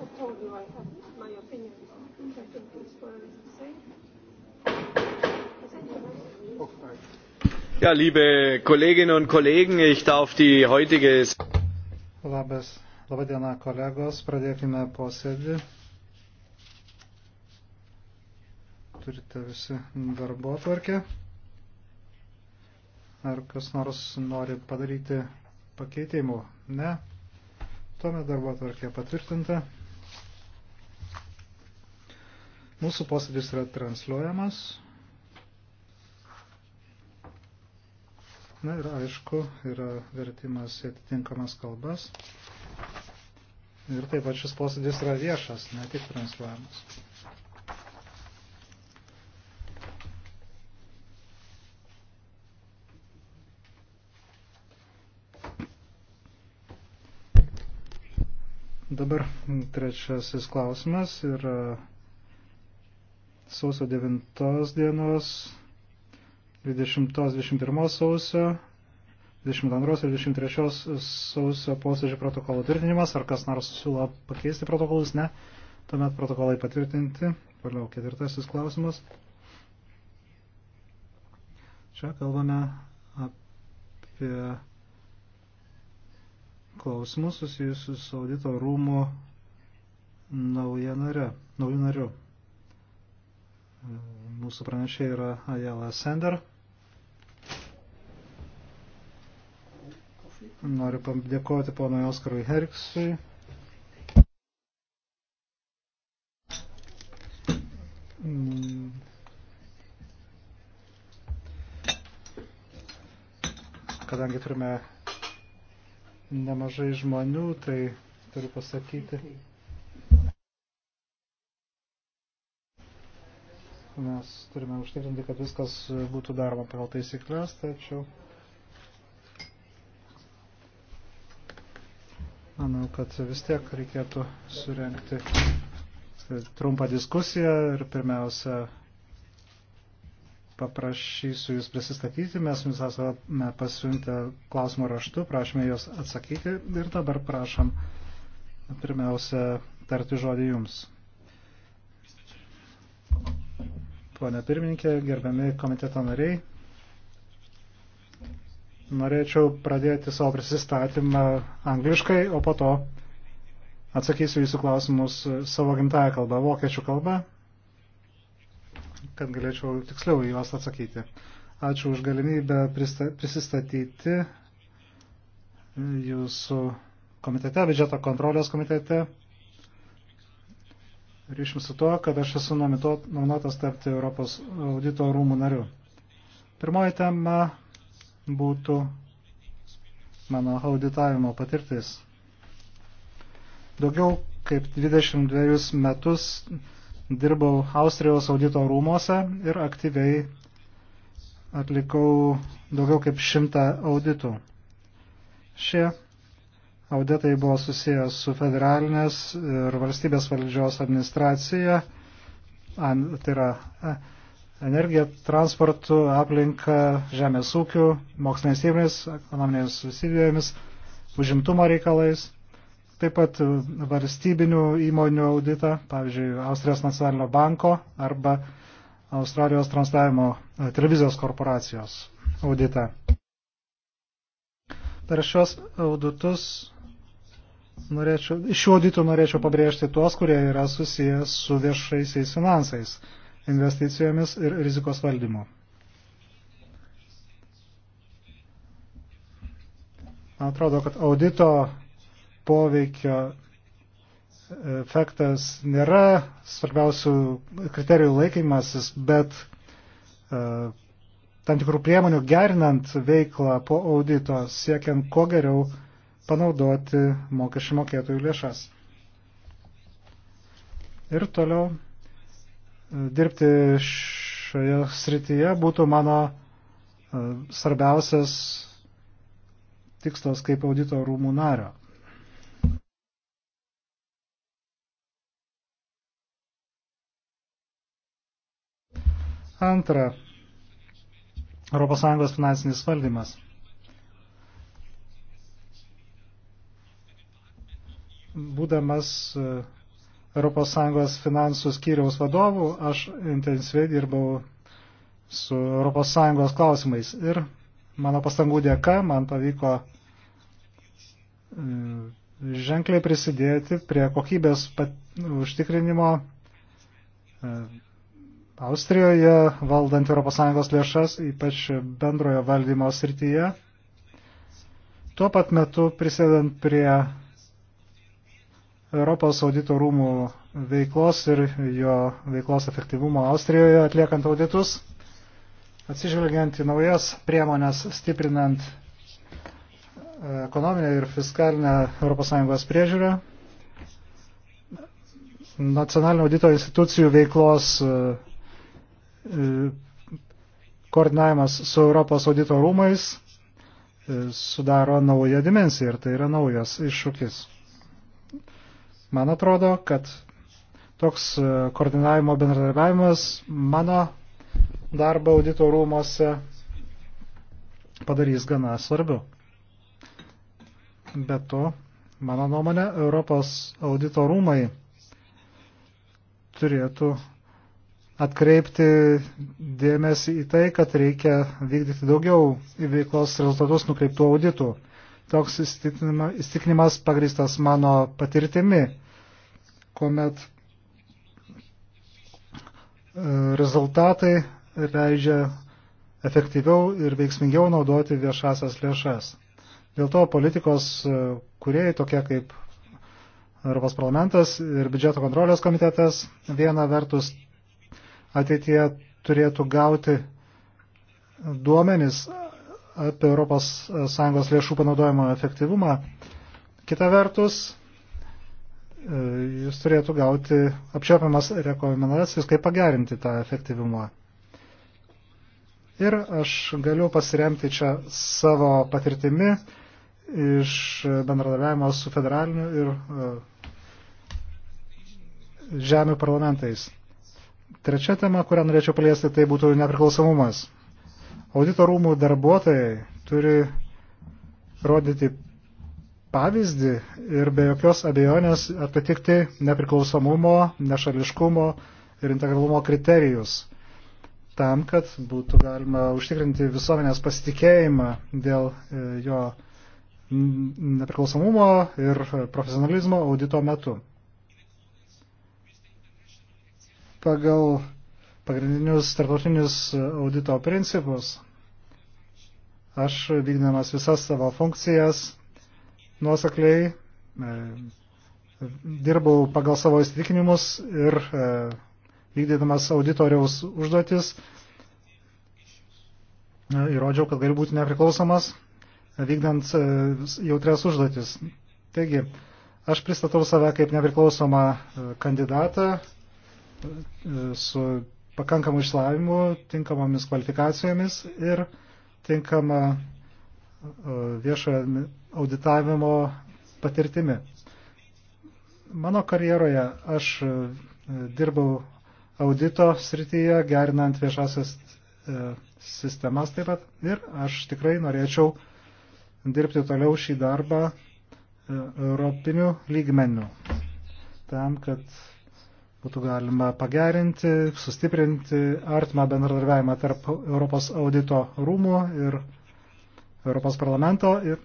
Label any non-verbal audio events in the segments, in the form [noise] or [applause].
have told you I have my opinion, which I think is for the same. Oh, sorry. Ja, liebe Kolleginnen und Kollegen, ich darf die heutige. Labas, laba diena, kolegos. Pradėkime posėdį. Turite visi darbo tvarkę. Ar kas nors nori padaryti pakeitimų? Ne. Tuomet darbo tvarkė patvirtinta. Mūsų posėdis yra transliuojamas. Na ir aišku, yra vertimas į atitinkamas kalbas. Ir taip pat šis posėdis yra viešas, ne tik transliuojamas. Dabar trečiasis klausimas yra sausio 9 dienos, 20-21 sausio, 22 ir 23 sausio posėdžio protokolo tvirtinimas. Ar kas nors siūlo pakeisti protokolus? Ne. Tuomet protokolai patvirtinti. Toliau ketvirtasis klausimas. Čia kalbame apie klausimus susijusius su audito rūmų nauja nare, naujų nariu. Mūsų pranešė yra Ajala Sender. Noriu padėkoti ponui Oskarui Herksui. Kadangi turime nemažai žmonių, tai turiu pasakyti. Mes turime užtikrinti, kad viskas būtų daroma pagal taisyklės, tačiau manau, kad vis tiek reikėtų surenkti trumpą diskusiją ir pirmiausia paprašysiu Jūs prisistatyti, mes Jums esame pasiuntę klausimų raštu, prašome juos atsakyti ir dabar prašom pirmiausia tarti žodį Jums. Pone pirmininkė, gerbiami komiteto nariai, norėčiau pradėti savo prisistatymą angliškai, o po to atsakysiu jūsų klausimus savo gimtają kalbą, vokiečių kalbą, kad galėčiau tiksliau į juos atsakyti. Ačiū už galimybę prisistatyti jūsų komitete, biudžeto kontrolės komitete ryšim su to, kad aš esu nominuotas tapti Europos audito rūmų nariu. Pirmoji tema būtų mano auditavimo patirtis. Daugiau kaip 22 metus dirbau Austrijos audito rūmose ir aktyviai atlikau daugiau kaip 100 auditų. Šie Auditai buvo susijęs su federalinės ir valstybės valdžios administracija, tai yra e, energija, transportu, aplinka, žemės ūkiu, moksliniais tyrimais, ekonominės susivijomis, užimtumo reikalais, taip pat valstybinių įmonių auditą, pavyzdžiui, Austrijos nacionalinio banko arba Australijos transliavimo e, televizijos korporacijos auditą. Per šios auditus norėčiau, šių auditų norėčiau pabrėžti tuos, kurie yra susijęs su viešaisiais finansais, investicijomis ir rizikos valdymu. Man atrodo, kad audito poveikio efektas nėra svarbiausių kriterijų laikymasis, bet uh, tam tikrų priemonių gerinant veiklą po audito, siekiant kuo geriau uh, panaudoti mokesčių mokėtojų lėšas. Ir toliau e, dirbti šioje srityje būtų mano e, svarbiausias tikslas kaip audito rūmų nario. Antra, ES finansinis valdymas. būdamas ES finansų skyriaus vadovų, aš intensyviai dirbau su ES klausimais. Ir mano pastangų dėka man pavyko e, ženkliai prisidėti prie kokybės pat, užtikrinimo e, Austrijoje, valdant ES lėšas, ypač bendrojo valdymo srityje. Tuo pat metu prisidant prie Europos audito rūmų veiklos ir jo veiklos efektyvumo Austrijoje atliekant auditus, atsižvelgiant į naujas priemonės stiprinant e, ekonominę ir fiskalinę ES priežiūrą, nacionalinio audito institucijų veiklos e, e, koordinavimas su Europos audito rūmais sudaro naują dimensiją ir tai yra naujas iššūkis. Man atrodo, kad toks e, koordinavimo bendradarbiavimas mano darbą audito rūmose padarys gana svarbiu. Be to, mano nuomonė, Europos audito rūmai turėtų atkreipti dėmesį į tai, kad reikia vykdyti daugiau į veiklos rezultatus nukreiptų auditų. Toks įstikinimas pagristas mano patirtimi, kuomet e, rezultatai leidžia efektyviau ir veiksmingiau naudoti viešasias lėšas. Dėl to politikos e, kuriejai, tokie kaip Europos parlamentas ir biudžeto kontrolės komitetas, viena vertus ateityje turėtų gauti duomenis apie ES e, lėšų panaudojimo efektyvumą. Kita vertus, e, jis turėtų gauti apčiopiamas rekomendacijas, kaip pagerinti tą efektyvumą. Ir aš galiu pasiremti čia savo patirtimi iš bendradarbiavimo su federaliniu ir e, žemių parlamentais. Trečia tema, kurią norėčiau paliesti, tai būtų nepriklausomumas. Auditorumų darbuotojai turi rodyti pavyzdį ir be jokios abejonės atitikti nepriklausomumo, nešališkumo ir integralumo kriterijus tam, kad būtų galima užtikrinti visuomenės pasitikėjimą dėl e, jo nepriklausomumo ir profesionalizmo audito metu. Pagal pagrindinius tarptautinius e, audito principus, aš vykdamas visas savo funkcijas nuosakliai e, dirbau pagal savo įsitikinimus ir e, vykdydamas auditoriaus užduotis e, įrodžiau, kad galiu būti nepriklausomas e, vykdant e, jautrias užduotis. Taigi, aš pristatau save kaip nepriklausomą kandidatą su pakankamu išslavimu, tinkamomis kvalifikacijomis ir tinkama e, viešojo auditavimo patirtimi. Mano karjeroje aš e, dirbau audito srityje, gerinant viešasias e, sistemas taip pat ir aš tikrai norėčiau dirbti toliau šį darbą europinių lygmenių tam, kad būtų galima pagerinti, sustiprinti artimą bendradarbiavimą tarp Europos audito rūmų ir Europos parlamento ir,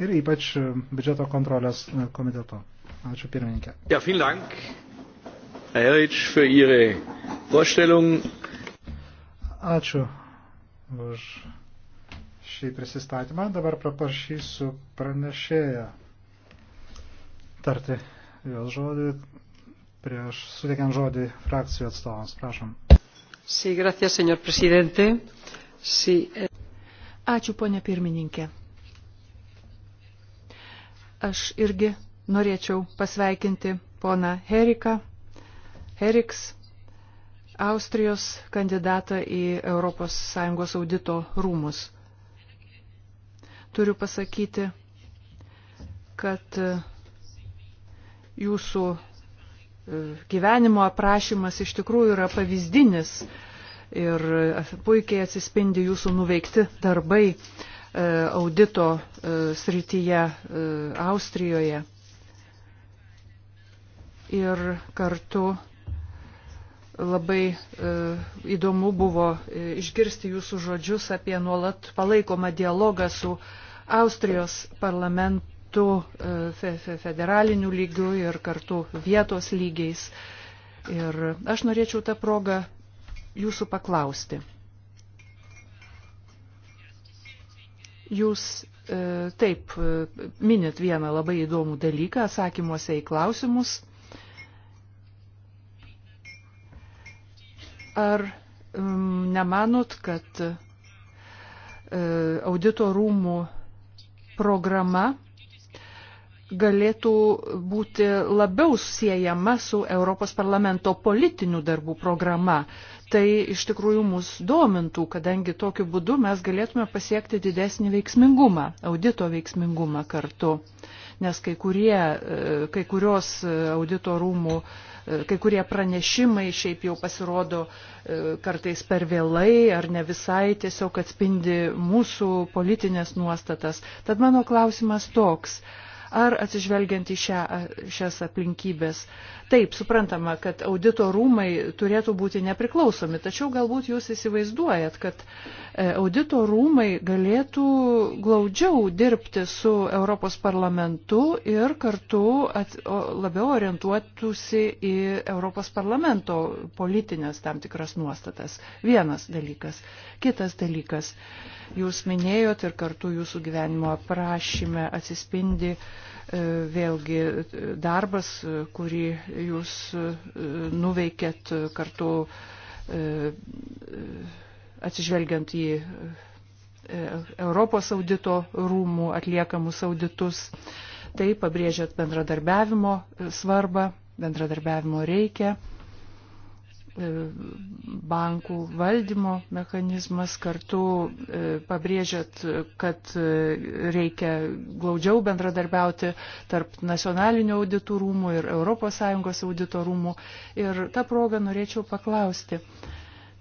ir ypač biudžeto kontrolės komiteto. Ačiū pirmininkė. Ja, vielen Dank, Herr Herrich, für Ihre Vorstellung. Ačiū už šį prisistatymą. Dabar paprašysiu pranešėją tarti jos žodį prieš suteikiant žodį frakcijų atstovams. Prašom. Sí, gracias, señor presidente. Sí. Eh, Ačiū, ponė pirmininkė. Aš irgi norėčiau pasveikinti poną Heriką, Heriks, Austrijos kandidatą į ES audito rūmus. Turiu pasakyti, kad e, jūsų gyvenimo aprašymas iš tikrųjų yra pavyzdinis ir puikiai atsispindi jūsų nuveikti darbai e, audito e, srityje e, Austrijoje. Ir kartu labai įdomu buvo išgirsti jūsų žodžius apie nuolat palaikomą dialogą su Austrijos parlamentu kartu e, federaliniu lygiu ir kartu vietos lygiais. Ir aš norėčiau tą progą jūsų paklausti. Jūs e, taip e, minit vieną labai įdomų dalyką atsakymuose į klausimus. Ar nemanot, kad audito rūmų programa galėtų būti labiau siejama su Europos parlamento politinių darbų programa. Tai iš tikrųjų mus domintų, kadangi tokiu būdu mes galėtume pasiekti didesnį veiksmingumą, audito veiksmingumą kartu. Nes kai, kurie, e, kai kurios e, audito rūmų, e, kai kurie pranešimai šiaip jau pasirodo kartais per vėlai ar ne visai tiesiog atspindi mūsų politinės nuostatas. Tad mano klausimas toks ar atsižvelgiant į šią, šias aplinkybės. Taip, suprantama, kad audito rūmai turėtų būti nepriklausomi, tačiau galbūt jūs įsivaizduojat, kad e, audito rūmai galėtų glaudžiau dirbti su Europos parlamentu ir kartu at, o, labiau orientuotųsi į Europos parlamento politinės tam tikras nuostatas. Vienas dalykas. Kitas dalykas jūs minėjot ir kartu jūsų gyvenimo aprašyme atsispindi e, vėlgi e, darbas, e, kurį jūs nuveikėt kartu atsižvelgiant į Europos audito rūmų atliekamus auditus. Tai pabrėžiat bendradarbiavimo svarbą, bendradarbiavimo reikia. E, bankų valdymo mechanizmas, kartu e, pabrėžiat, kad e, reikia glaudžiau bendradarbiauti tarp nacionalinio auditorumų ir ES auditorumų. Ir tą progą norėčiau paklausti.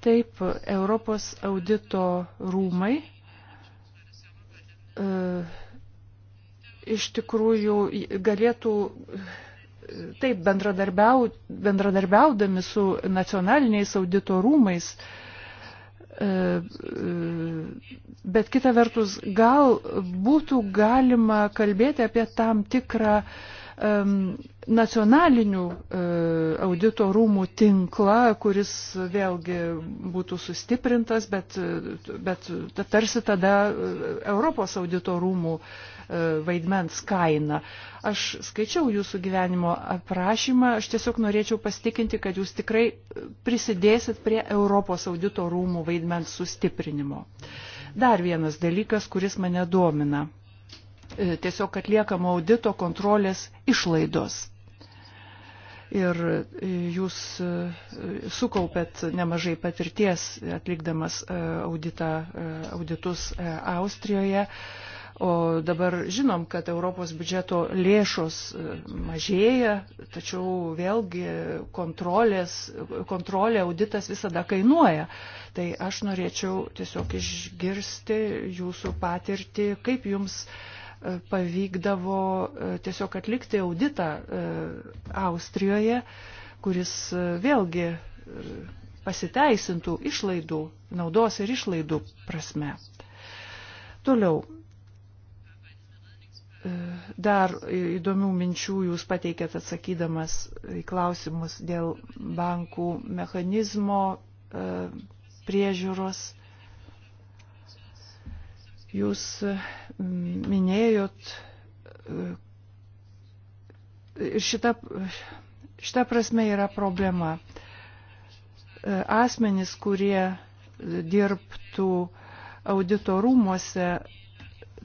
Taip, Europos audito rūmai e, iš tikrųjų galėtų taip bendradarbiau, bendradarbiaudami su nacionaliniais audito rūmais, e, e, bet kita vertus, gal būtų galima kalbėti apie tam tikrą nacionalinių e, audito rūmų tinklą, kuris vėlgi būtų sustiprintas, bet, bet tarsi tada Europos audito rūmų uh, E, vaidmens kainą. Aš skaičiau jūsų gyvenimo aprašymą, aš tiesiog norėčiau pasitikinti, kad jūs tikrai prisidėsit prie Europos audito rūmų vaidmens sustiprinimo. Dar vienas dalykas, kuris mane domina. E, tiesiog atliekamo audito kontrolės išlaidos ir e, jūs sukaupėt nemažai patirties atlikdamas audita, auditus Austrijoje. O dabar žinom, kad Europos biudžeto lėšos e, mažėja, tačiau vėlgi kontrolė, auditas visada kainuoja. Tai aš norėčiau tiesiog išgirsti jūsų patirtį, kaip jums e, pavykdavo e, tiesiog atlikti auditą Austrijoje, kuris vėlgi pasiteisintų išlaidų, naudos ir išlaidų prasme. Toliau, dar įdomių minčių jūs pateikėt atsakydamas į klausimus dėl bankų mechanizmo e, priežiūros. Jūs e, minėjot e, ir šita, šita prasme yra problema. Asmenys, kurie dirbtų auditorumuose,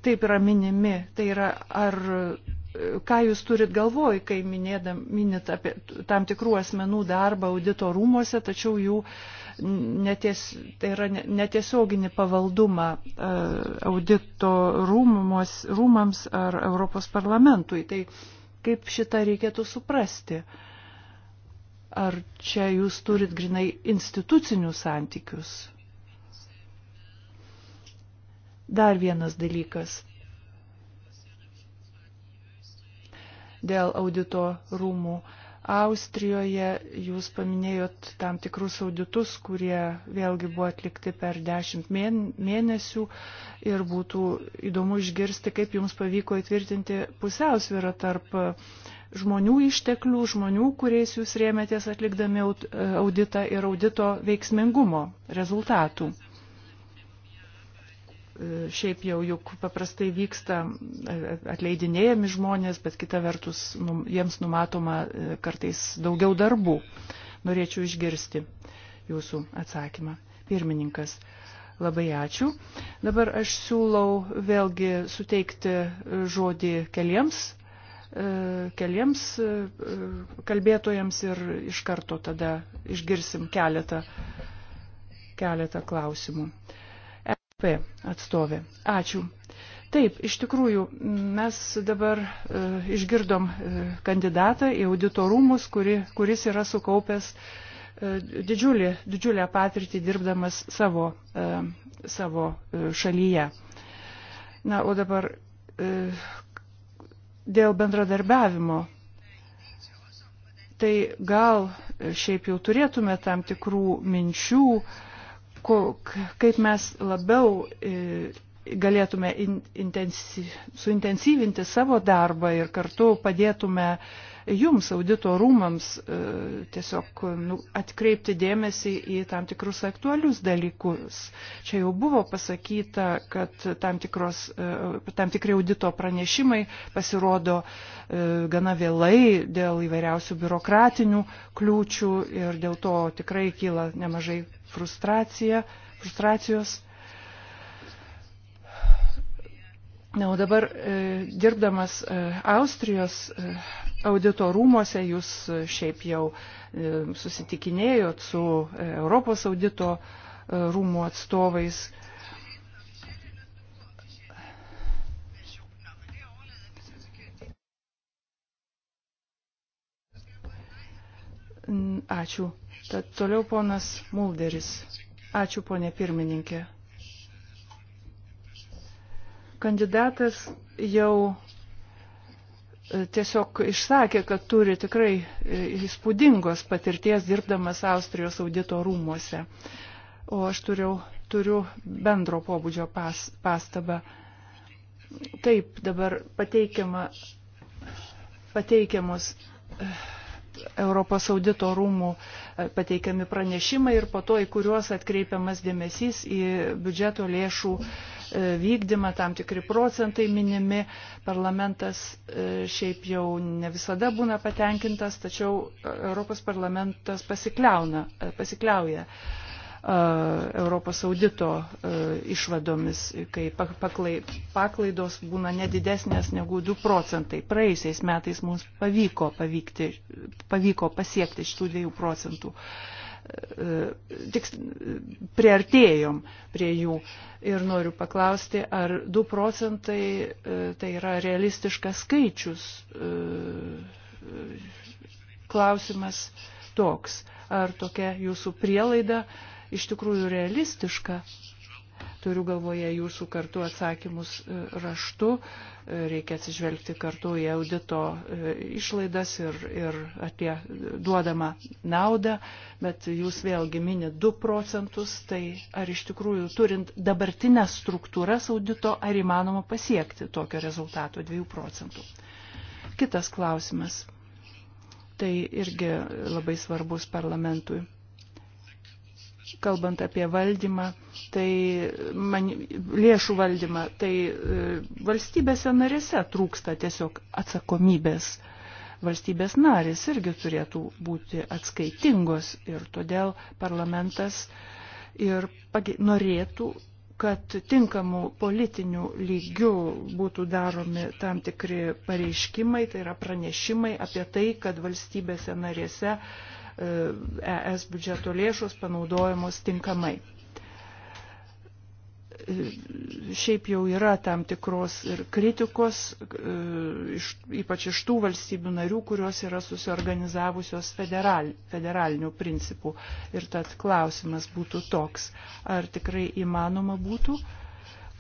taip yra minimi, tai yra ar ką jūs turit galvoj, kai minėdam, minit apie tam tikrų asmenų darbą audito rūmose, tačiau jų neties, tai yra netiesioginį pavaldumą e, audito rūmumos, rūmams ar Europos parlamentui. Tai kaip šitą reikėtų suprasti? Ar čia jūs turit grinai institucinius santykius? Dar vienas dalykas. Dėl audito rūmų Austrijoje jūs paminėjot tam tikrus auditus, kurie vėlgi buvo atlikti per dešimt mėnesių ir būtų įdomu išgirsti, kaip jums pavyko įtvirtinti pusiausvyrą tarp žmonių išteklių, žmonių, kuriais jūs rėmėtės atlikdami auditą ir audito veiksmingumo rezultatų šiaip jau juk paprastai vyksta atleidinėjami žmonės, bet kita vertus jiems numatoma e, kartais daugiau darbų. Norėčiau išgirsti jūsų atsakymą. Pirmininkas. Labai ačiū. Dabar aš siūlau vėlgi suteikti žodį keliems, e, keliems e, kalbėtojams ir iš karto tada išgirsim keletą, keletą klausimų. Uh, P atstovė. Ačiū. Taip, iš tikrųjų, mes dabar e, išgirdom e, kandidatą į auditorumus, kuri, kuris yra sukaupęs e, didžiulį, didžiulę patirtį dirbdamas savo, e, savo e, šalyje. Na, o dabar e, dėl bendradarbiavimo. Tai gal šiaip jau turėtume tam tikrų minčių, e, kaip mes labiau e, galėtume intensi, suintensyvinti savo darbą ir kartu padėtume jums, audito rūmams, e, tiesiog nu, atkreipti dėmesį į tam tikrus aktualius dalykus. Čia jau buvo pasakyta, kad tam, tikros, e, tam tikri audito pranešimai pasirodo gana vėlai dėl įvairiausių biurokratinių kliūčių ir dėl to tikrai kyla nemažai frustracija, frustracijos. Na, o dabar e, dirbdamas e, Austrijos e, audito rūmose jūs e, šiaip jau e, susitikinėjot su e, Europos audito e, rūmų atstovais. Ačiū. Tad toliau ponas Mulderis. Ačiū, ponė pirmininkė. Kandidatas jau e, tiesiog išsakė, kad turi tikrai e, įspūdingos patirties dirbdamas Austrijos audito rūmuose. O aš turiu, turiu bendro pobūdžio pas, pastabą. Taip, dabar pateikiama, pateikiamos e, Europos audito rūmų e, pateikiami pranešimai ir po to, į kuriuos atkreipiamas dėmesys į biudžeto lėšų e, vykdymą, tam tikri procentai minimi. Parlamentas e, šiaip jau ne visada būna patenkintas, tačiau Europos parlamentas pasikliauna, pasikliauja Europos audito išvadomis, kai paklaidos būna nedidesnės negu 2 procentai. Praėjusiais metais mums pavyko, pavykti, pavyko pasiekti šitų 2 procentų tik priartėjom prie jų. Ir noriu paklausti, ar 2 procentai tai yra realistiškas skaičius. Klausimas toks, ar tokia jūsų prielaida iš tikrųjų realistiška. Turiu galvoje jūsų kartu atsakymus e, raštu, e, reikia atsižvelgti kartu į audito e, išlaidas ir, ir apie duodamą naudą, bet jūs vėlgi minit 2 procentus, tai ar iš tikrųjų turint dabartinės struktūras audito, ar įmanoma pasiekti tokio rezultato 2 procentų? Kitas klausimas. Tai irgi labai svarbus parlamentui kalbant apie valdymą, tai man, lėšų valdymą, tai e, valstybėse narėse trūksta tiesiog atsakomybės. Valstybės narės irgi turėtų būti atskaitingos ir todėl parlamentas ir norėtų, kad tinkamų politinių lygių būtų daromi tam tikri pareiškimai, tai yra pranešimai apie tai, kad valstybėse narėse uh, ES e biudžeto lėšos panaudojamos tinkamai e, šiaip jau yra tam tikros ir kritikos, e, iš, ypač iš tų valstybių narių, kurios yra susiorganizavusios federal, federalinių principų. Ir tad klausimas būtų toks, ar tikrai įmanoma būtų,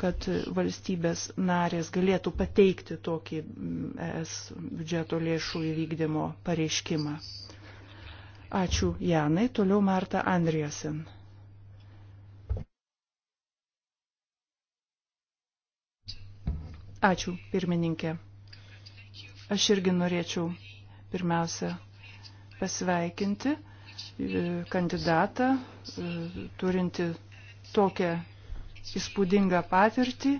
kad valstybės narės galėtų pateikti tokį mm, ES biudžeto lėšų įvykdymo pareiškimą. Ačiū Janai, toliau Marta Andriasen. Ačiū, pirmininkė. Aš irgi norėčiau pirmiausia pasveikinti e, kandidatą, e, turinti tokią įspūdingą patirtį.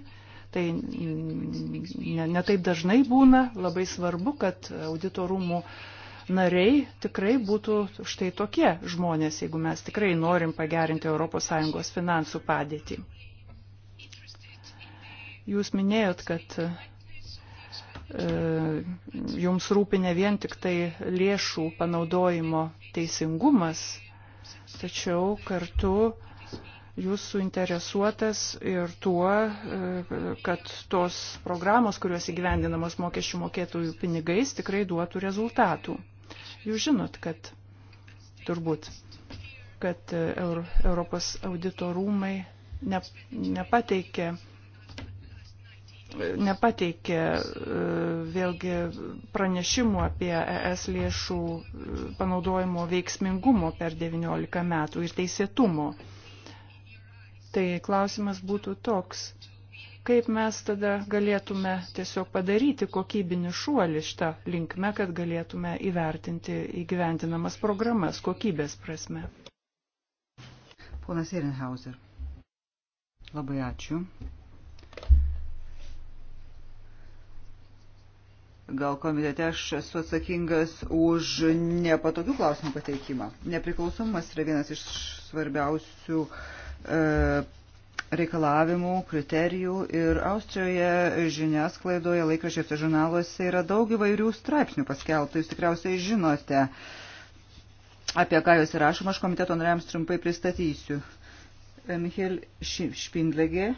Tai netaip ne, ne dažnai būna, labai svarbu, kad auditorumų rūmų nariai tikrai būtų štai tokie žmonės, jeigu mes tikrai norim pagerinti ES finansų padėtį. Jūs minėjot, kad e, jums rūpi ne vien tik tai lėšų panaudojimo teisingumas, tačiau kartu jūs suinteresuotas ir tuo, e, kad tos programos, kurios įgyvendinamos mokesčių mokėtojų pinigais, tikrai duotų rezultatų. Jūs žinot, kad turbūt, kad e, Europos audito rūmai ne, nepateikė nepateikė e, vėlgi pranešimų apie ES lėšų e, panaudojimo veiksmingumo per 19 metų ir teisėtumo. Tai klausimas būtų toks, kaip mes tada galėtume tiesiog padaryti kokybinį šuolį šitą linkme, kad galėtume įvertinti įgyventinamas programas kokybės prasme. Ponas Ehrenhauser, labai ačiū. Gal komitete aš esu atsakingas už nepatogių klausimų pateikimą. Nepriklausomumas yra vienas iš svarbiausių e, reikalavimų, kriterijų ir Austrijoje žiniasklaidoje, laikraščiuose žurnaluose yra daug įvairių straipsnių paskelbtų, jūs tikriausiai žinote, apie ką jūs rašoma, aš komiteto nariams trumpai pristatysiu. E, Michel Špindlegė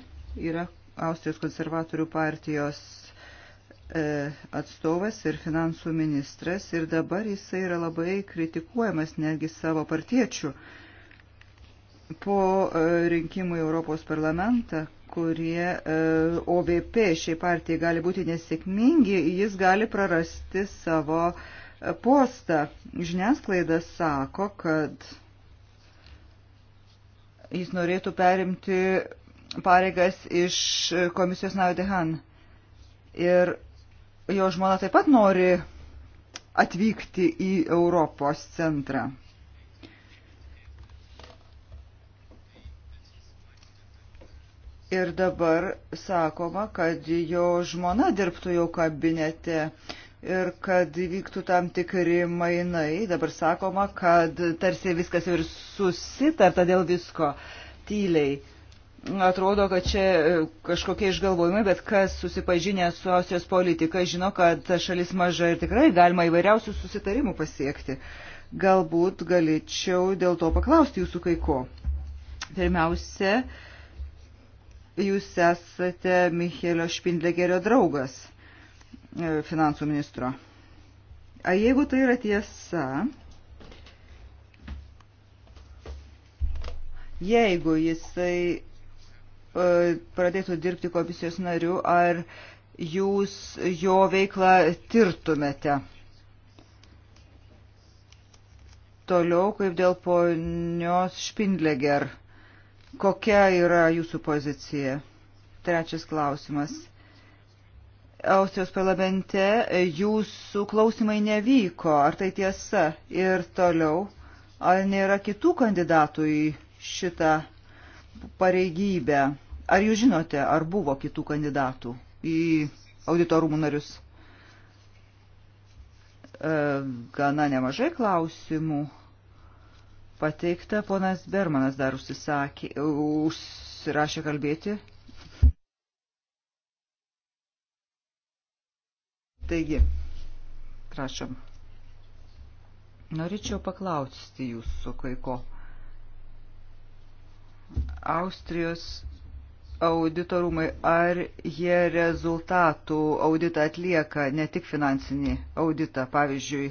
yra Austrijos konservatorių partijos e, atstovas ir finansų ministras ir dabar jisai yra labai kritikuojamas netgi savo partiečių. Uh, po e, rinkimų į Europos parlamentą, kurie e, OVP šiai partijai gali būti nesėkmingi, jis gali prarasti savo e, postą. Žiniasklaida sako, kad jis norėtų perimti pareigas iš komisijos nario Dehan. Ir jo žmona taip pat nori atvykti į Europos centrą. ir dabar sakoma, kad jo žmona dirbtų jau kabinete ir kad vyktų tam tikri mainai. Dabar sakoma, kad tarsi viskas ir susitarta dėl visko tyliai. Atrodo, kad čia kažkokie išgalvojimai, bet kas susipažinę su Austrijos politika žino, kad šalis maža ir tikrai galima įvairiausių susitarimų pasiekti. Galbūt galėčiau dėl to paklausti jūsų kai ko. Pirmiausia, uh, Jūs esate Michelio Špindlegerio draugas e, finansų ministro. A jeigu tai yra tiesa, jeigu jisai e, pradėtų dirbti komisijos nariu, ar jūs jo veiklą tirtumėte? Toliau, kaip dėl ponios Špindleger Kokia yra jūsų pozicija? Trečias klausimas. Austrijos parlamente jūsų klausimai nevyko, ar tai tiesa? Ir toliau, ar nėra kitų kandidatų į šitą pareigybę? Ar jūs žinote, ar buvo kitų kandidatų į auditorumų narius? E, gana nemažai klausimų pateikta. Ponas Bermanas dar užsisakė, užsirašė kalbėti. Taigi, prašom. Norėčiau paklausti jūsų kai ko. Austrijos auditorumai, ar jie rezultatų auditą atlieka, ne tik finansinį auditą, pavyzdžiui,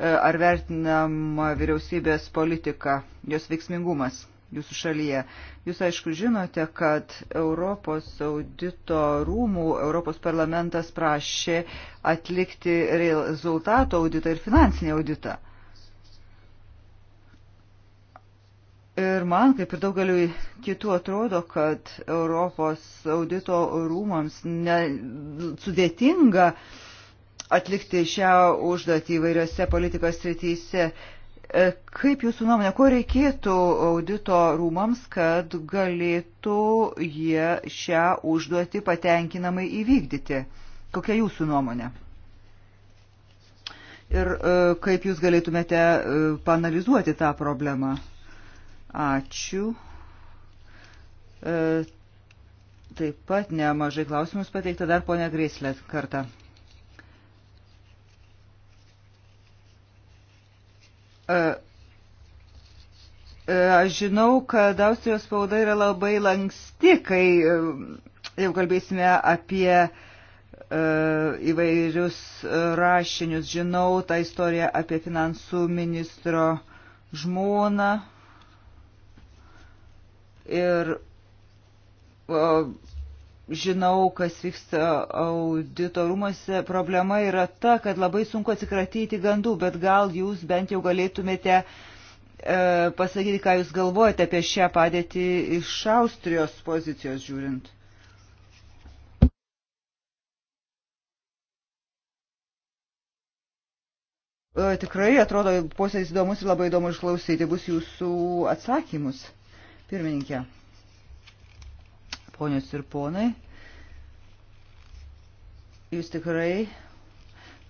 E, ar vertinama vyriausybės politika, jos veiksmingumas jūsų šalyje. Jūs aišku žinote, kad Europos audito rūmų Europos parlamentas prašė atlikti rezultato auditą ir finansinį auditą. Ir man, kaip ir daugeliu kitų, atrodo, kad Europos audito rūmams ne, sudėtinga uh, atlikti šią užduotį įvairiose politikos srityse. E, kaip jūsų nuomonė, ko reikėtų audito rūmams, kad galėtų jie šią užduotį patenkinamai įvykdyti? Kokia jūsų nuomonė? Ir e, kaip jūs galėtumėte e, panalizuoti tą problemą? Ačiū. Taip pat nemažai klausimus pateikta dar ponia Grislė kartą. E, e, aš žinau, kad Austrijos spauda yra labai lanksti, kai e, jau kalbėsime apie įvairius rašinius. Žinau tą istoriją apie finansų ministro žmoną. Ir žinau, kas vyksta auditorumuose. Problema yra ta, kad labai sunku atsikratyti gandų, bet gal jūs bent jau galėtumėte e, pasakyti, ką jūs galvojate apie šią padėtį iš Austrijos pozicijos žiūrint. E, tikrai atrodo posėdis įdomus ir labai įdomu išklausyti bus jūsų atsakymus. Pirmininkė ponios ir ponai. Jūs tikrai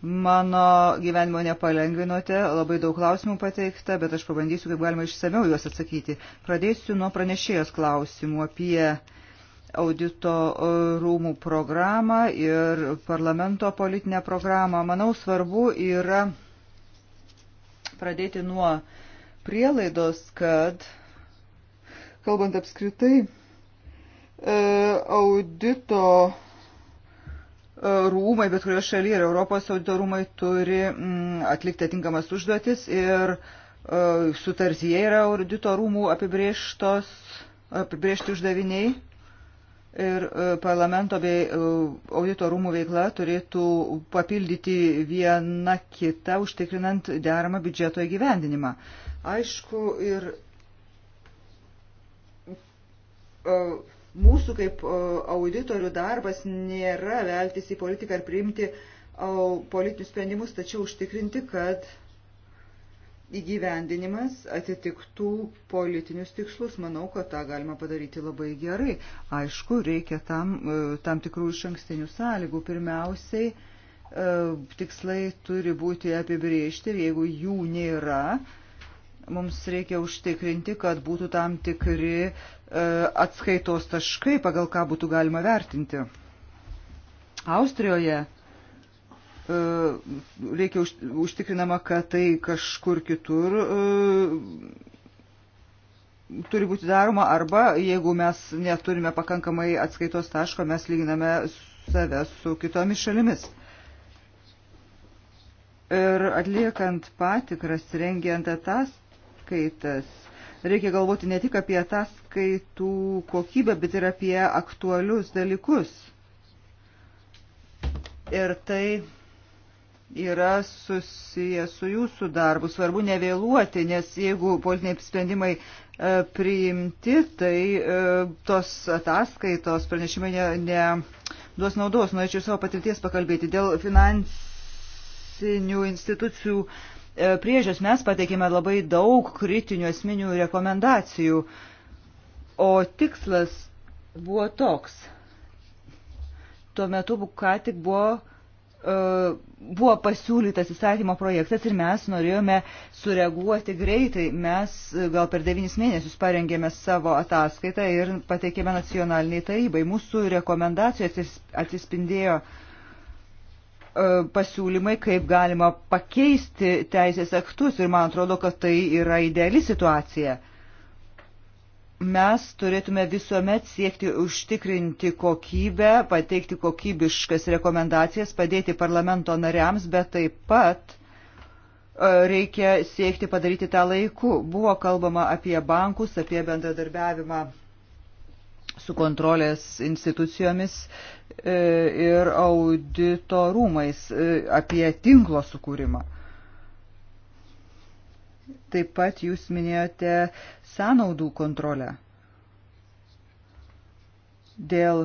mano gyvenimo nepalengvinote, labai daug klausimų pateikta, bet aš pabandysiu, kaip galima išsameu juos atsakyti. Pradėsiu nuo pranešėjos klausimų apie audito rūmų programą ir parlamento politinę programą. Manau, svarbu yra pradėti nuo prielaidos, kad, kalbant apskritai, E, audito e, rūmai, bet kurioje šalyje ir Europos audito rūmai turi mm, atlikti atinkamas užduotis ir e, sutartyje yra audito rūmų apibrieštos, apibriešti uždaviniai ir parlamento bei audito rūmų veikla turėtų papildyti vieną kitą, užtikrinant deramą biudžeto įgyvendinimą. Aišku, ir mūsų kaip auditorių darbas nėra veltis į politiką ar priimti politinius sprendimus, tačiau užtikrinti, kad įgyvendinimas atitiktų politinius tikslus. Manau, kad tą galima padaryti labai gerai. Aišku, reikia tam, e, tam tikrų iš ankstinių sąlygų. Pirmiausiai, e, tikslai turi būti apibriežti ir jeigu jų nėra, Mums reikia užtikrinti, kad būtų tam tikri e, atskaitos taškai, pagal ką būtų galima vertinti. Austrijoje e, reikia užtikrinama, kad tai kažkur kitur e, turi būti daroma arba jeigu mes neturime pakankamai atskaitos taško, mes lyginame save su kitomis šalimis. Ir atliekant patikras, rengiant atas, ataskaitas. Reikia galvoti ne tik apie ataskaitų kokybę, bet ir apie aktualius dalykus. Ir tai yra susijęs su jūsų darbu. Svarbu nevėluoti, nes jeigu politiniai sprendimai e, priimti, tai e, tos ataskaitos pranešimai ne, ne duos naudos. Norėčiau savo patirties pakalbėti dėl finansinių institucijų e, E, priežios mes pateikėme labai daug kritinių esminių rekomendacijų, o tikslas buvo toks. Tuo metu ką tik buvo e, buvo pasiūlytas įstatymo projektas ir mes norėjome sureaguoti greitai. Mes e, gal per devynis mėnesius parengėme savo ataskaitą ir pateikėme nacionaliniai tarybai. Mūsų rekomendacijos atsispindėjo uh, E, pasiūlymai, kaip galima pakeisti teisės aktus ir man atrodo, kad tai yra ideali situacija. Mes turėtume visuomet siekti užtikrinti kokybę, pateikti kokybiškas rekomendacijas, padėti parlamento nariams, bet taip pat e, reikia siekti padaryti tą laiku. Buvo kalbama apie bankus, apie bendradarbiavimą su kontrolės institucijomis e, ir audito rūmais e, apie tinklo sukūrimą. Taip pat jūs minėjote sąnaudų kontrolę. Dėl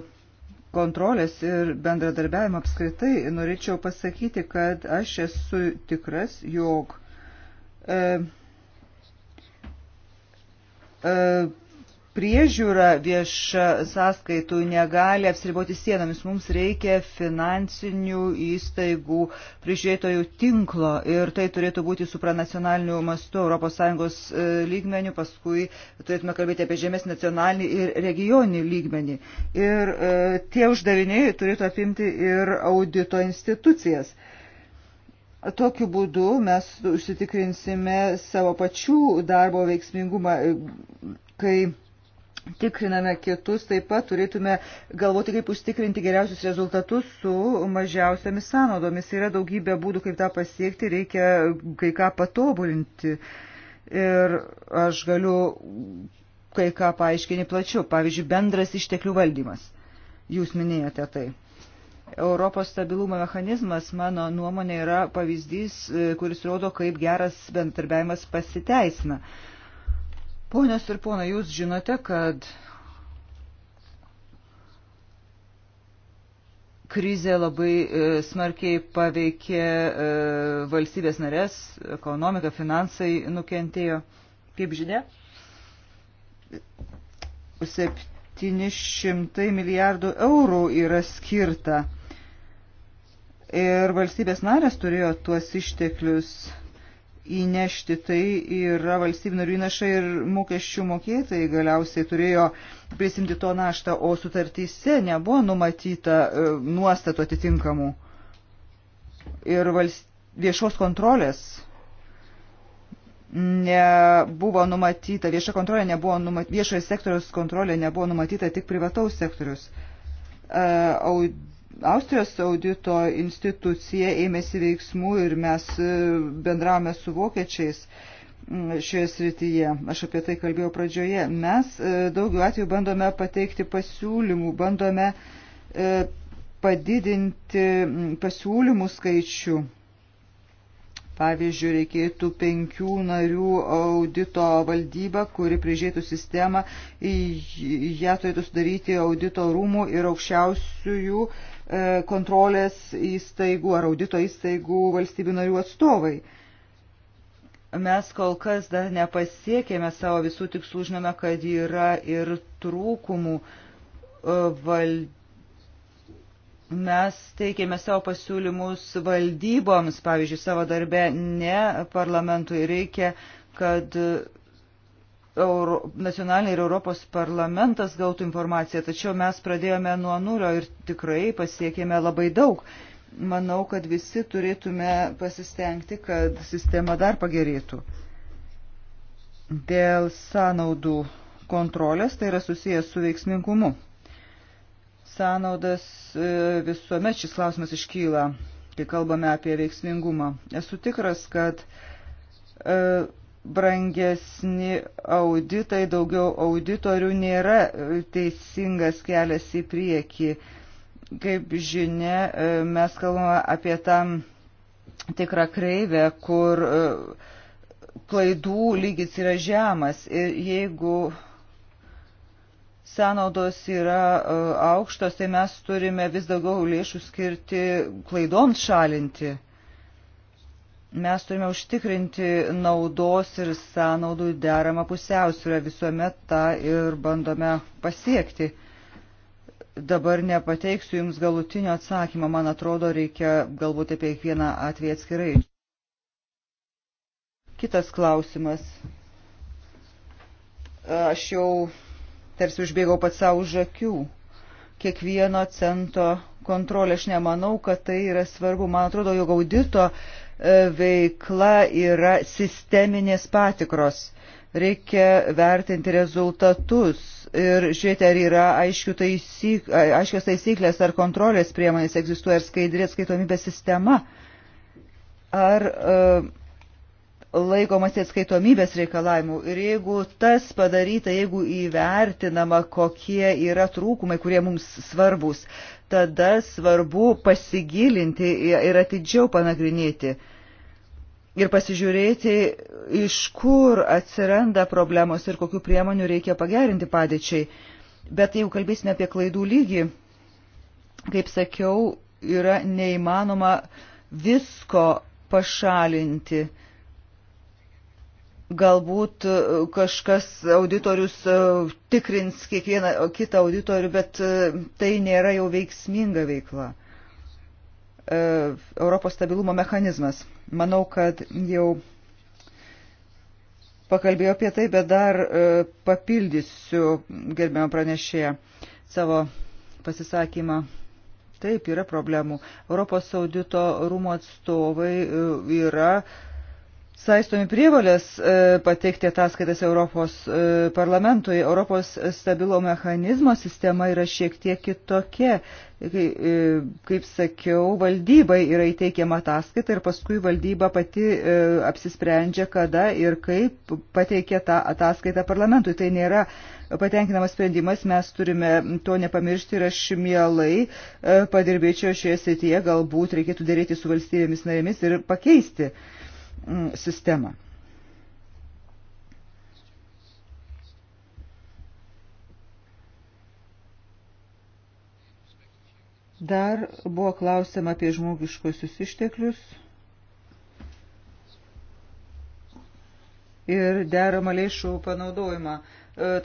kontrolės ir bendradarbiavimo apskritai norėčiau pasakyti, kad aš esu tikras, jog e, e, priežiūra vieša sąskaitų negali apsiriboti sienomis. Mums reikia finansinių įstaigų prižiūrėtojų tinklo ir tai turėtų būti supranacionaliniu mastu ES e, lygmeniu, paskui turėtume kalbėti apie žemės nacionalinį ir regioninį lygmenį. Ir e, tie uždaviniai turėtų apimti ir audito institucijas. Tokiu būdu mes užsitikrinsime savo pačių darbo veiksmingumą, e, kai tikriname kitus, taip pat turėtume galvoti, kaip užtikrinti geriausius rezultatus su mažiausiamis sąnaudomis. Yra daugybė būdų, kaip tą pasiekti, reikia kai ką patobulinti. Ir aš galiu kai ką paaiškinti plačiau, pavyzdžiui, bendras išteklių valdymas. Jūs minėjote tai. Europos stabilumo mechanizmas, mano nuomonė, yra pavyzdys, e, kuris rodo, kaip geras bendarbiavimas pasiteisina. Uh, Ponios ir ponai, jūs žinote, kad krizė labai e, smarkiai paveikė e, valstybės narės, ekonomika, finansai nukentėjo. Kaip žinia, 700 milijardų eurų yra skirta. Ir valstybės narės turėjo tuos išteklius įnešti, tai yra valstybinio įnašai ir mokesčių mokėtojai galiausiai turėjo prisimti to naštą, o sutartyse nebuvo numatyta e, nuostatų atitinkamų ir valst... viešos kontrolės nebuvo numatyta, vieša kontrolė nebuvo numatyta, viešojo sektoriaus kontrolė nebuvo numatyta tik privataus sektorius. Uh, Austrijos audito institucija ėmėsi veiksmų ir mes e, bendravome su vokiečiais šioje srityje. Aš apie tai kalbėjau pradžioje. Mes e, daugiau atveju bandome pateikti pasiūlymų, bandome e, padidinti pasiūlymų skaičių. Pavyzdžiui, reikėtų penkių narių audito valdybą, kuri prižiūrėtų sistemą, ją turėtų sudaryti audito rūmų ir aukščiausiųjų uh, E, kontrolės įstaigų ar audito įstaigų valstybių narių atstovai. Mes kol kas dar nepasiekėme savo visų tikslų, žinome, kad yra ir trūkumų e, valdybų. Mes teikėme savo pasiūlymus valdyboms, pavyzdžiui, savo darbe, ne parlamentui reikia, kad Euro, nacionaliniai ir Europos parlamentas gautų informaciją, tačiau mes pradėjome nuo nulio ir tikrai pasiekėme labai daug. Manau, kad visi turėtume pasistengti, kad sistema dar pagerėtų. Dėl sąnaudų kontrolės tai yra susijęs su veiksmingumu. Sąnaudas e, visuomet šis klausimas iškyla, kai kalbame apie veiksmingumą. Esu tikras, kad e, brangesni auditai, daugiau auditorių nėra e, teisingas kelias į priekį. Kaip žinia, e, mes kalbame apie tam tikrą kreivę, kur e, klaidų lygis yra žemas ir jeigu sąnaudos yra aukštos, tai mes turime vis daugiau lėšų skirti klaidoms šalinti. Mes turime užtikrinti naudos ir sąnaudų deramą pusiausvyrą visuomet tą ir bandome pasiekti. Dabar nepateiksiu Jums galutinio atsakymą, man atrodo, reikia galbūt apie kiekvieną atvejį atskirai. Kitas klausimas. Aš jau tarsi užbėgau pats savo už akių. Kiekvieno cento kontrolė, aš nemanau, kad tai yra svarbu. Man atrodo, jog audito E, veikla yra sisteminės patikros. Reikia vertinti rezultatus ir žiūrėti, ar yra taisyk, aiškios taisyklės ar kontrolės priemonės egzistuoja, ar skaidri atskaitomybė sistema. Ar uh, laikomasi atskaitomybės reikalavimų ir jeigu tas padaryta, jeigu įvertinama, kokie yra trūkumai, kurie mums svarbus, tada svarbu pasigilinti ir atidžiau panagrinėti ir pasižiūrėti, iš kur atsiranda problemos ir kokiu priemonių reikia pagerinti padėčiai. Bet jeigu kalbėsime apie klaidų lygį, kaip sakiau, yra neįmanoma visko pašalinti galbūt e, kažkas auditorius e, tikrins kiekvieną kitą auditorių, bet e, tai nėra jau veiksminga veikla. Europos stabilumo mechanizmas. Manau, kad jau pakalbėjau apie tai, bet dar papildysiu gerbiamą pranešėją savo pasisakymą. Taip, yra problemų. Europos audito rūmų atstovai yra uh, saistomi prievalės e, pateikti ataskaitas Europos e, parlamentui. Europos stabilo mechanizmo sistema yra šiek tiek kitokia. E, kaip sakiau, valdybai yra įteikiama ataskaita ir paskui valdyba pati apsisprendžia, kada ir kaip pateikia tą ataskaitą parlamentui. Tai nėra patenkinamas sprendimas, mes turime to nepamiršti ir aš mielai padirbėčiau šioje srityje, galbūt reikėtų dėrėti su valstybėmis narėmis ir pakeisti Mm, sistemą. Dar buvo klausima apie žmogiškosius išteklius ir deramą lėšų panaudojimą. E,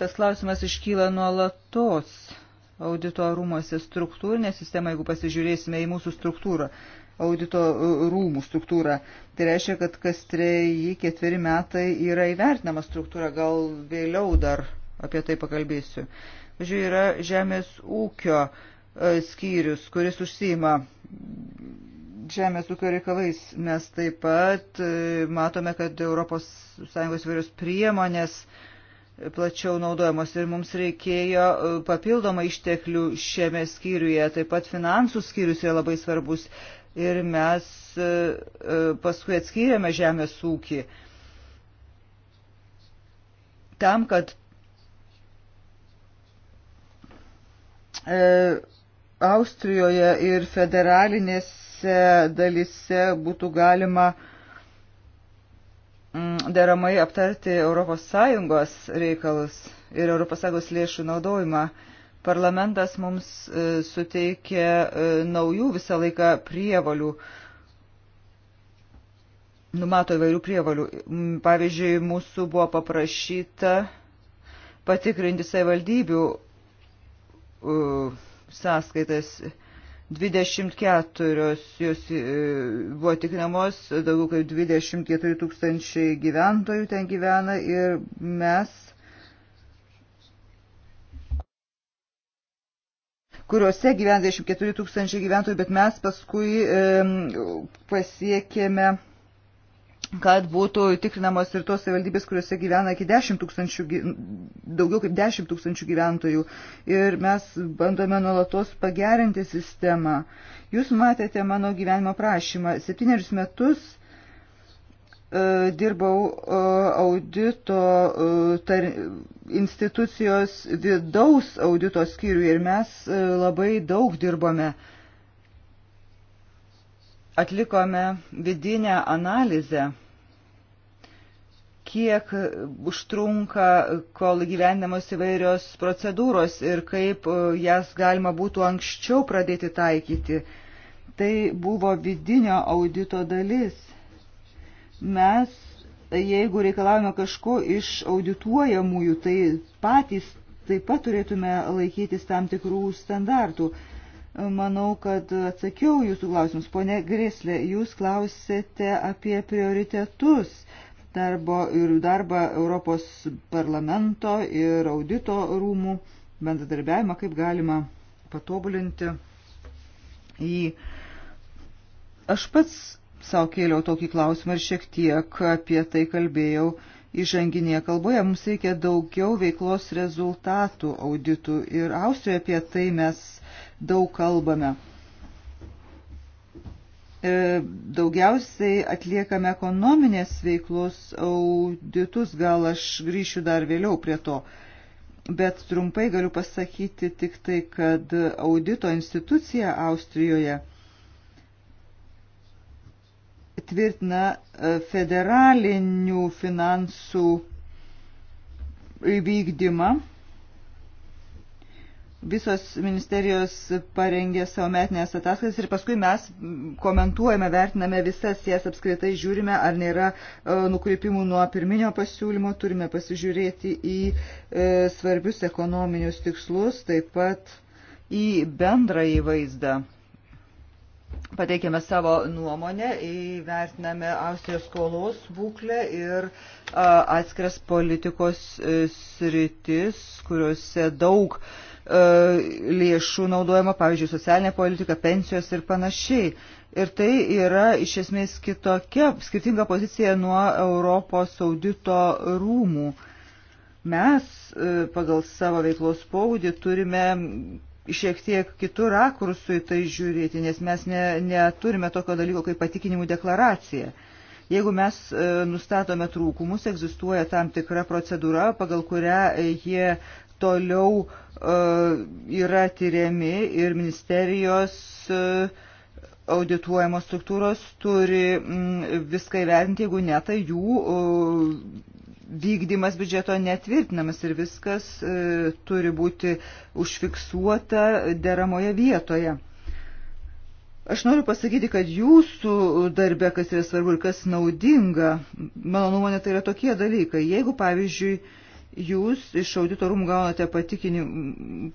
tas klausimas iškyla nuolatos audito rūmose struktūrinė sistema, jeigu pasižiūrėsime į mūsų struktūrą audito rūmų struktūrą. Tai reiškia, kad kas treji ketveri metai yra įvertinama struktūra, gal vėliau dar apie tai pakalbėsiu. Pavyzdžiui, yra žemės ūkio e, skyrius, kuris užsima žemės ūkio reikalais. Mes taip pat e, matome, kad ES vairios priemonės plačiau naudojamos ir mums reikėjo e, papildomą išteklių šiame skyriuje. Taip pat finansų skyrius yra labai svarbus ir mes e, e, paskui atskyrėme žemės ūkį tam, kad e, Austrijoje ir federalinėse dalise būtų galima mm, deramai aptarti ES reikalus ir ES lėšų naudojimą. Parlamentas mums e, suteikė e, naujų visą laiką prievalių, numato įvairių prievalių. Pavyzdžiui, mūsų buvo paprašyta patikrinti savivaldybių e, sąskaitas 24 jos buvo tikrinamos, daugiau kaip 24 tūkstančiai gyventojų ten gyvena ir mes kuriuose gyvena 24 tūkstančiai gyventojų, bet mes paskui pasiekėme kad būtų tikrinamos ir tos savivaldybės, kuriuose gyvena iki 10 tūkstančių, daugiau kaip 10 tūkstančių gyventojų. Ir mes bandome nuolatos pagerinti sistemą. Jūs matėte mano gyvenimo prašymą. Septynerius metus E, dirbau e, audito e, tar, institucijos vidaus audito skyriui ir mes labai daug dirbome. Atlikome vidinę analizę, kiek užtrunka, kol gyvenamos įvairios procedūros ir kaip jas galima būtų anksčiau pradėti taikyti. Tai buvo vidinio audito dalis Mes, jeigu reikalavome kažko iš audituojamųjų, tai patys taip pat turėtume laikytis tam tikrų standartų. Manau, kad atsakiau jūsų klausimus. Pone Grislė, jūs klausėte apie prioritetus darbo ir darbą Europos parlamento ir audito rūmų bendradarbiavimą, kaip galima patobulinti jį. Aš pats savo kėliau tokį klausimą ir šiek tiek apie tai kalbėjau įžanginėje kalboje. Mums reikia daugiau veiklos rezultatų auditų ir Austrijoje apie tai mes daug kalbame. E, daugiausiai atliekame ekonominės veiklos auditus, gal aš grįšiu dar vėliau prie to, bet trumpai galiu pasakyti tik tai, kad audito institucija Austrijoje tvirtina e, federalinių finansų įvykdymą. Visos ministerijos parengė savo metinės ataskaitas ir paskui mes komentuojame, vertiname visas jas apskritai, žiūrime, ar nėra e, nukreipimų nuo pirminio pasiūlymo, turime pasižiūrėti į e, svarbius ekonominius tikslus, taip pat į bendrąjį vaizdą pateikėme savo nuomonę, įvertiname Austrijos skolos būklę ir atskiras politikos e, sritis, kuriuose daug e, lėšų naudojama, pavyzdžiui, socialinė politika, pensijos ir panašiai. Ir tai yra iš esmės kitokia, skirtinga pozicija nuo Europos audito rūmų. Mes e, pagal savo veiklos spaudį turime šiek tiek kitų rakursų į tai žiūrėti, nes mes ne, neturime tokio dalyko kaip patikinimų deklaracija. Jeigu mes e, nustatome trūkumus, egzistuoja tam tikra procedūra, pagal kurią e, jie toliau e, yra tyriami ir ministerijos e, audituojamos struktūros turi m, viską įvertinti, jeigu ne, tai jų vykdymas biudžeto netvirtinamas ir viskas e, turi būti užfiksuota deramoje vietoje. Aš noriu pasakyti, kad jūsų darbe, kas yra svarbu ir kas naudinga, mano nuomonė, tai yra tokie dalykai. Jeigu, pavyzdžiui, jūs iš audito rūmų gaunate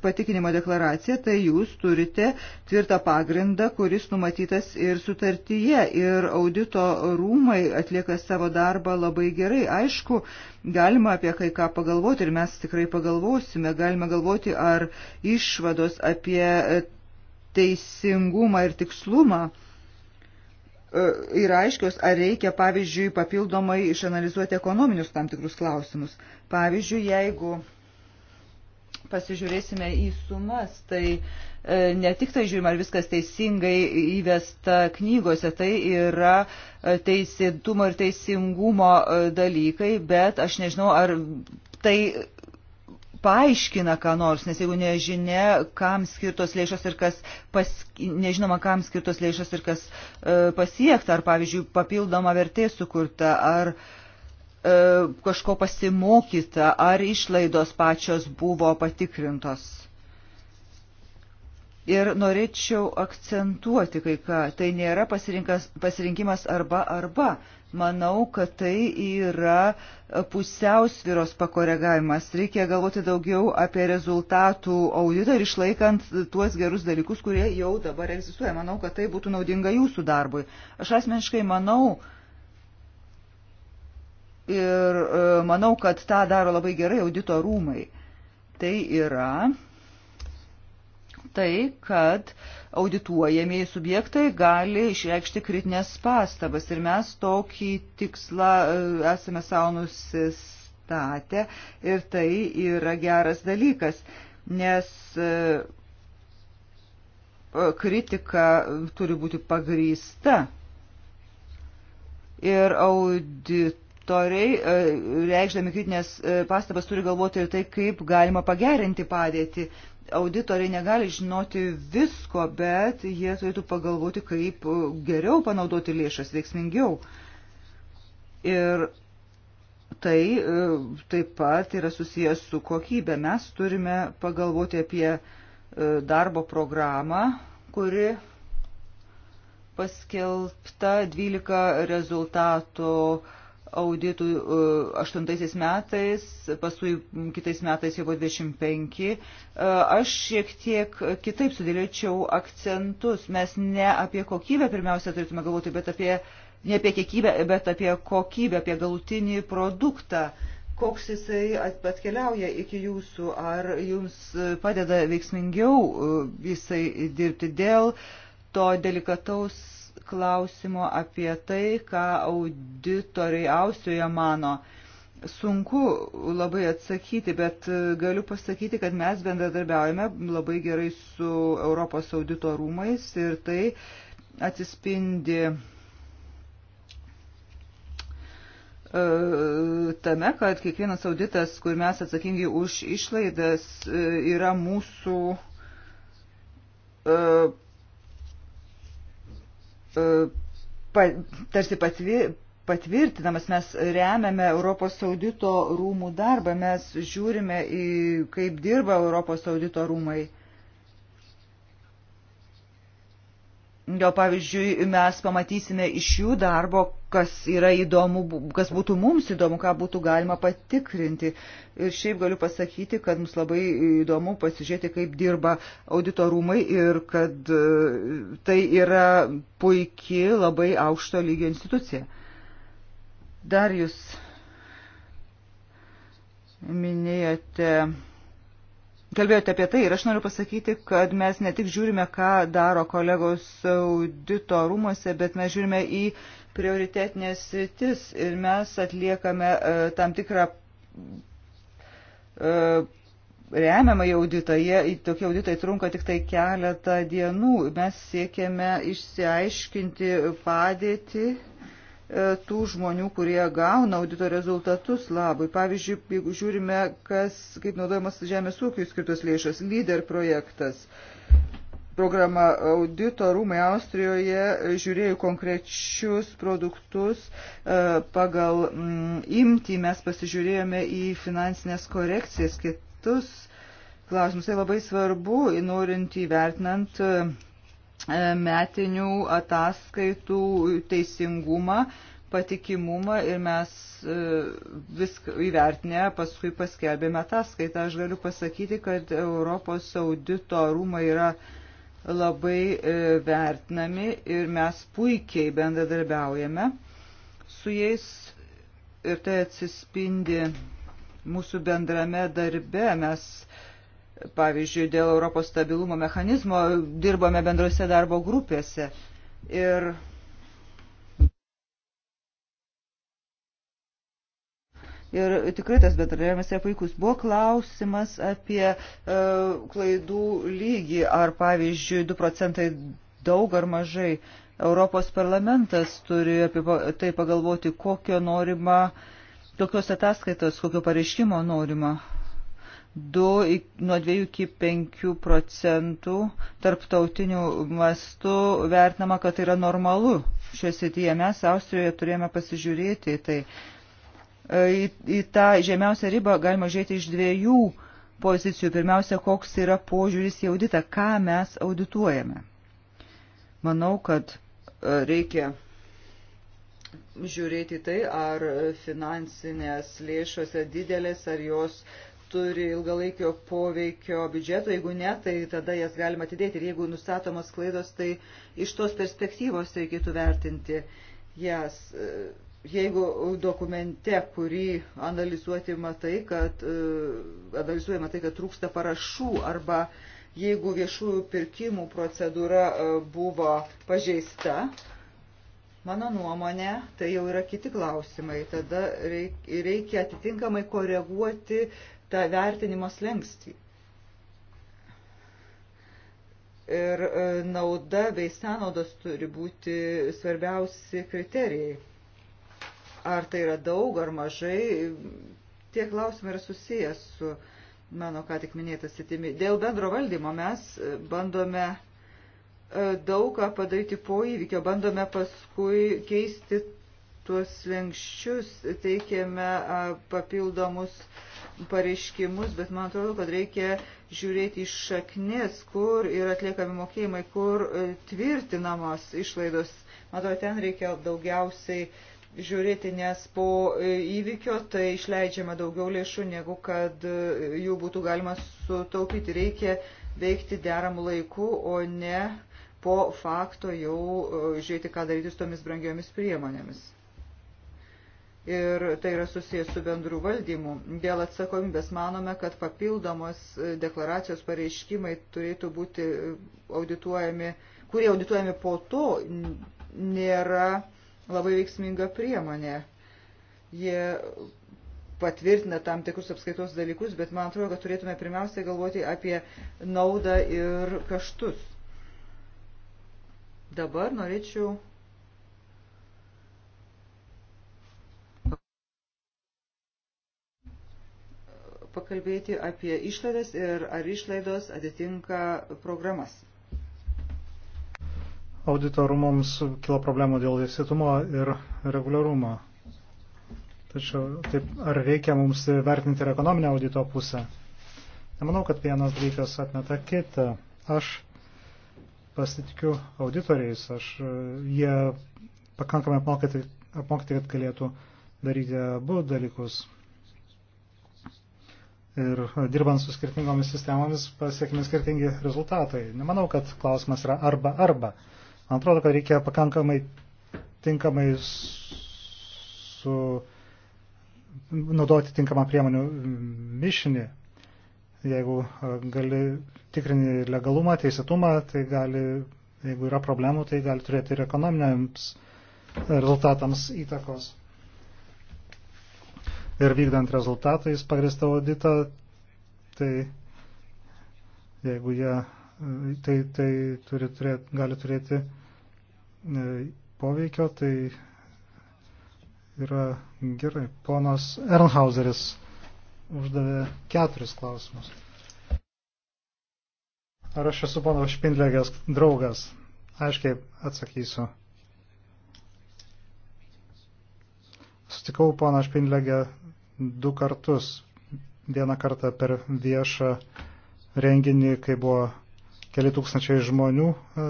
patikinimo deklaraciją, tai jūs turite tvirtą pagrindą, kuris numatytas ir sutartyje. Ir audito rūmai atlieka savo darbą labai gerai. Aišku, galima apie kai ką pagalvoti ir mes tikrai pagalvosime. Galime galvoti, ar išvados apie teisingumą ir tikslumą e, yra aiškios, ar reikia, pavyzdžiui, papildomai išanalizuoti ekonominius tam tikrus klausimus. Pavyzdžiui, jeigu pasižiūrėsime į sumas, tai e, ne tik tai žiūrim, ar viskas teisingai įvesta knygose, tai yra e, teisėtumo ir teisingumo e, dalykai, bet aš nežinau, ar tai paaiškina ką nors, nes jeigu nežinia, kam skirtos lėšos ir kas, pas, nežinoma, kam skirtos lėšos ir kas e, pasiekta, ar pavyzdžiui, papildoma vertė sukurta, ar e, E, kažko pasimokyta, ar išlaidos pačios buvo patikrintos. Ir norėčiau akcentuoti kai ką, tai nėra pasirinkimas arba arba. Manau, kad tai yra pusiausviros pakoregavimas. Reikia galvoti daugiau apie rezultatų auditą ir išlaikant tuos gerus dalykus, kurie jau dabar egzistuoja. Manau, kad tai būtų naudinga jūsų darbui. Aš asmeniškai manau, ir e, manau, kad tą daro labai gerai audito rūmai. Tai yra tai, kad audituojamieji subjektai gali išreikšti kritinės pastabas ir mes tokį tikslą e, esame savo nusistatę ir tai yra geras dalykas, nes e, kritika turi būti pagrįsta ir audit autoriai, e, reikšdami kritinės e, pastabas, turi galvoti ir tai, kaip galima pagerinti padėtį. Auditoriai negali žinoti visko, bet jie turėtų pagalvoti, kaip e, geriau panaudoti lėšas, veiksmingiau. Ir tai taip pat yra susijęs su kokybė. Mes turime pagalvoti apie darbo programą, kuri paskelbta 12 rezultatų uh, auditų 8 e, metais, paskui kitais metais jau buvo 25. E, aš šiek tiek kitaip sudėlėčiau akcentus. Mes ne apie kokybę pirmiausia turėtume galvoti, bet apie, ne apie kiekybę, bet apie kokybę, apie galutinį produktą. Koks jisai atkeliauja iki jūsų, ar jums padeda veiksmingiau e, jisai dirbti dėl to delikataus klausimo apie tai, ką auditoriai Austrijoje mano. Sunku labai atsakyti, bet galiu pasakyti, kad mes bendradarbiaujame labai gerai su Europos audito rūmais ir tai atsispindi e, tame, kad kiekvienas auditas, kur mes atsakingi už išlaidas, e, yra mūsų e, E, pa, tarsi patvi, patvirtinamas, mes remiame Europos audito rūmų darbą, mes žiūrime į kaip dirba Europos audito rūmai. Jo pavyzdžiui, mes pamatysime iš jų darbo, kas yra įdomu, kas būtų mums įdomu, ką būtų galima patikrinti. Ir šiaip galiu pasakyti, kad mums labai įdomu pasižiūrėti, kaip dirba auditorumai ir kad e, tai yra puikia, labai aukšto lygio institucija. Dar jūs minėjote kalbėjote apie tai ir aš noriu pasakyti, kad mes ne tik žiūrime, ką daro kolegos audito rūmose, bet mes žiūrime į prioritetinės sritis ir mes atliekame uh, tam tikrą uh, remiamą auditą. Jie, tokie auditai trunka tik tai keletą dienų. Mes siekiame išsiaiškinti padėtį E, tų žmonių, kurie gauna audito rezultatus labui. Pavyzdžiui, jeigu žiūrime, kas, kaip naudojamas žemės ūkiai skirtos lėšas, lyder projektas. Programa audito rūmai Austrijoje žiūrėjo konkrečius produktus. E, pagal mm, imtį mes pasižiūrėjome į finansinės korekcijas, kitus klausimus. Tai labai svarbu, norint įvertinant e, E, metinių ataskaitų teisingumą, patikimumą ir mes e, viską įvertinę paskui paskelbėme ataskaitą. Aš galiu pasakyti, kad Europos audito rūmai yra labai e, vertinami ir mes puikiai bendradarbiaujame su jais ir tai atsispindi mūsų bendrame darbe. Mes uh, Pavyzdžiui, dėl Europos stabilumo mechanizmo dirbame bendrose darbo grupėse. Ir Ir tikrai tas bendradarbiavimas yra puikus. Buvo klausimas apie e, klaidų lygį, ar pavyzdžiui 2 procentai daug ar mažai. Europos parlamentas turi apie tai pagalvoti, kokio norima, kokios ataskaitos, kokio pareiškimo norima 2, nuo 2 iki 5 procentų tarptautinių mastų vertinama, kad tai yra normalu. Šioje srityje mes Austrijoje turėjome pasižiūrėti, tai e, į, į tą žemiausią ribą galima žiūrėti iš dviejų pozicijų. Pirmiausia, koks yra požiūris į auditą, ką mes audituojame. Manau, kad e, reikia žiūrėti tai, ar finansinės lėšos yra didelės, ar jos uh, turi ilgalaikio poveikio biudžeto, jeigu ne, tai tada jas galima atidėti ir jeigu nustatomos klaidos, tai iš tos perspektyvos reikėtų vertinti jas. Jeigu dokumente, kurį analizuoti matai, kad, e, analizuojama tai, kad trūksta parašų arba jeigu viešųjų pirkimų procedūra e, buvo pažeista, mano nuomonė, tai jau yra kiti klausimai. Tada reikia atitinkamai koreguoti tą vertinimo slengstį. Ir e, nauda bei sąnaudos turi būti svarbiausi kriterijai. Ar tai yra daug ar mažai, tie klausimai yra susijęs su mano ką tik minėtas sitimi. Dėl bendro valdymo mes bandome e, daug ką padaryti po įvykio, bandome paskui keisti tuos lenkščius, teikiame papildomus uh, pareiškimus, bet man atrodo, kad reikia žiūrėti iš šaknis, kur yra atliekami mokėjimai, kur e, tvirtinamos išlaidos. Matau, ten reikia daugiausiai žiūrėti, nes po e, įvykio tai išleidžiama daugiau lėšų, negu kad e, jų būtų galima sutaupyti. Reikia veikti deramų laikų, o ne po fakto jau žiūrėti, ką daryti su tomis brangiomis priemonėmis ir tai yra susijęs su bendru valdymu. Dėl atsakomybės manome, kad papildomos e, deklaracijos pareiškimai turėtų būti e, audituojami, kurie audituojami po to nėra labai veiksminga priemonė. Jie patvirtina tam tikrus apskaitos dalykus, bet man atrodo, kad turėtume pirmiausiai galvoti apie naudą ir kaštus. Dabar norėčiau pakalbėti apie išlaidas ir ar išlaidos atitinka programas. Auditorumams kilo problemų dėl įsitumo ir reguliarumo. Tačiau taip, ar reikia mums vertinti ir ekonominę audito pusę? Nemanau, kad vienas dalykas atmeta kitą. Aš pasitikiu auditoriais, aš, jie pakankamai apmokyti, apmokyti, kad galėtų daryti abu dalykus ir dirbant su skirtingomis sistemomis pasiekime skirtingi rezultatai. Nemanau, kad klausimas yra arba arba. Man atrodo, kad reikia pakankamai tinkamai su naudoti tinkamą priemonių mišinį. Jeigu e, gali tikrinti legalumą, teisėtumą, tai gali, jeigu yra problemų, tai gali turėti ir ekonominiams rezultatams įtakos ir vykdant rezultatais pagristą auditą, tai jeigu jie tai, tai turi turėti, gali turėti e, poveikio, tai yra gerai. Ponas Ernhauseris uždavė keturis klausimus. Ar aš esu pono Špindlėgės draugas? Aiškiai atsakysiu. Sutikau poną Špindlėgę du kartus. Vieną kartą per viešą renginį, kai buvo keli tūkstančiai žmonių, e,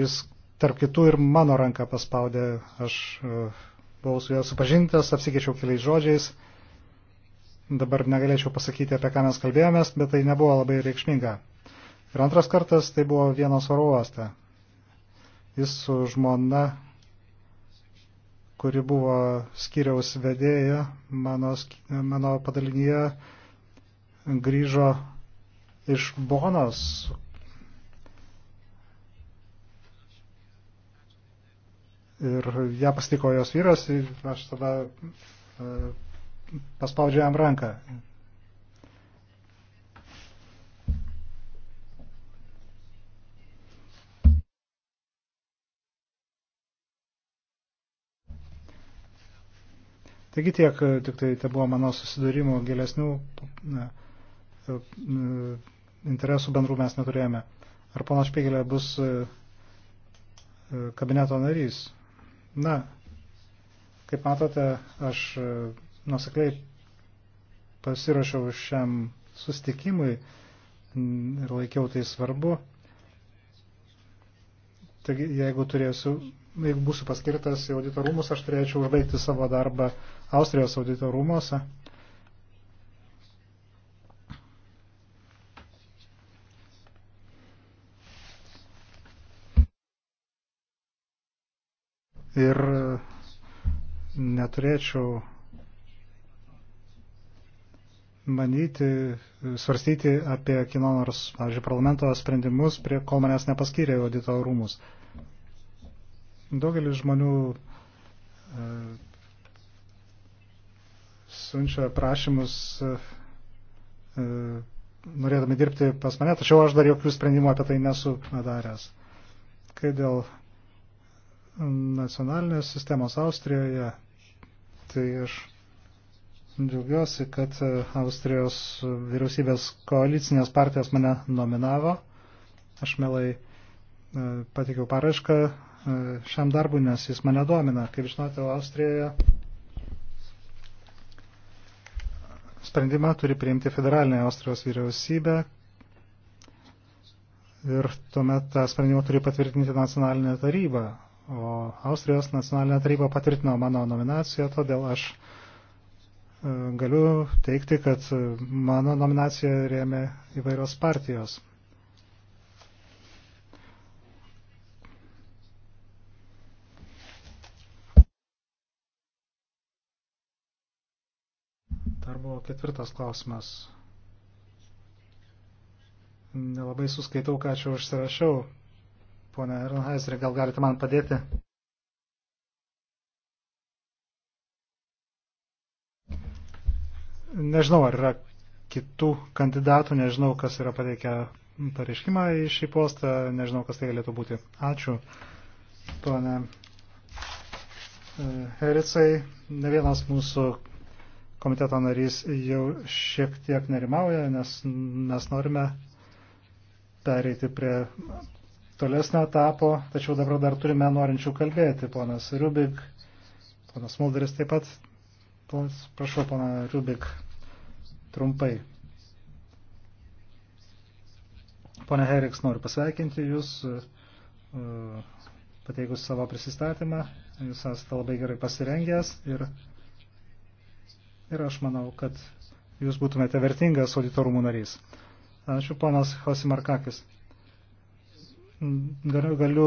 jis tarp kitų ir mano ranką paspaudė. Aš e, buvau su juo supažintas, apsikeičiau keliais žodžiais. Dabar negalėčiau pasakyti, apie ką mes kalbėjomės, bet tai nebuvo labai reikšminga. Ir antras kartas tai buvo vienas oro uoste. Jis su žmona kuri buvo skyriaus vedėja mano, mano padalinyje, grįžo iš Bonos. Ir ją pasitiko jos vyras ir aš tada e, paspaudžiu jam ranką. Taigi tiek, e, tik tai tai buvo mano susidūrimų gilesnių ne, interesų bendrų mes neturėjome. Ar ponas Špėgelė bus e, e, kabineto narys? Na, kaip matote, aš nusikliai pasirašiau šiam sustikimui ir laikiau tai svarbu. Taigi, jeigu turėsiu jeigu būsiu paskirtas į auditorumus, aš turėčiau užbaigti savo darbą Austrijos auditorumuose. Ir neturėčiau manyti, svarstyti apie kino nors, pavyzdžiui, parlamento sprendimus, prie, kol manęs nepaskyrė audito rūmus. Uh, Daugelis žmonių e, siunčia prašymus e, e, norėdami dirbti pas mane, tačiau aš dar jokių sprendimų apie tai nesu daręs. Kai dėl nacionalinės sistemos Austrijoje, tai aš džiaugiuosi, kad e, Austrijos vyriausybės koalicinės partijos mane nominavo. Aš melai e, patikiau paraišką E, šiam darbui, nes jis mane domina. Kaip žinote, Austrijoje sprendimą turi priimti federalinė Austrijos vyriausybė ir tuomet tą sprendimą turi patvirtinti nacionalinė taryba. O Austrijos nacionalinė taryba patvirtino mano nominaciją, todėl aš e, galiu teikti, kad mano nominaciją rėmė įvairios partijos. Dar buvo ketvirtas klausimas. Nelabai suskaitau, ką čia užsirašiau. Pone Ernhaiseri, gal galite man padėti? Nežinau, ar yra kitų kandidatų, nežinau, kas yra pateikę pareiškimą į šį postą, nežinau, kas tai galėtų būti. Ačiū, pone e, Hericai. Ne vienas mūsų komiteto narys jau šiek tiek nerimauja, nes mes norime pereiti prie tolesnio etapo, tačiau dabar dar turime norinčių kalbėti. Ponas Rubik, ponas Mulderis taip pat. Ponas, prašau, pana Rubik, trumpai. Pone Heriks, noriu pasveikinti Jūs, uh, pateikus savo prisistatymą. Jūs esate labai gerai pasirengęs ir ir aš manau, kad jūs būtumėte vertingas auditorumų narys. Ačiū, ponas Hosimarkakis. Galiu, galiu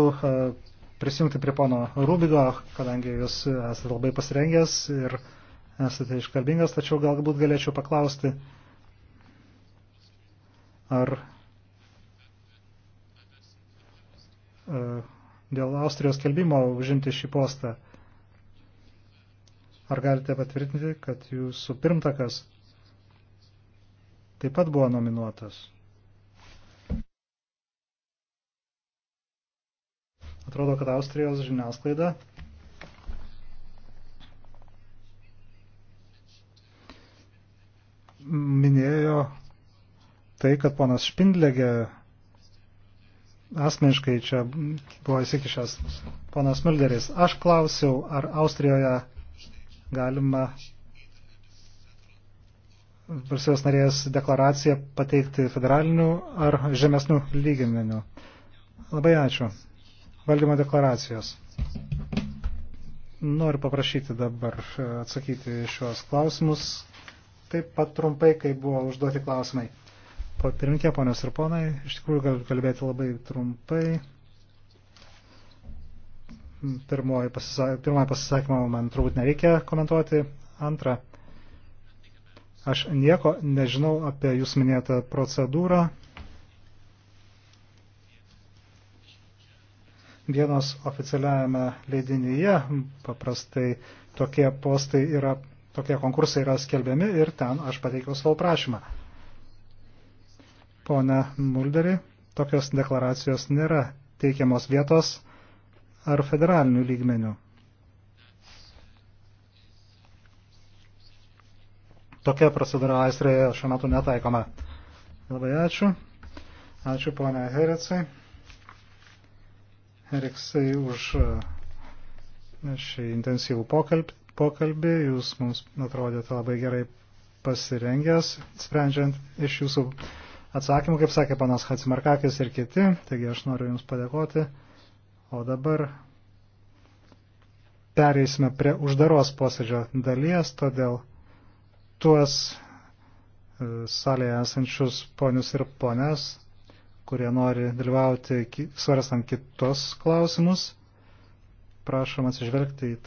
prisijungti prie pono Rubigo, kadangi jūs esate labai pasirengęs ir esate iškalbingas, tačiau galbūt galėčiau paklausti, ar dėl Austrijos kelbimo užimti šį postą. Ar galite patvirtinti, kad jūsų pirmtakas taip pat buvo nominuotas? Atrodo, kad Austrijos žiniasklaida minėjo tai, kad ponas Špindlegė asmeniškai čia buvo įsikišęs ponas Mulderis. Aš klausiau, ar Austrijoje galima valstybės narės deklaraciją pateikti federaliniu ar žemesniu lygmeniu. Labai ačiū. Valdymo deklaracijos. Noriu paprašyti dabar atsakyti šios klausimus. Taip pat trumpai, kai buvo užduoti klausimai. Pirminkė, ponios ir ponai, iš tikrųjų galiu kalbėti labai trumpai. Pirmoji pasisa pirmąjį pasisakymą man turbūt nereikia komentuoti. Antra, aš nieko nežinau apie jūs minėtą procedūrą. Vienos oficialiajame leidinyje paprastai tokie postai yra, tokie konkursai yra skelbiami ir ten aš pateikiau savo prašymą. Pone Mulderi, tokios deklaracijos nėra teikiamos vietos ar federaliniu lygmeniu. Tokia procedūra Aistrėje šiuo metu netaikoma. Labai ačiū. Ačiū ponia Hericai. Heriksai už e, šį intensyvų pokalbį. pokalbį. Jūs mums atrodėte labai gerai pasirengęs, sprendžiant iš jūsų atsakymų, kaip sakė panas Hatsimarkakis ir kiti. Taigi aš noriu Jums padėkoti. O dabar pereisime prie uždaros posėdžio dalies, todėl tuos e, salėje esančius ponius ir pones, kurie nori dalyvauti svarstant kitos klausimus, prašom atsižvelgti į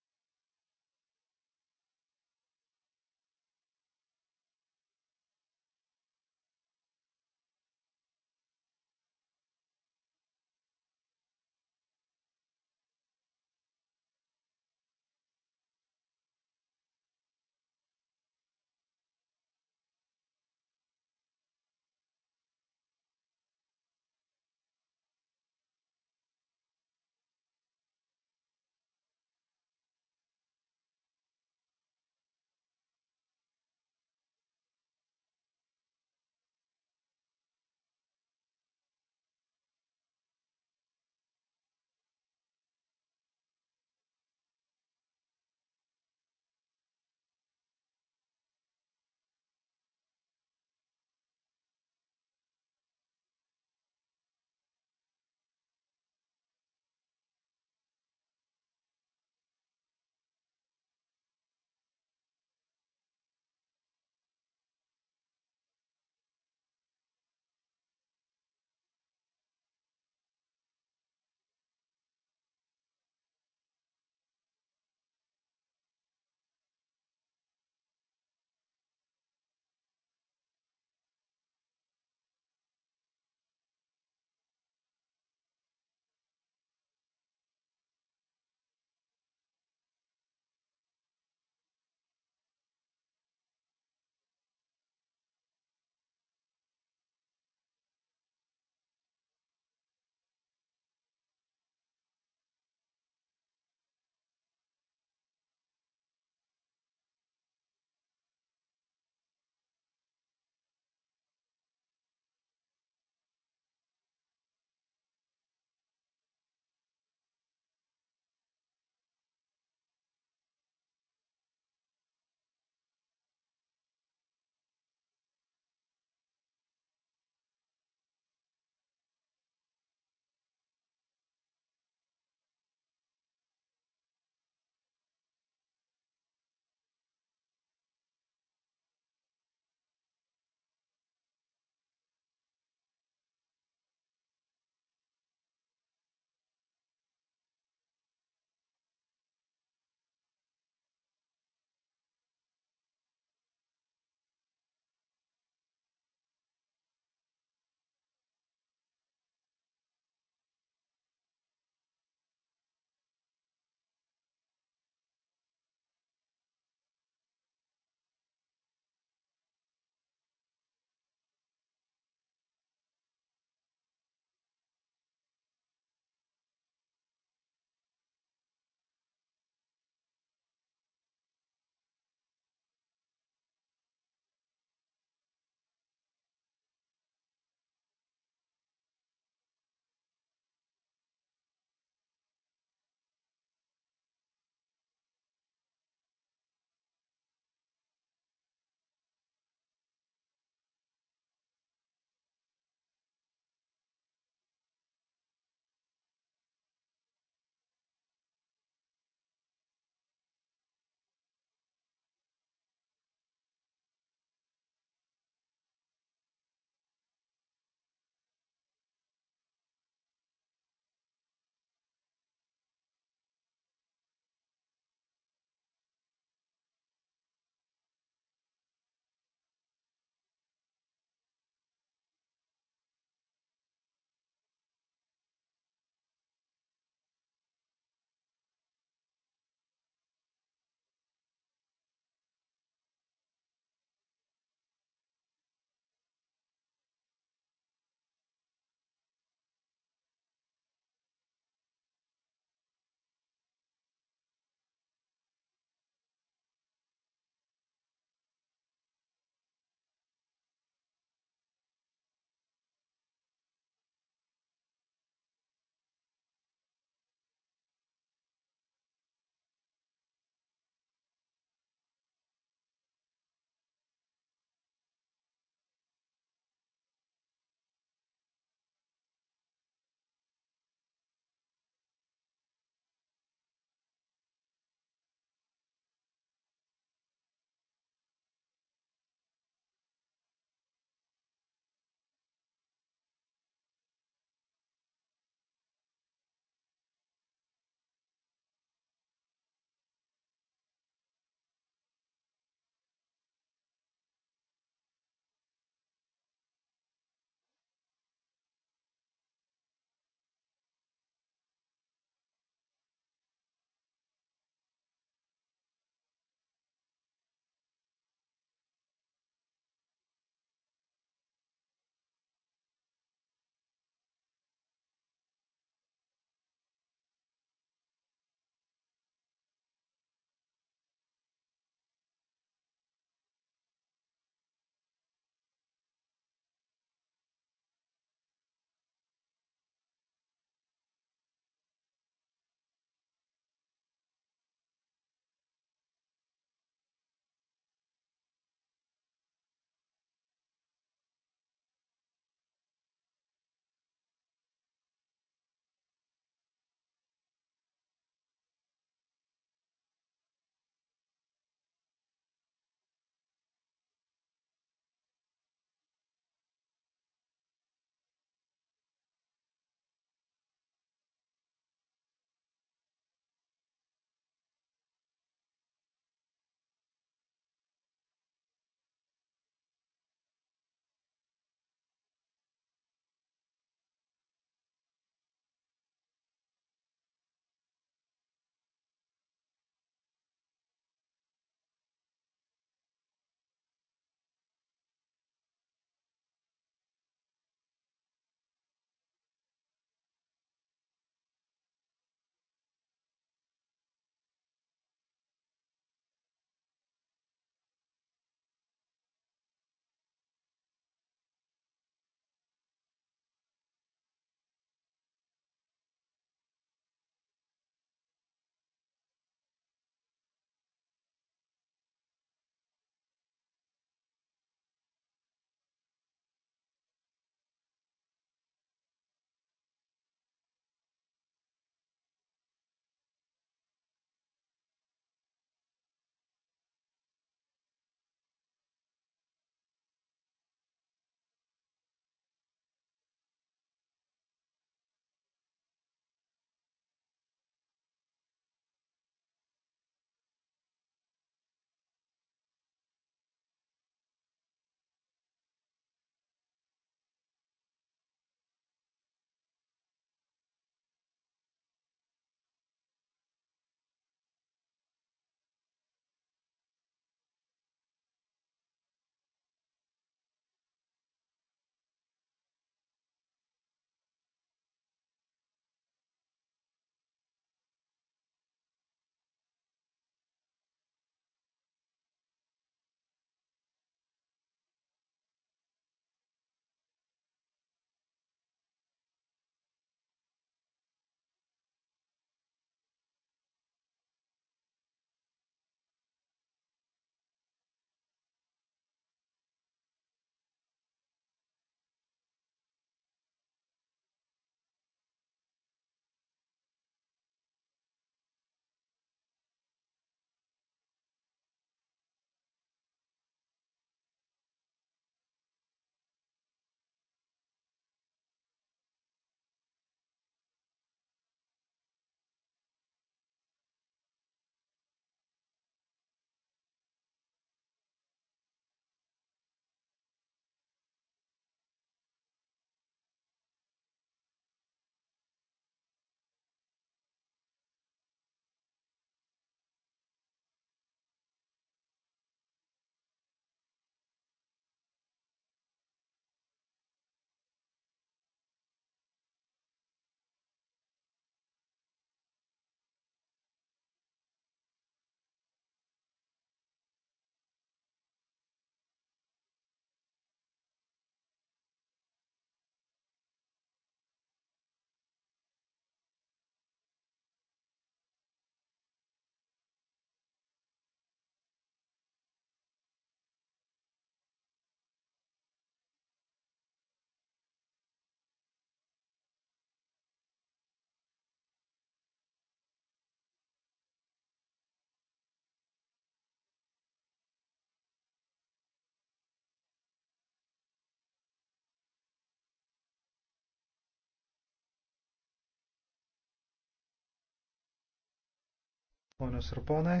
Ponios ir ponai.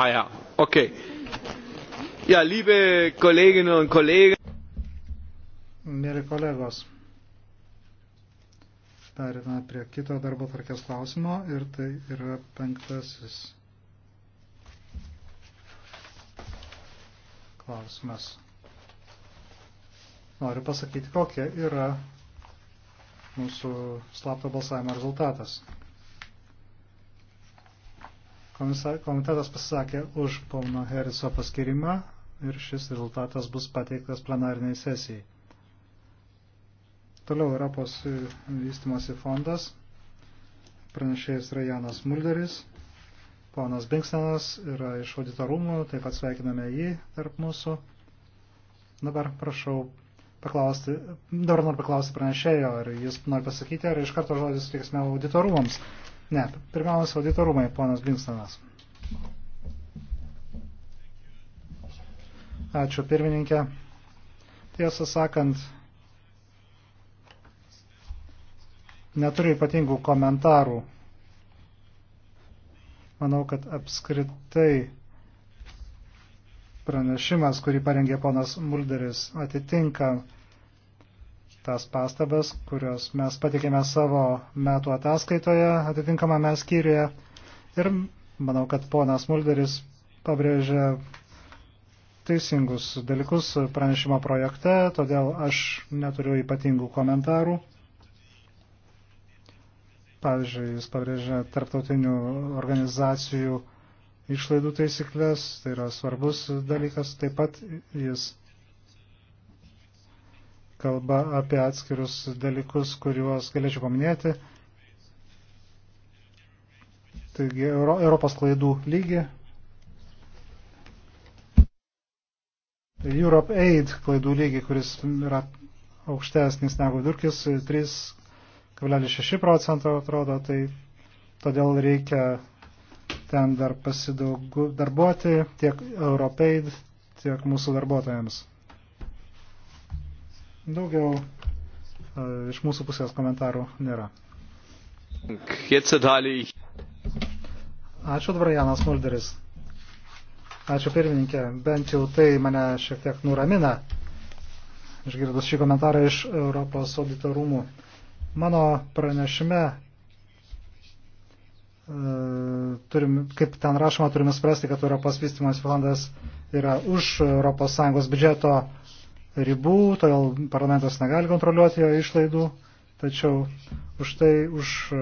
Ah ja, okay. Ja, liebe Kolleginnen und Kollegen. Mėly kolegos, perėmame prie kito darbo tvarkės klausimo ir tai yra penktasis klausimas. Noriu pasakyti, kokia yra mūsų slapto balsavimo rezultatas. Komitetas pasisakė už Pauno Heriso paskirimą ir šis rezultatas bus pateiktas plenariniai sesijai. Toliau Europos vystimosi fondas. Pranešėjas yra Janas Mulderis. Ponas Binkstenas yra iš auditorumų, taip pat sveikiname jį tarp mūsų. Dabar prašau paklausti, dabar noriu paklausti pranešėjo, ar jis nori pasakyti, ar iš karto žodis teiksime auditorumams. Ne, pirmiausia, auditorumai, ponas Glinstonas. Ačiū pirmininkė. Tiesą sakant, neturiu ypatingų komentarų. Manau, kad apskritai pranešimas, kurį parengė ponas Mulderis, atitinka tas pastabas, kurios mes patikėme savo metų ataskaitoje atitinkamame skyriuje. Ir manau, kad ponas Mulderis pabrėžė teisingus dalykus pranešimo projekte, todėl aš neturiu ypatingų komentarų. Pavyzdžiui, jis pabrėžė tarptautinių organizacijų išlaidų taisyklės, tai yra svarbus dalykas. Taip pat jis kalba apie atskirus dalykus, kuriuos galėčiau paminėti. Taigi, Euro, Europos klaidų lygį. Europe Aid klaidų lygį, kuris yra aukštesnis negu durkis, 3,6 procento atrodo, tai todėl reikia ten dar pasidarbuoti tiek Europe Aid, tiek mūsų darbuotojams. Daugiau e, iš mūsų pusės komentarų nėra. Ačiū Dvarjanas Mulderis. Ačiū pirmininkė. Bent jau tai mane šiek tiek nuramina. Išgirdus šį komentarą iš Europos audito rūmų. Mano pranešime e, turim, kaip ten rašoma, turime spręsti, kad Europos vystimas fondas yra už ES biudžeto ribų, todėl parlamentas negali kontroliuoti jo išlaidų, tačiau už tai, už e,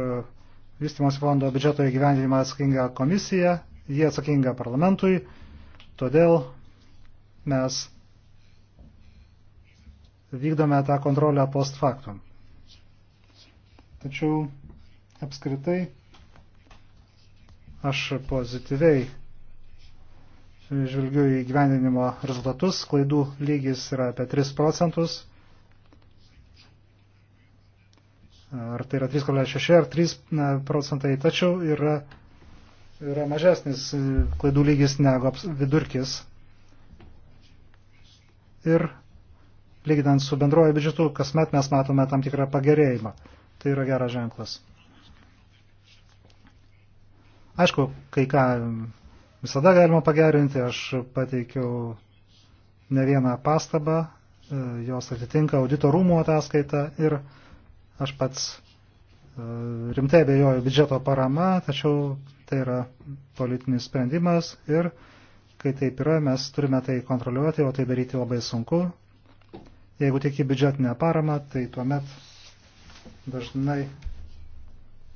vystimosi fondo biudžeto įgyvendinimą atsakinga komisija, jie atsakinga parlamentui, todėl mes vykdome tą kontrolę post factum. Tačiau apskritai aš pozityviai žvelgiu į gyvendinimo rezultatus, klaidų lygis yra apie 3 procentus. Ar tai yra 3,6 ar 3 procentai, tačiau yra, yra mažesnis e, klaidų lygis negu vidurkis. Ir lyginant su bendroju biudžetu, kasmet mes matome tam tikrą pagerėjimą. Tai yra geras ženklas. Aišku, kai ką Visada galima pagerinti, aš pateikiau ne vieną pastabą, e, jos atitinka audito rūmų ataskaita ir aš pats e, rimtai abejoju biudžeto parama, tačiau tai yra politinis sprendimas ir kai taip yra, mes turime tai kontroliuoti, o tai daryti labai sunku. Jeigu tik į biudžetinę paramą, tai tuomet dažnai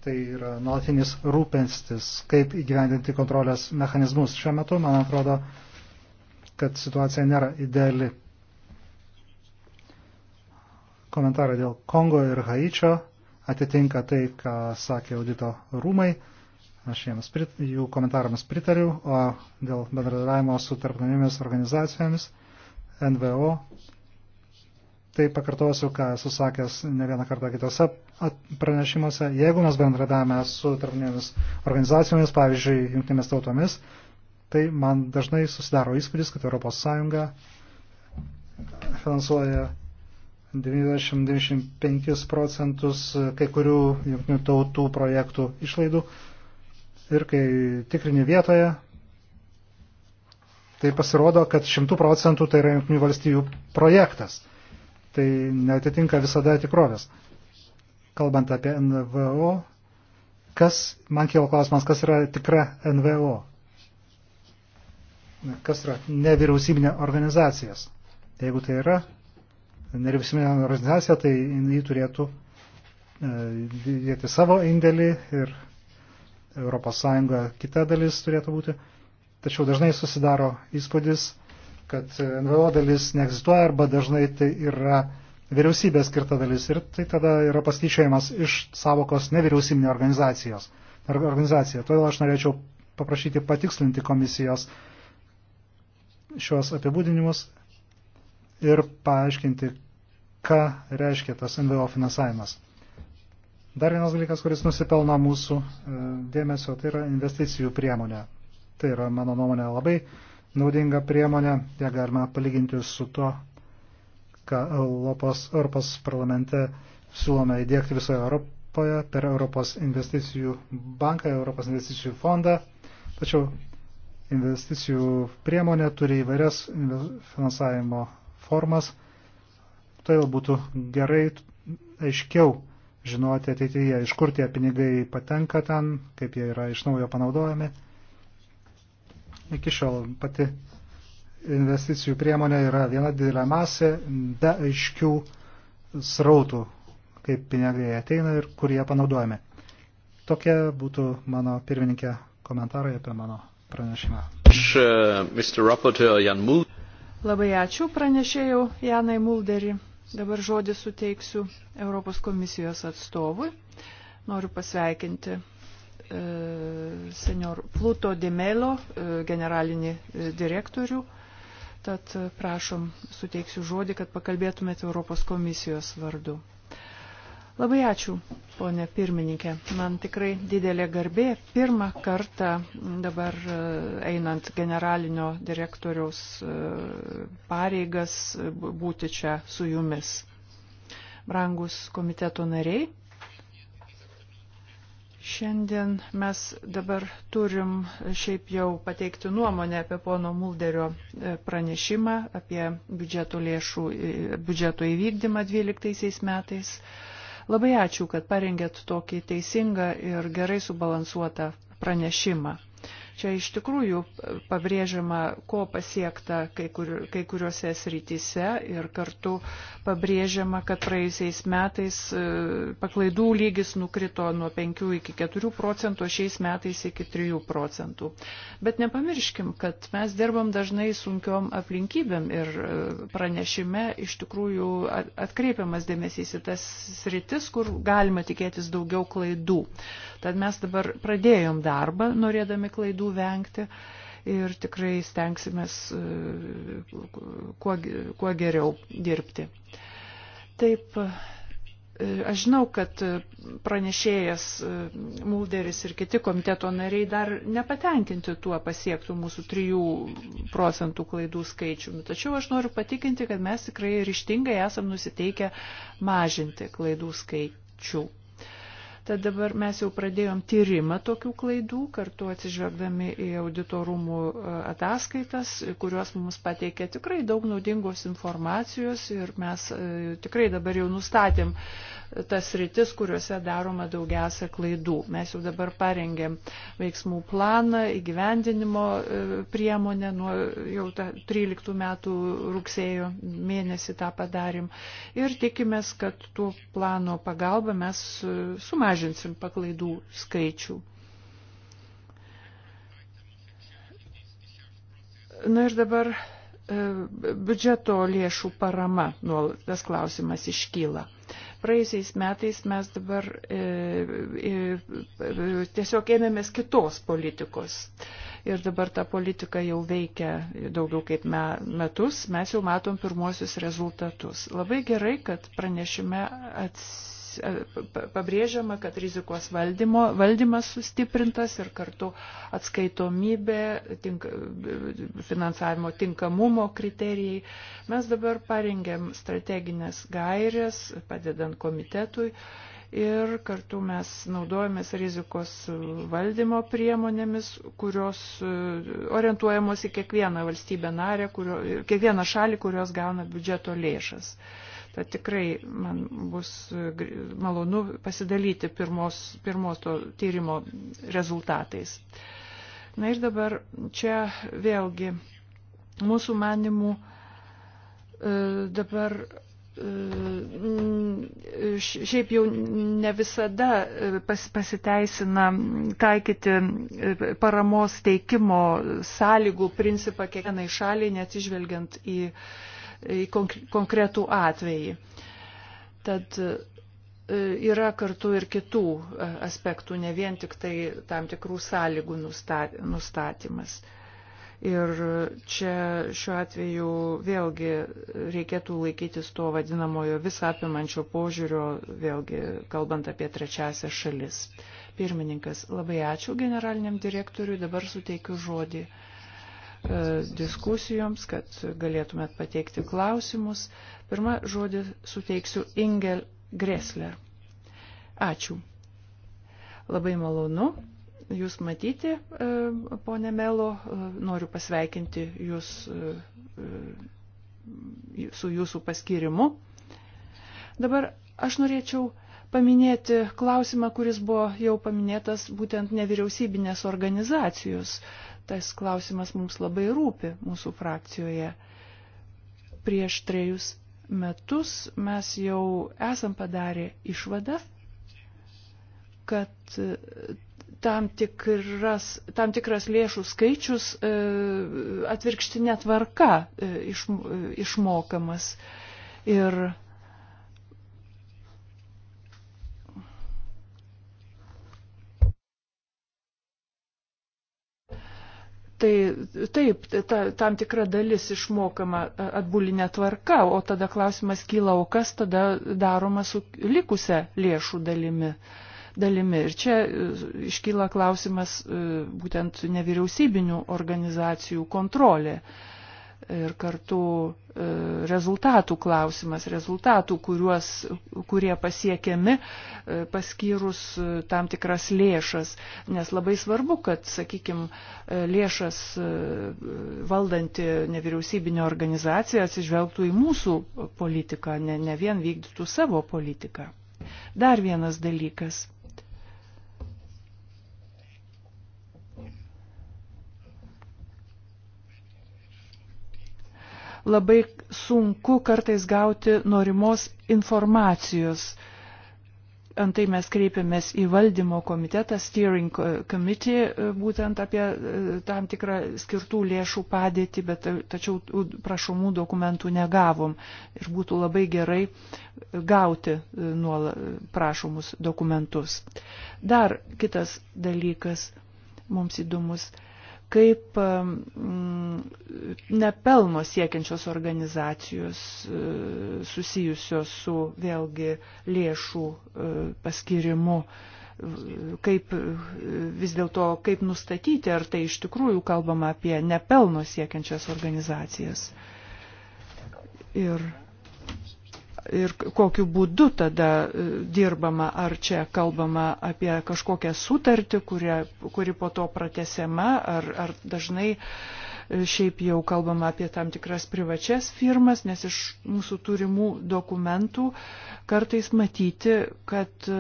tai yra nuolatinis rūpenstis, kaip įgyvendinti kontrolės mechanizmus. Šiuo metu, man atrodo, kad situacija nėra ideali. Komentarai dėl Kongo ir Haičio atitinka tai, ką sakė audito rūmai. Aš jiems prit, jų komentarams pritariu, o dėl bendradarbiavimo su tarptautinėmis organizacijomis, NVO tai pakartosiu, ką susakęs ne vieną kartą kitose pranešimuose. Jeigu mes bendradavome su tarpinėmis organizacijomis, pavyzdžiui, jungtinėmis tautomis, tai man dažnai susidaro įspūdis, kad ES finansuoja 90-95 procentus kai kurių jungtinių tautų projektų išlaidų. Ir kai tikrini vietoje, tai pasirodo, kad 100 procentų tai yra jungtinių valstybių projektas tai netitinka visada tikrovės. Kalbant apie NVO, kas, man kilo klausimas, kas yra tikra NVO? Kas yra nevyriausybinė organizacijas? Jeigu tai yra nevyriausybinė organizacija, tai jį turėtų e, dėti savo indėlį ir ES kita dalis turėtų būti. Tačiau dažnai susidaro įspūdis, kad NVO dalis neegzistuoja arba dažnai tai yra vyriausybė skirta dalis ir tai tada yra pastyčiajimas iš savokos nevyriausybinio organizacijos. Organizacija. Todėl aš norėčiau paprašyti patikslinti komisijos šios apibūdinimus ir paaiškinti, ką reiškia tas NVO finansavimas. Dar vienas dalykas, kuris nusipelno mūsų e, dėmesio, tai yra investicijų priemonė. Tai yra, mano nuomonė, labai uh, naudinga priemonė, ją galima palyginti su to, ką Europos, Europos parlamente siūlome įdėkti visoje Europoje per Europos investicijų banką, Europos investicijų fondą. Tačiau investicijų priemonė turi įvairias finansavimo formas. Todėl tai būtų gerai aiškiau žinoti ateityje, iš kur tie pinigai patenka ten, kaip jie yra iš naujo panaudojami iki šiol pati investicijų priemonė yra viena didelė masė be aiškių srautų, kaip pinigai ateina ir kur jie panaudojami. Tokie būtų mano pirmininkė komentarai apie mano pranešimą. E, Labai ačiū pranešėjau Janai Mulderį. Dabar žodį suteiksiu Europos komisijos atstovui. Noriu pasveikinti E, senior Pluto Demelo e, generalinį e, direktorių. Tad prašom, suteiksiu žodį, kad pakalbėtumėte Europos komisijos vardu. Labai ačiū, ponė pirmininkė. Man tikrai didelė garbė pirmą kartą dabar einant generalinio direktoriaus pareigas būti čia su jumis. Brangus komiteto nariai, Šiandien mes dabar turim šiaip jau pateikti nuomonę apie pono Mulderio e, pranešimą apie biudžeto lėšų, e, biudžeto įvykdymą 12 metais. Labai ačiū, kad parengėt tokį teisingą ir gerai subalansuotą pranešimą. Čia iš tikrųjų pabrėžiama, ko pasiekta kai, kur, kai kuriuose srityse ir kartu pabrėžiama, kad praėjusiais metais e, paklaidų lygis nukrito nuo 5 iki 4 procentų, šiais metais iki 3 procentų. Bet nepamirškim, kad mes dirbam dažnai sunkiom aplinkybėm ir e, pranešime iš tikrųjų atkreipiamas dėmesys į tas sritis, kur galima tikėtis daugiau klaidų. Tad mes dabar pradėjom darbą, norėdami klaidų klaidų vengti ir tikrai stengsimės e, kuo, kuo geriau dirbti. Taip, e, aš žinau, kad pranešėjas e, Mulderis ir kiti komiteto nariai dar nepatenkinti tuo pasiektų mūsų 3 procentų klaidų skaičiumi. Tačiau aš noriu patikinti, kad mes tikrai ryštingai esam nusiteikę mažinti klaidų skaičių. Tad dabar mes jau pradėjom tyrimą tokių klaidų, kartu atsižvelgdami į auditorumų e, ataskaitas, kuriuos mums pateikė tikrai daug naudingos informacijos ir mes e, tikrai dabar jau nustatėm, tas rytis, kuriuose daroma daugiausia klaidų. Mes jau dabar parengėm veiksmų planą, įgyvendinimo e, priemonę, nuo jau 13 metų rugsėjo mėnesį tą padarim. Ir tikimės, kad tuo plano pagalba mes e, sumažinsim paklaidų skaičių. Na ir dabar e, biudžeto lėšų parama, nuolat tas klausimas iškyla praėjusiais metais mes dabar e, e, tiesiog ėmėmės kitos politikos. Ir dabar ta politika jau veikia daugiau kaip me, metus, mes jau matom pirmosius rezultatus. Labai gerai, kad pranešime atsitikti E, pabrėžiama, kad rizikos valdymo, valdymas sustiprintas ir kartu atskaitomybė, tink, finansavimo tinkamumo kriterijai. Mes dabar parengėm strateginės gairės, padedant komitetui ir kartu mes naudojamės rizikos valdymo priemonėmis, kurios e, orientuojamos į kiekvieną valstybę narę, kurio, kiekvieną šalį, kurios gauna biudžeto lėšas. Tad tikrai man bus malonu pasidalyti pirmos, pirmos to tyrimo rezultatais. Na ir dabar čia vėlgi mūsų manimų e, dabar e, šiaip jau ne visada e, pas, pasiteisina taikyti paramos teikimo sąlygų principą kiekvienai šaliai, neatsižvelgiant į uh, į konkretų atvejį. Tad e, yra kartu ir kitų e, aspektų, ne vien tik tai tam tikrų sąlygų nustatymas. Ir čia šiuo atveju vėlgi reikėtų laikytis to vadinamojo visapimančio požiūrio, vėlgi kalbant apie trečiasią šalis. Pirmininkas, labai ačiū generaliniam direktoriui, dabar suteikiu žodį E, diskusijoms, kad galėtumėt pateikti klausimus. Pirmą žodį suteiksiu Ingel Gressler. Ačiū. Labai malonu Jūs matyti, e, ponė Melo, e, noriu pasveikinti Jūs su Jūsų paskirimu. Dabar aš norėčiau paminėti klausimą, kuris buvo jau paminėtas būtent nevyriausybinės organizacijos tas klausimas mums labai rūpi mūsų frakcijoje. Prieš trejus metus mes jau esam padarę išvadą, kad e, tam, tikras, tam tikras lėšų skaičius e, atvirkštinė tvarka e, išmokamas. Ir Tai taip, ta, tam tikra dalis išmokama e, atbulinė tvarka, o tada klausimas kyla, o kas tada daroma su likusia lėšų dalimi. dalimi. Ir čia e, iškyla klausimas e, būtent nevyriausybinių organizacijų kontrolė. Uh, ir kartu e, rezultatų klausimas, rezultatų, kuriuos, kurie pasiekiami e, paskyrus e, tam tikras lėšas. Nes labai svarbu, kad, sakykime, lėšas valdanti nevyriausybinė organizacija atsižvelgtų į mūsų politiką, ne, ne vien vykdytų savo politiką. Dar vienas dalykas labai sunku kartais gauti norimos informacijos. Antai mes kreipiamės į valdymo komitetą, steering committee, e, būtent apie e, tam tikrą skirtų lėšų padėtį, bet tačiau prašomų dokumentų negavom. Ir būtų labai gerai e, gauti nuola prašomus dokumentus. Dar kitas dalykas mums įdomus kaip mm, nepelno siekiančios organizacijos e, susijusios su vėlgi lėšų e, paskirimu, kaip e, vis dėlto, kaip nustatyti, ar tai iš tikrųjų kalbama apie nepelno siekiančias organizacijas. Ir ir kokiu būdu tada e, dirbama, ar čia kalbama apie kažkokią sutartį, kurie, kuri po to pratesiama, ar, ar dažnai e, šiaip jau kalbama apie tam tikras privačias firmas, nes iš mūsų turimų dokumentų kartais matyti, kad e,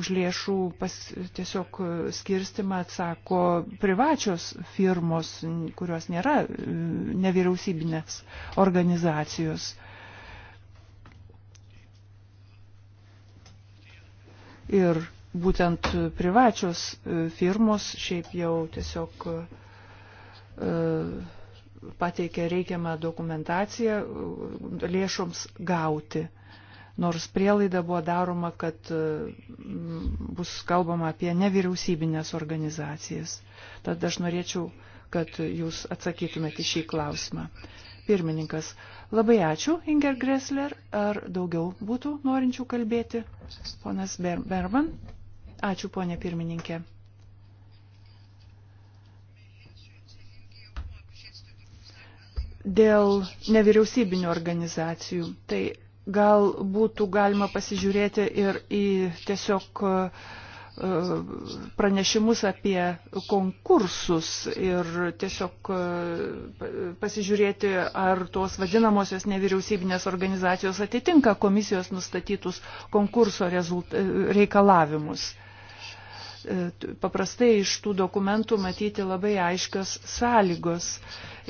už lėšų pas, tiesiog skirstimą atsako privačios firmos, kurios nėra nevyriausybinės organizacijos. Ir būtent privačios e, firmos šiaip jau tiesiog e, pateikia reikiamą dokumentaciją e, lėšoms gauti. Nors prielaida buvo daroma, kad bus kalbama apie nevyriausybinės organizacijas. Tad aš norėčiau, kad jūs atsakytumėte šį klausimą. Pirmininkas, labai ačiū, Inger Gressler. Ar daugiau būtų norinčių kalbėti? Ponas Ber Berman. Ačiū, ponė pirmininkė. Dėl nevyriausybinių organizacijų. Tai gal būtų galima pasižiūrėti ir į tiesiog uh, pranešimus apie konkursus ir tiesiog e, pasižiūrėti, ar tos vadinamosios nevyriausybinės organizacijos atitinka komisijos nustatytus konkurso e, reikalavimus. E, paprastai iš tų dokumentų matyti labai aiškios sąlygos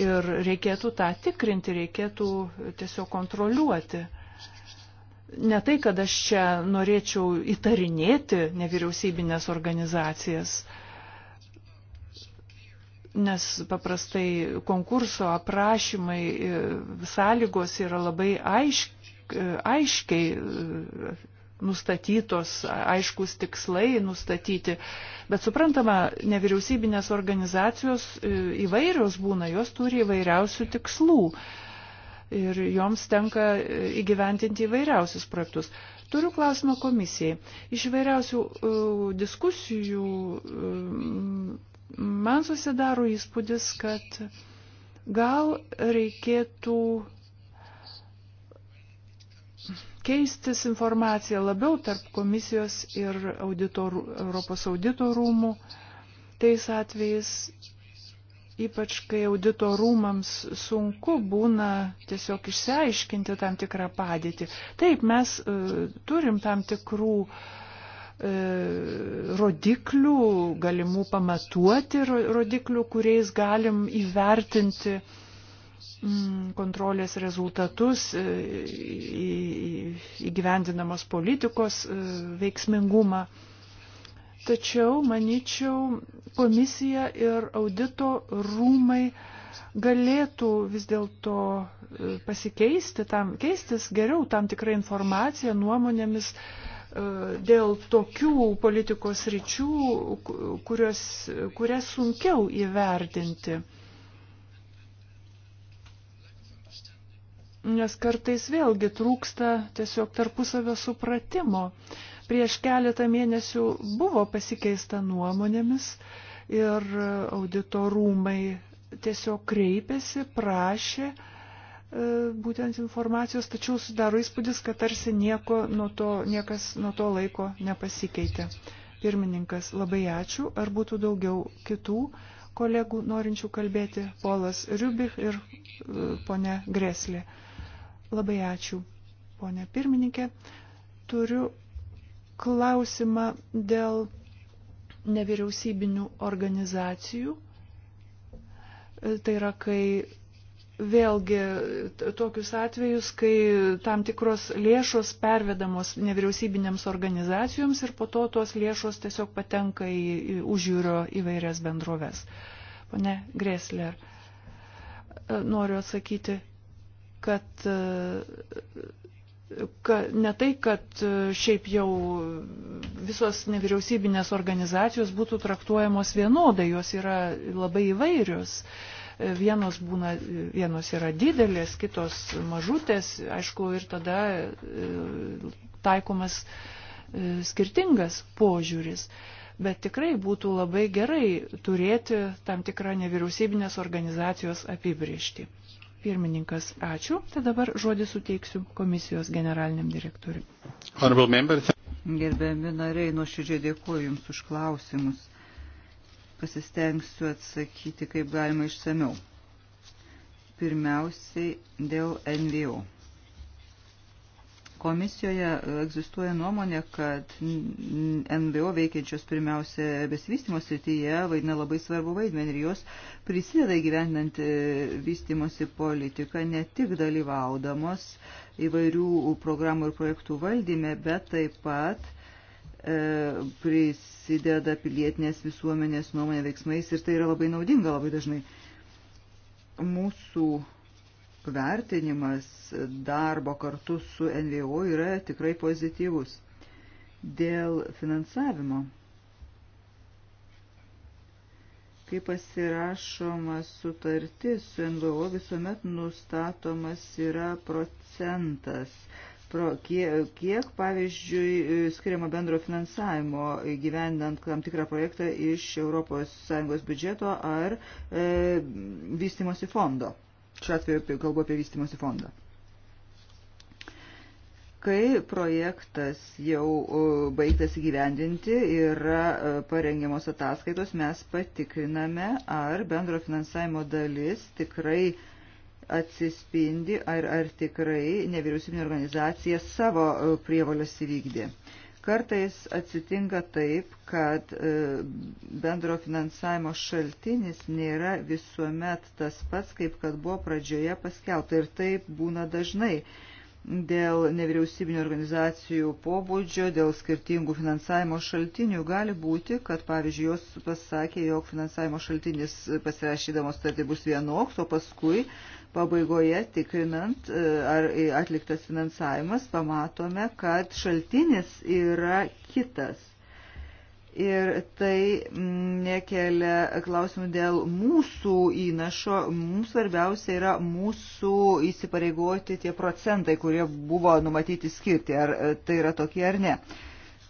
ir reikėtų tą tikrinti, reikėtų tiesiog kontroliuoti ne tai, kad aš čia norėčiau įtarinėti nevyriausybinės organizacijas, nes paprastai konkurso aprašymai, e, sąlygos yra labai aišk, e, aiškiai e, nustatytos, aiškus tikslai nustatyti. Bet suprantama, nevyriausybinės organizacijos įvairios būna, jos turi įvairiausių tikslų ir joms tenka e, įgyventinti įvairiausius projektus. Turiu klausimą komisijai. Iš įvairiausių e, diskusijų e, man susidaro įspūdis, kad gal reikėtų keistis informacija labiau tarp komisijos ir auditor, Europos audito rūmų tais atvejais, ypač kai audito rūmams sunku būna tiesiog išsiaiškinti tam tikrą padėtį. Taip, mes e, turim tam tikrų e, rodiklių, galimų pamatuoti rodiklių, kuriais galim įvertinti mm, kontrolės rezultatus, e, įgyvendinamos politikos e, veiksmingumą. E, Tačiau, manyčiau, komisija ir audito rūmai galėtų vis dėlto e, pasikeisti, tam, keistis geriau tam tikrą informaciją, nuomonėmis e, dėl tokių politikos ryčių, kurios, kurias sunkiau įvertinti. Nes kartais vėlgi trūksta tiesiog tarpusavio supratimo. Uh, Prieš keletą mėnesių buvo pasikeista nuomonėmis ir auditorumai tiesiog kreipėsi, prašė e, būtent informacijos, tačiau sudaro įspūdis, kad tarsi nieko nuo to, niekas nuo to laiko nepasikeitė. Pirmininkas, labai ačiū. Ar būtų daugiau kitų kolegų norinčių kalbėti? Polas Riubich ir e, ponė Greslė. Labai ačiū, ponė pirmininkė. Turiu klausimą dėl nevyriausybinių organizacijų. Tai yra, kai vėlgi tokius atvejus, kai tam tikros lėšos pervedamos nevyriausybinėms organizacijoms ir po to tos lėšos tiesiog patenka į, į užjūrio įvairias bendroves. Pane Gresler, noriu atsakyti, kad ne tai, kad e, šiaip jau visos nevyriausybinės organizacijos būtų traktuojamos vienodai, jos yra labai įvairios. E, vienos, būna, e, vienos yra didelės, kitos mažutės, aišku, ir tada taikomas skirtingas požiūris. Bet tikrai būtų labai gerai turėti tam tikrą nevyriausybinės organizacijos apibriežtį. Pirmininkas, ačiū. Tai dabar žodį suteiksiu komisijos generaliniam direktoriui. Gerbiami nariai, nuoširdžiai dėkuoju Jums už klausimus. Pasistengsiu atsakyti, kaip galima išsameu. Pirmiausiai dėl NVO. Komisijoje e, egzistuoja nuomonė, kad NBO veikiančios pirmiausia besivystimo srityje vaidina labai svarbu vaidmenį ir jos prisideda gyvenant e, vystimosi politiką ne tik dalyvaudamos įvairių programų ir projektų valdyme, bet taip pat e, prisideda pilietinės visuomenės nuomonė veiksmais ir tai yra labai naudinga labai dažnai. Mūsų vertinimas darbo kartu su NVO yra tikrai pozityvus. Dėl finansavimo, kai pasirašoma sutartis su NVO, visuomet nustatomas yra procentas pro, kiek, kiek, pavyzdžiui, skiriama bendro finansavimo gyvendant tam tikrą projektą iš ES biudžeto ar e, vystimosi fondo. Šiuo atveju kalbu apie vystimosi fondą. Kai projektas jau e, baigtas įgyvendinti, yra e, parengiamos ataskaitos, mes patikriname, ar bendro finansavimo dalis tikrai atsispindi, ar, ar tikrai nevyriausybinė organizacija savo e, prievalės įvykdė. Kartais atsitinka taip, kad e, bendro finansavimo šaltinis nėra visuomet tas pats, kaip kad buvo pradžioje paskelbta. Ir taip būna dažnai dėl nevyriausybinio organizacijų pobūdžio, dėl skirtingų finansavimo šaltinių gali būti, kad, pavyzdžiui, jos pasakė, jog finansavimo šaltinis pasirašydamos tarti bus vienoks, o paskui pabaigoje, tikrinant, e, ar atliktas finansavimas, pamatome, kad šaltinis yra kitas. Ir tai nekelia klausimų dėl mūsų įnašo. Mums svarbiausia yra mūsų įsipareigoti tie procentai, kurie buvo numatyti skirti, ar e, tai yra tokie ar ne.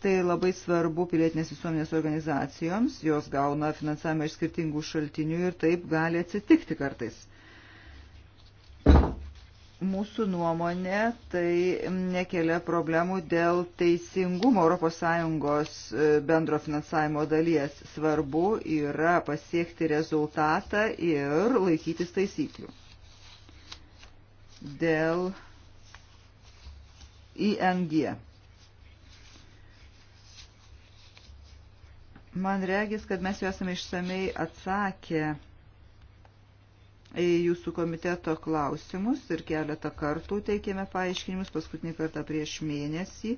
Tai labai svarbu pilietinės visuomenės organizacijoms, jos gauna finansavimą iš skirtingų šaltinių ir taip gali atsitikti kartais. Mūsų nuomonė tai nekelia problemų dėl teisingumo ES e, bendro finansavimo dalies. Svarbu yra pasiekti rezultatą ir laikytis taisyklių. Dėl ING. Man regis, kad mes jau esame išsamei atsakę jūsų komiteto klausimus ir keletą kartų teikėme paaiškinimus, paskutinį kartą prieš mėnesį.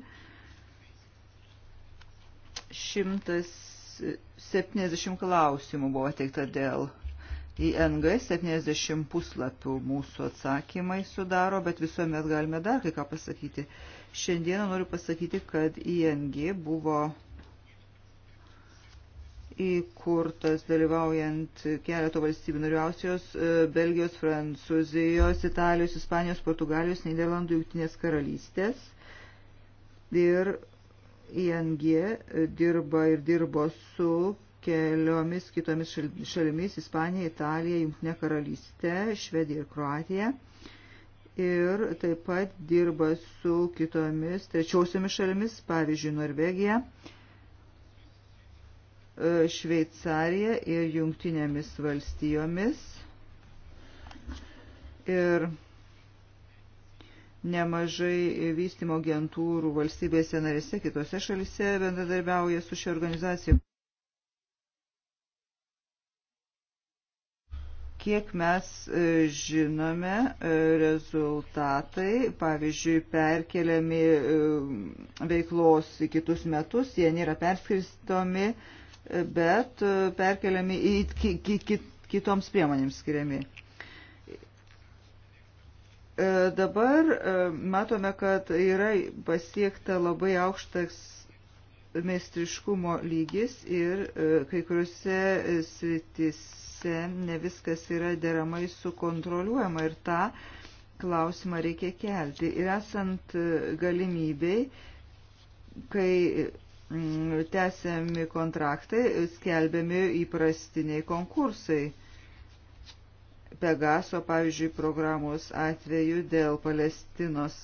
170 klausimų buvo teikta dėl ING, 70 puslapių mūsų atsakymai sudaro, bet visuomet galime dar kai ką pasakyti. Šiandieną noriu pasakyti, kad ING buvo įkurtas dalyvaujant keleto valstybių narių Ausijos, e, Belgijos, Prancūzijos, Italijos, Ispanijos, Portugalijos, Niderlandų, Jungtinės karalystės. Ir ING dirba ir dirbo su keliomis kitomis šalimis - Ispanija, Italija, Junktinė karalystė, Švedija ir Kroatija ir taip pat dirba su kitomis trečiosiomis šalimis, pavyzdžiui, Norvegija, E, Šveicarija ir jungtinėmis valstijomis. Ir nemažai vystimo agentūrų valstybėse narėse, kitose šalise bendradarbiauja su šia organizacija. Kiek mes e, žinome, e, rezultatai, pavyzdžiui, perkeliami veiklos į kitus metus, jie nėra perskristomi bet e, perkeliami į kitoms priemonėms skiriami. E, dabar e, matome, kad yra pasiekta labai aukštas meistriškumo lygis ir kai kuriuose sritise ne viskas yra deramai sukontroliuojama ir tą klausimą reikia kelti. Ir esant galimybei, kai Mm, tęsiami kontraktai, skelbiami įprastiniai konkursai. Pegaso, pavyzdžiui, programos atveju dėl Palestinos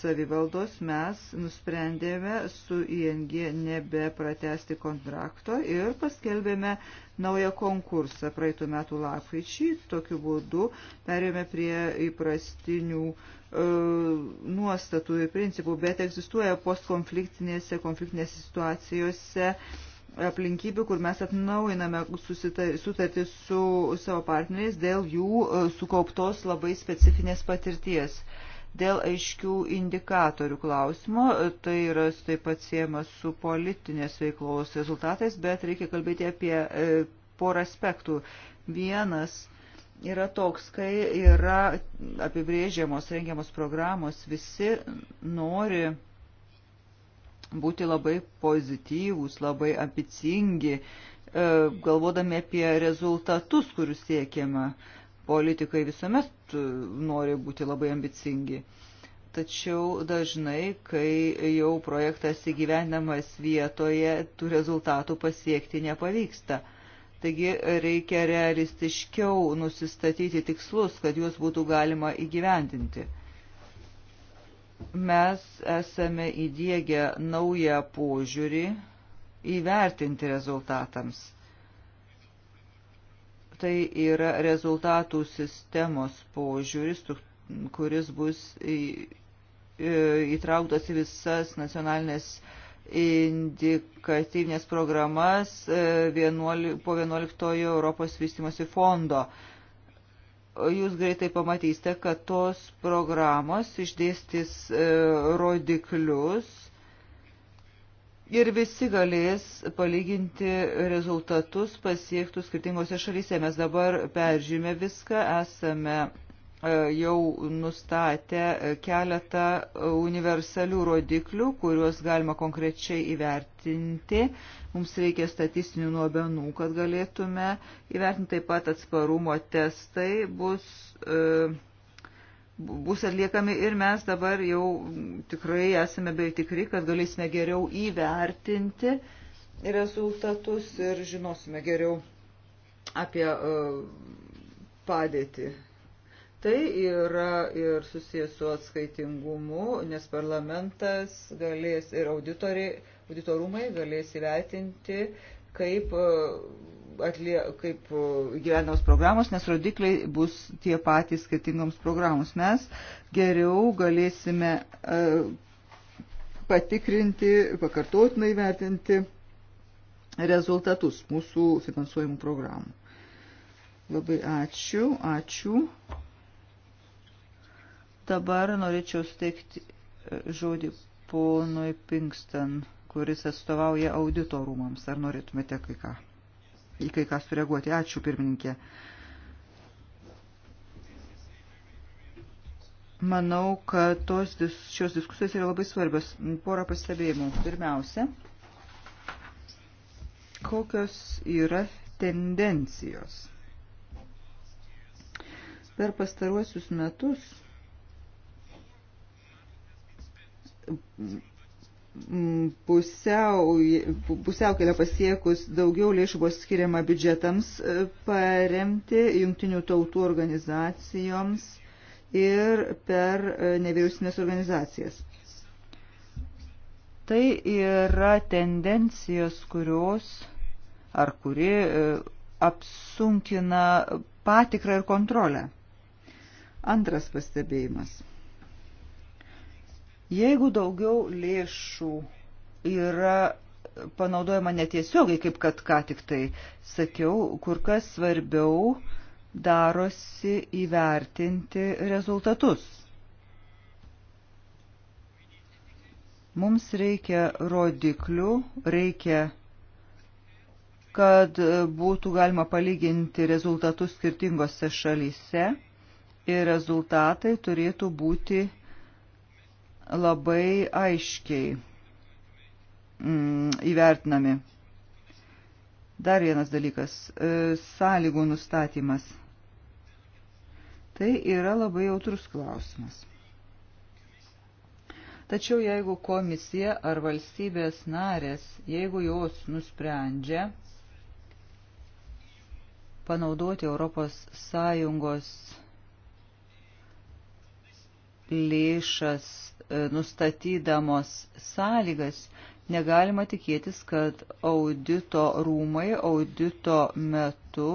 savivaldos mes nusprendėme su ING nebepratesti kontrakto ir paskelbėme naują konkursą praeitų metų lapkričiai. Tokiu būdu perėjome prie įprastinių E, nuostatų ir principų, bet egzistuoja postkonfliktinėse, konfliktinėse situacijose aplinkybių, kur mes atnaujiname sutartį su savo partneriais dėl jų e, sukauptos labai specifinės patirties. Dėl aiškių indikatorių klausimo, e, tai yra taip pat siemas su politinės veiklos rezultatais, bet reikia kalbėti apie porą aspektų. Vienas yra toks, kai yra apibrėžiamos, rengiamos programos, visi nori būti labai pozityvūs, labai ambicingi, e, galvodami apie rezultatus, kurių siekiama. Politikai visuomet nori būti labai ambicingi. Tačiau dažnai, kai jau projektas įgyvendamas vietoje, tų rezultatų pasiekti nepavyksta. Taigi reikia realistiškiau nusistatyti tikslus, kad juos būtų galima įgyvendinti. Mes esame įdėgę naują požiūrį įvertinti rezultatams. Tai yra rezultatų sistemos požiūris, kuris bus įtrauktas į visas nacionalinės indikatyvinės programas 11, e, po 11 Europos vystimosi fondo. Jūs greitai pamatysite, kad tos programos išdėstys e, rodiklius ir visi galės palyginti rezultatus pasiektus skirtingose šalyse. Mes dabar peržymė viską, esame E, jau nustatę keletą universalių rodiklių, kuriuos galima konkrečiai įvertinti. Mums reikia statistinių nuobenų, kad galėtume įvertinti taip pat atsparumo testai bus. E, bus atliekami ir mes dabar jau tikrai esame beveik tikri, kad galėsime geriau įvertinti rezultatus ir žinosime geriau apie e, padėtį Tai yra ir susijęs su atskaitingumu, nes parlamentas galės ir auditoriai, auditorumai galės įvertinti, kaip, e, atlie, kaip e, gyvenamos programos, nes rodikliai bus tie patys skirtingoms programoms. Mes geriau galėsime e, patikrinti, pakartotinai vertinti rezultatus mūsų finansuojimų programų. Labai ačiū, ačiū. Dabar norėčiau steigti e, žodį ponui Pinkston, kuris atstovauja auditorumams. Ar norėtumėte kai ką? Į kai ką sureaguoti. Ačiū, pirmininkė. Manau, kad tos, šios diskusijos yra labai svarbios. Porą pastebėjimų. Pirmiausia, kokios yra tendencijos. Per pastaruosius metus pusiau, pusiaukelę pasiekus daugiau lėšų buvo skiriama biudžetams e, paremti jungtinių tautų organizacijoms ir per e, nevyriausinės organizacijas. Tai yra tendencijos, kurios ar kuri e, apsunkina patikrą ir kontrolę. Antras pastebėjimas – Jeigu daugiau lėšų yra panaudojama netiesiogai, kaip kad ką tik tai sakiau, kur kas svarbiau darosi įvertinti rezultatus. Mums reikia rodiklių, reikia, kad būtų galima palyginti rezultatus skirtingose šalyse ir rezultatai turėtų būti įvertinti labai aiškiai mm, įvertinami. Dar vienas dalykas e, - sąlygų nustatymas. Tai yra labai jautrus klausimas. Tačiau jeigu komisija ar valstybės narės, jeigu jos nusprendžia panaudoti Europos Sąjungos lėšas E, nustatydamos sąlygas negalima tikėtis, kad audito rūmai audito metu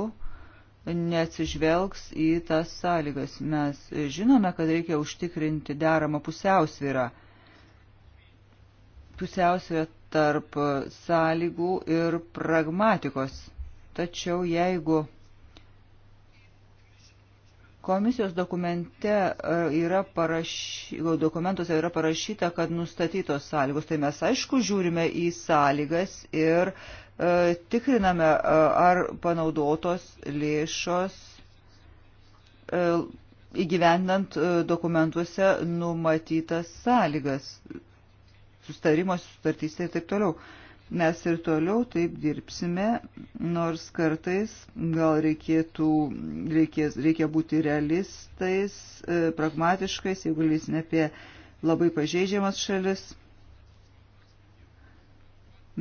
neatsižvelgs į tas sąlygas. Mes žinome, kad reikia užtikrinti deramą pusiausvyrą. Pusiausvyrą tarp sąlygų ir pragmatikos. Tačiau jeigu Komisijos dokumente e, yra parašyta, dokumentuose yra parašyta, kad nustatytos sąlygos. Tai mes aišku žiūrime į sąlygas ir e, tikriname, e, ar panaudotos lėšos e, įgyvendant e, dokumentuose numatytas sąlygas, sustarimas, sutartys ir taip toliau. E, Mes ir toliau taip dirbsime, nors kartais gal reikėtų, reikės, reikia būti realistais, e, pragmatiškais, jeigu lysime apie labai pažeidžiamas šalis.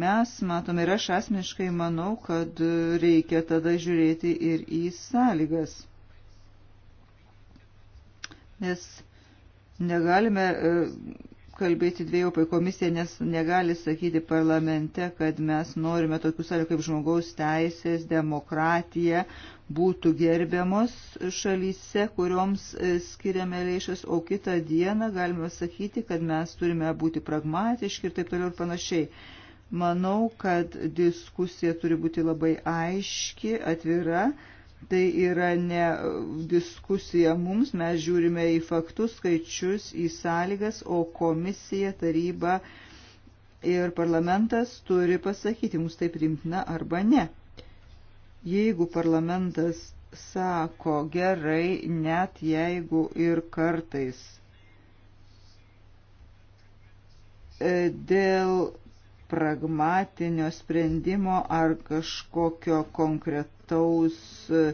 Mes matome ir aš asmeniškai manau, kad reikia tada žiūrėti ir į sąlygas. Nes negalime e, kalbėti dviejopai komisija, nes negali sakyti parlamente, kad mes norime tokių sąlygų kaip žmogaus teisės, demokratija būtų gerbiamos šalyse, kurioms e, skiriame lėšas, o kitą dieną galime sakyti, kad mes turime būti pragmatiški ir taip toliau ir panašiai. Manau, kad diskusija turi būti labai aiški, atvira Tai yra ne diskusija mums, mes žiūrime į faktus, skaičius, į sąlygas, o komisija, taryba ir parlamentas turi pasakyti, mums tai primtina arba ne. Jeigu parlamentas sako gerai, net jeigu ir kartais e, dėl pragmatinio sprendimo ar kažkokio konkretaus, konkretaus e,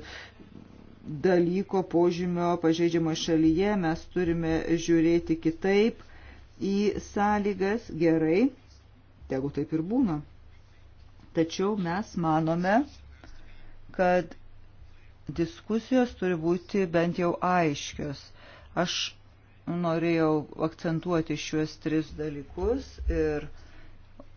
dalyko požymio pažeidžiamo šalyje, mes turime žiūrėti kitaip į sąlygas gerai, tegu taip ir būna. Tačiau mes manome, kad diskusijos turi būti bent jau aiškios. Aš norėjau akcentuoti šiuos tris dalykus ir uh,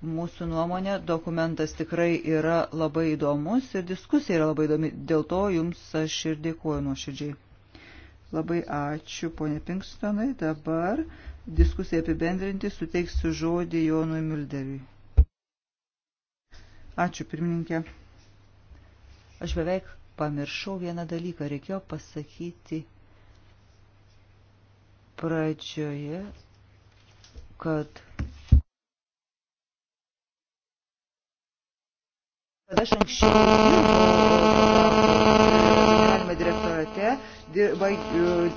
Mūsų nuomonė dokumentas tikrai yra labai įdomus ir diskusija yra labai įdomi. Dėl to jums aš ir dėkuoju nuoširdžiai. Labai ačiū, ponė Pinkstonai. Dabar diskusija apibendrinti suteiksiu žodį Jonui Mulderiui. Ačiū, pirmininkė. Aš beveik pamiršau vieną dalyką, reikėjo pasakyti pradžioje, kad kad aš anksčiau dirbau direktorate, dirba, e,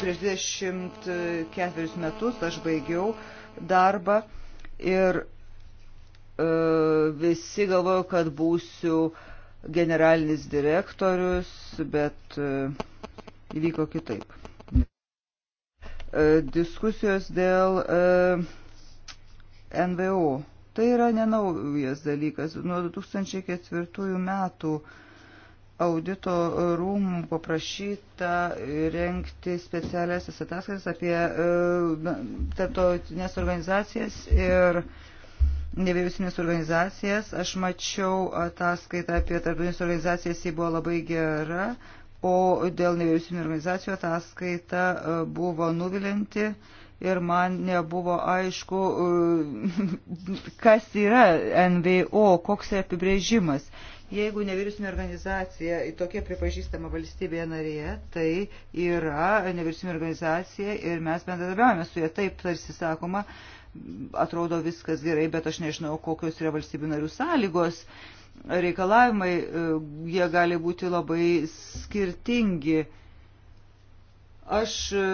prieš 24 e, metus aš baigiau darbą ir e, visi galvoju, kad būsiu generalinis direktorius, bet e, įvyko kitaip. E, diskusijos dėl e, NVO Tai yra nenaujas dalykas. Nuo 2004 metų audito rūmų paprašyta renkti specialiasis ataskaitas apie e, tarptautinės organizacijas ir nevyriausybinės organizacijas. Aš mačiau ataskaitą apie tarptautinės organizacijas, ji buvo labai gera, o dėl nevyriausybinės organizacijų ataskaita e, buvo nuvilinti ir man nebuvo aišku, e, [laughs] kas yra NVO, koks yra tai apibrėžimas. Jeigu nevyriausybinė organizacija tokia pripažįstama valstybėje narėje, tai yra nevyriausybinė organizacija ir mes bendradarbiavame su ja. Taip tarsi sakoma, atrodo viskas gerai, bet aš nežinau, kokios yra valstybių narių sąlygos. Reikalavimai, e, jie gali būti labai skirtingi. Aš e,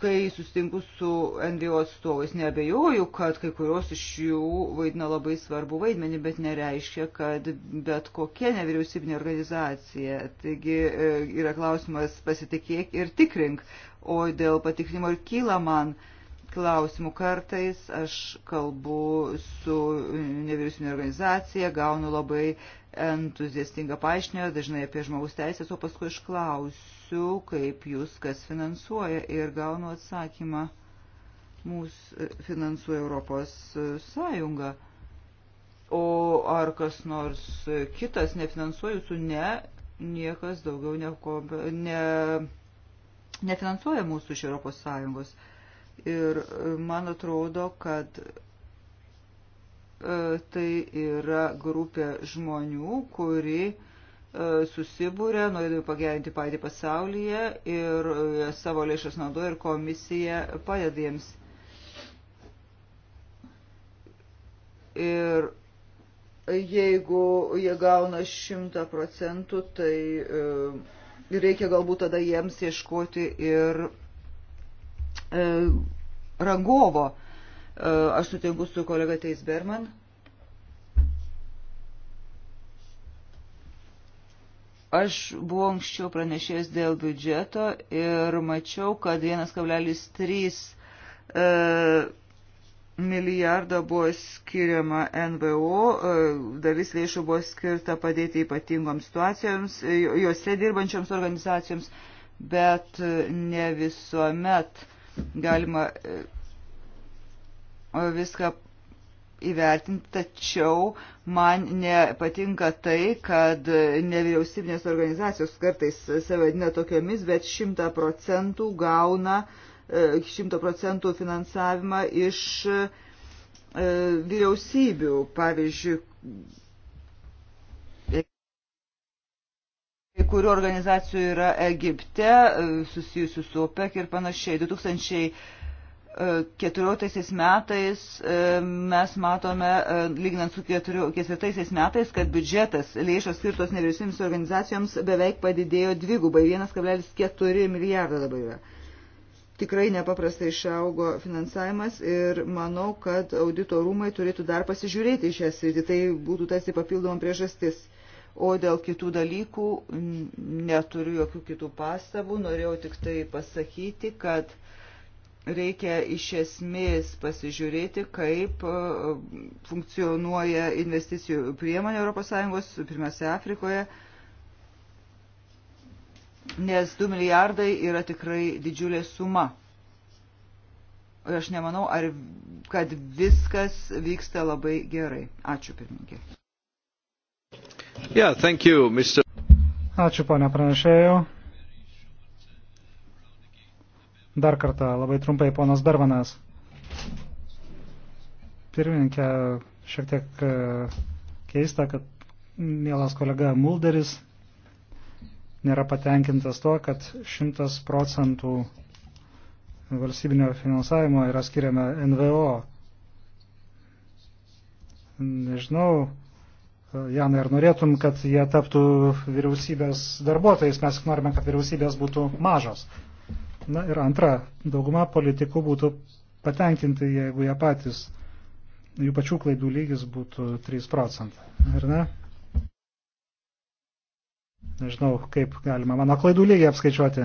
kai sustinku su NVO atstovais, nebejoju, kad kai kurios iš jų vaidina labai svarbu vaidmenį, bet nereiškia, kad bet kokia nevyriausybinė organizacija. Taigi e, yra klausimas pasitikėk ir tikrink, o dėl patikrinimo ir kyla man klausimų kartais, aš kalbu su nevyriausybinė organizacija, gaunu labai entuziastinga paaiškinio, dažnai apie žmogus teisės, o paskui išklausiu, kaip jūs kas finansuoja ir gaunu atsakymą, mūsų e, finansuoja Europos e, Sąjunga. O ar kas nors e, kitas nefinansuoja jūsų? Ne, niekas daugiau nieko, ne, nefinansuoja mūsų iš Europos Sąjungos. Ir man atrodo, kad E, tai yra grupė žmonių, kuri e, susibūrė, norėdami pagerinti patį pasaulyje ir e, savo lėšas naudoja ir komisija padeda jiems. Ir jeigu jie gauna 100 procentų, tai reikia galbūt tada jiems ieškoti ir rangovo. E, Uh, aš sutinku su kolega Teisberman. Aš buvau anksčiau pranešėjęs dėl biudžeto ir mačiau, kad 1,3 uh, milijardo buvo skiriama NVO, uh, dalis lėšų buvo skirta padėti ypatingoms situacijoms, juose dirbančioms organizacijoms, bet ne visuomet galima viską įvertinti, tačiau man nepatinka tai, kad nevyriausybinės organizacijos kartais save vadina tokiomis, bet šimta procentų gauna e, šimta procentų finansavimą iš e, vyriausybių, pavyzdžiui, kurių organizacijų yra Egipte, e, susijusių su OPEC ir panašiai. 2000 14 metais e, mes matome, e, lyginant su 14 metais, kad biudžetas lėšos skirtos nevyriausybėms organizacijoms beveik padidėjo dvigubai, 1,4 milijardo dabar yra. Tikrai nepaprastai išaugo finansavimas ir manau, kad audito rūmai turėtų dar pasižiūrėti į šią sritį. Tai būtų tarsi papildoma priežastis. O dėl kitų dalykų neturiu jokių kitų pastabų. Norėjau tik tai pasakyti, kad reikia iš esmės pasižiūrėti, kaip e, funkcionuoja investicijų priemonė ES, pirmiausia Afrikoje, nes 2 milijardai yra tikrai didžiulė suma. Ir aš nemanau, ar, kad viskas vyksta labai gerai. Ačiū, pirmininkė. Yeah, thank you, Mr. Ačiū, ponia pranešėjau. Dar kartą labai trumpai ponas Bervanas. Pirmininkė, šiek tiek e, keista, kad mielas kolega Mulderis nėra patenkintas tuo, kad 100 procentų valstybinio finansavimo yra skiriama NVO. Nežinau, e, Janai, ar norėtum, kad jie taptų vyriausybės darbuotojais? Mes norime, kad vyriausybės būtų mažos. Na ir antra, dauguma politikų būtų patenkinti, jeigu jie patys, jų pačių klaidų lygis būtų 3 procentai. Ar ne? Nežinau, kaip galima mano klaidų lygį apskaičiuoti.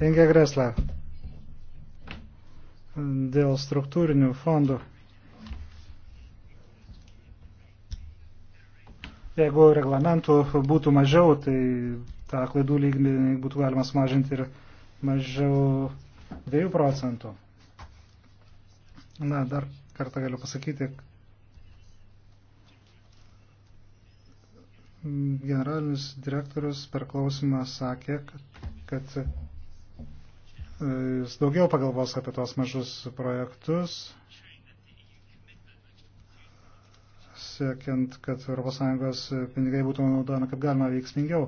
Inge Gresle. Dėl struktūrinių fondų. Jeigu reglamentų būtų mažiau, tai tą klaidų lygmenį būtų galima sumažinti ir mažiau 2 procentų. Na, dar kartą galiu pasakyti, generalinis direktorius per klausimą sakė, kad, kad e, jis daugiau pagalvos apie tos mažus projektus, siekiant, kad ES pinigai būtų naudojami kaip galima veiksmingiau.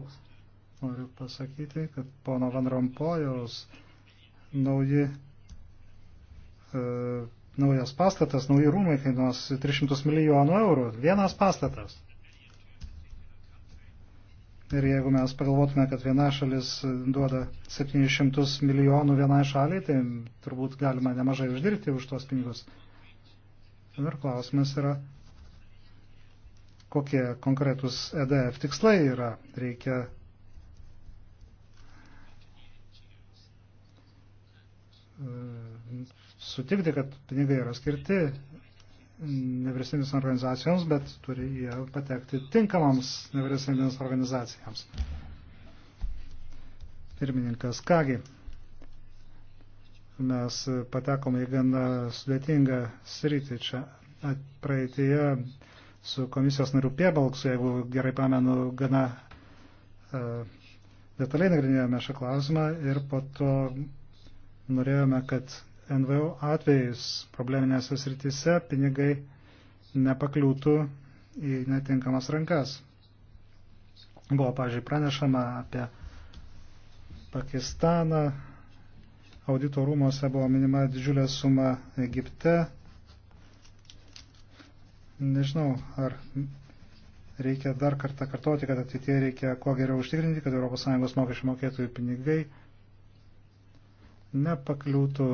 Noriu pasakyti, kad pono Van Rompojaus nauji, e, naujas pastatas, nauji rūmai kainuos 300 milijonų eurų. Vienas pastatas. Ir jeigu mes pagalvotume, kad viena šalis duoda 700 milijonų vienai šaliai, tai turbūt galima nemažai uždirbti už tuos pinigus. Ir klausimas yra, kokie konkretus EDF tikslai yra. Reikia sutikti, kad pinigai yra skirti nevyriausybinėms organizacijoms, bet turi jie patekti tinkamams nevyriausybinėms organizacijams. Pirmininkas, kągi, mes patekome į gana sudėtingą sritį čia praeitėje su komisijos nariu Piebalksu, jeigu gerai pamenu, gana uh, detaliai nagrinėjome šią klausimą ir po to norėjome, kad NVO atvejais probleminėse srityse pinigai nepakliūtų į netinkamas rankas. Buvo, pažiūrėjau, pranešama apie Pakistaną, audito rūmose buvo minima didžiulė suma Egipte. Nežinau, ar reikia dar kartą kartoti, kad ateitie reikia kuo geriau užtikrinti, kad ES mokesčių mokėtojų pinigai nepakliūtų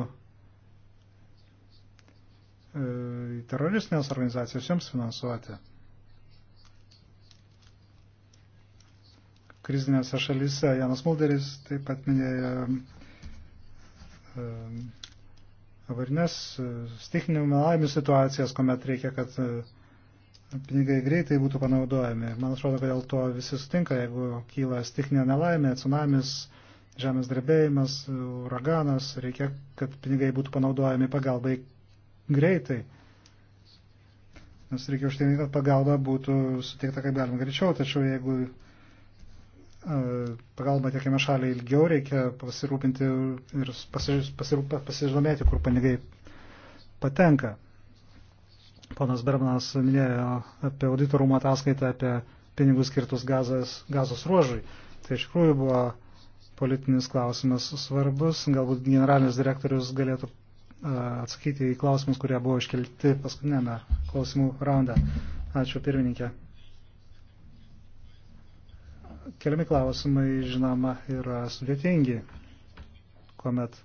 į e, teroristinės organizacijos joms finansuoti. Krizinėse šalyse Janas Mulderis taip pat minėjo e, avarinės e, stichinių nelaimių situacijas, kuomet reikia, kad pinigai greitai būtų panaudojami. Man atrodo, kad dėl to visi sutinka, jeigu kyla stichinė nelaimė, tsunamis, žemės drebėjimas, uraganas, reikia, kad pinigai būtų panaudojami pagalbai greitai. Nes reikia užtikrinti, kad pagalba būtų suteikta kaip galima greičiau, tačiau jeigu e, pagalba tiekiama šaliai ilgiau, reikia pasirūpinti ir pasiždomėti, kur pinigai patenka. Ponas Bermanas minėjo apie auditorumo ataskaitą apie pinigus skirtus gazas, gazos ruožui. Tai iš tikrųjų buvo politinis klausimas svarbus. Galbūt generalinis direktorius galėtų atsakyti į klausimus, kurie buvo iškelti paskutinėme klausimų raunde. Ačiū pirmininkė. Keliami klausimai, žinoma, yra sudėtingi, kuomet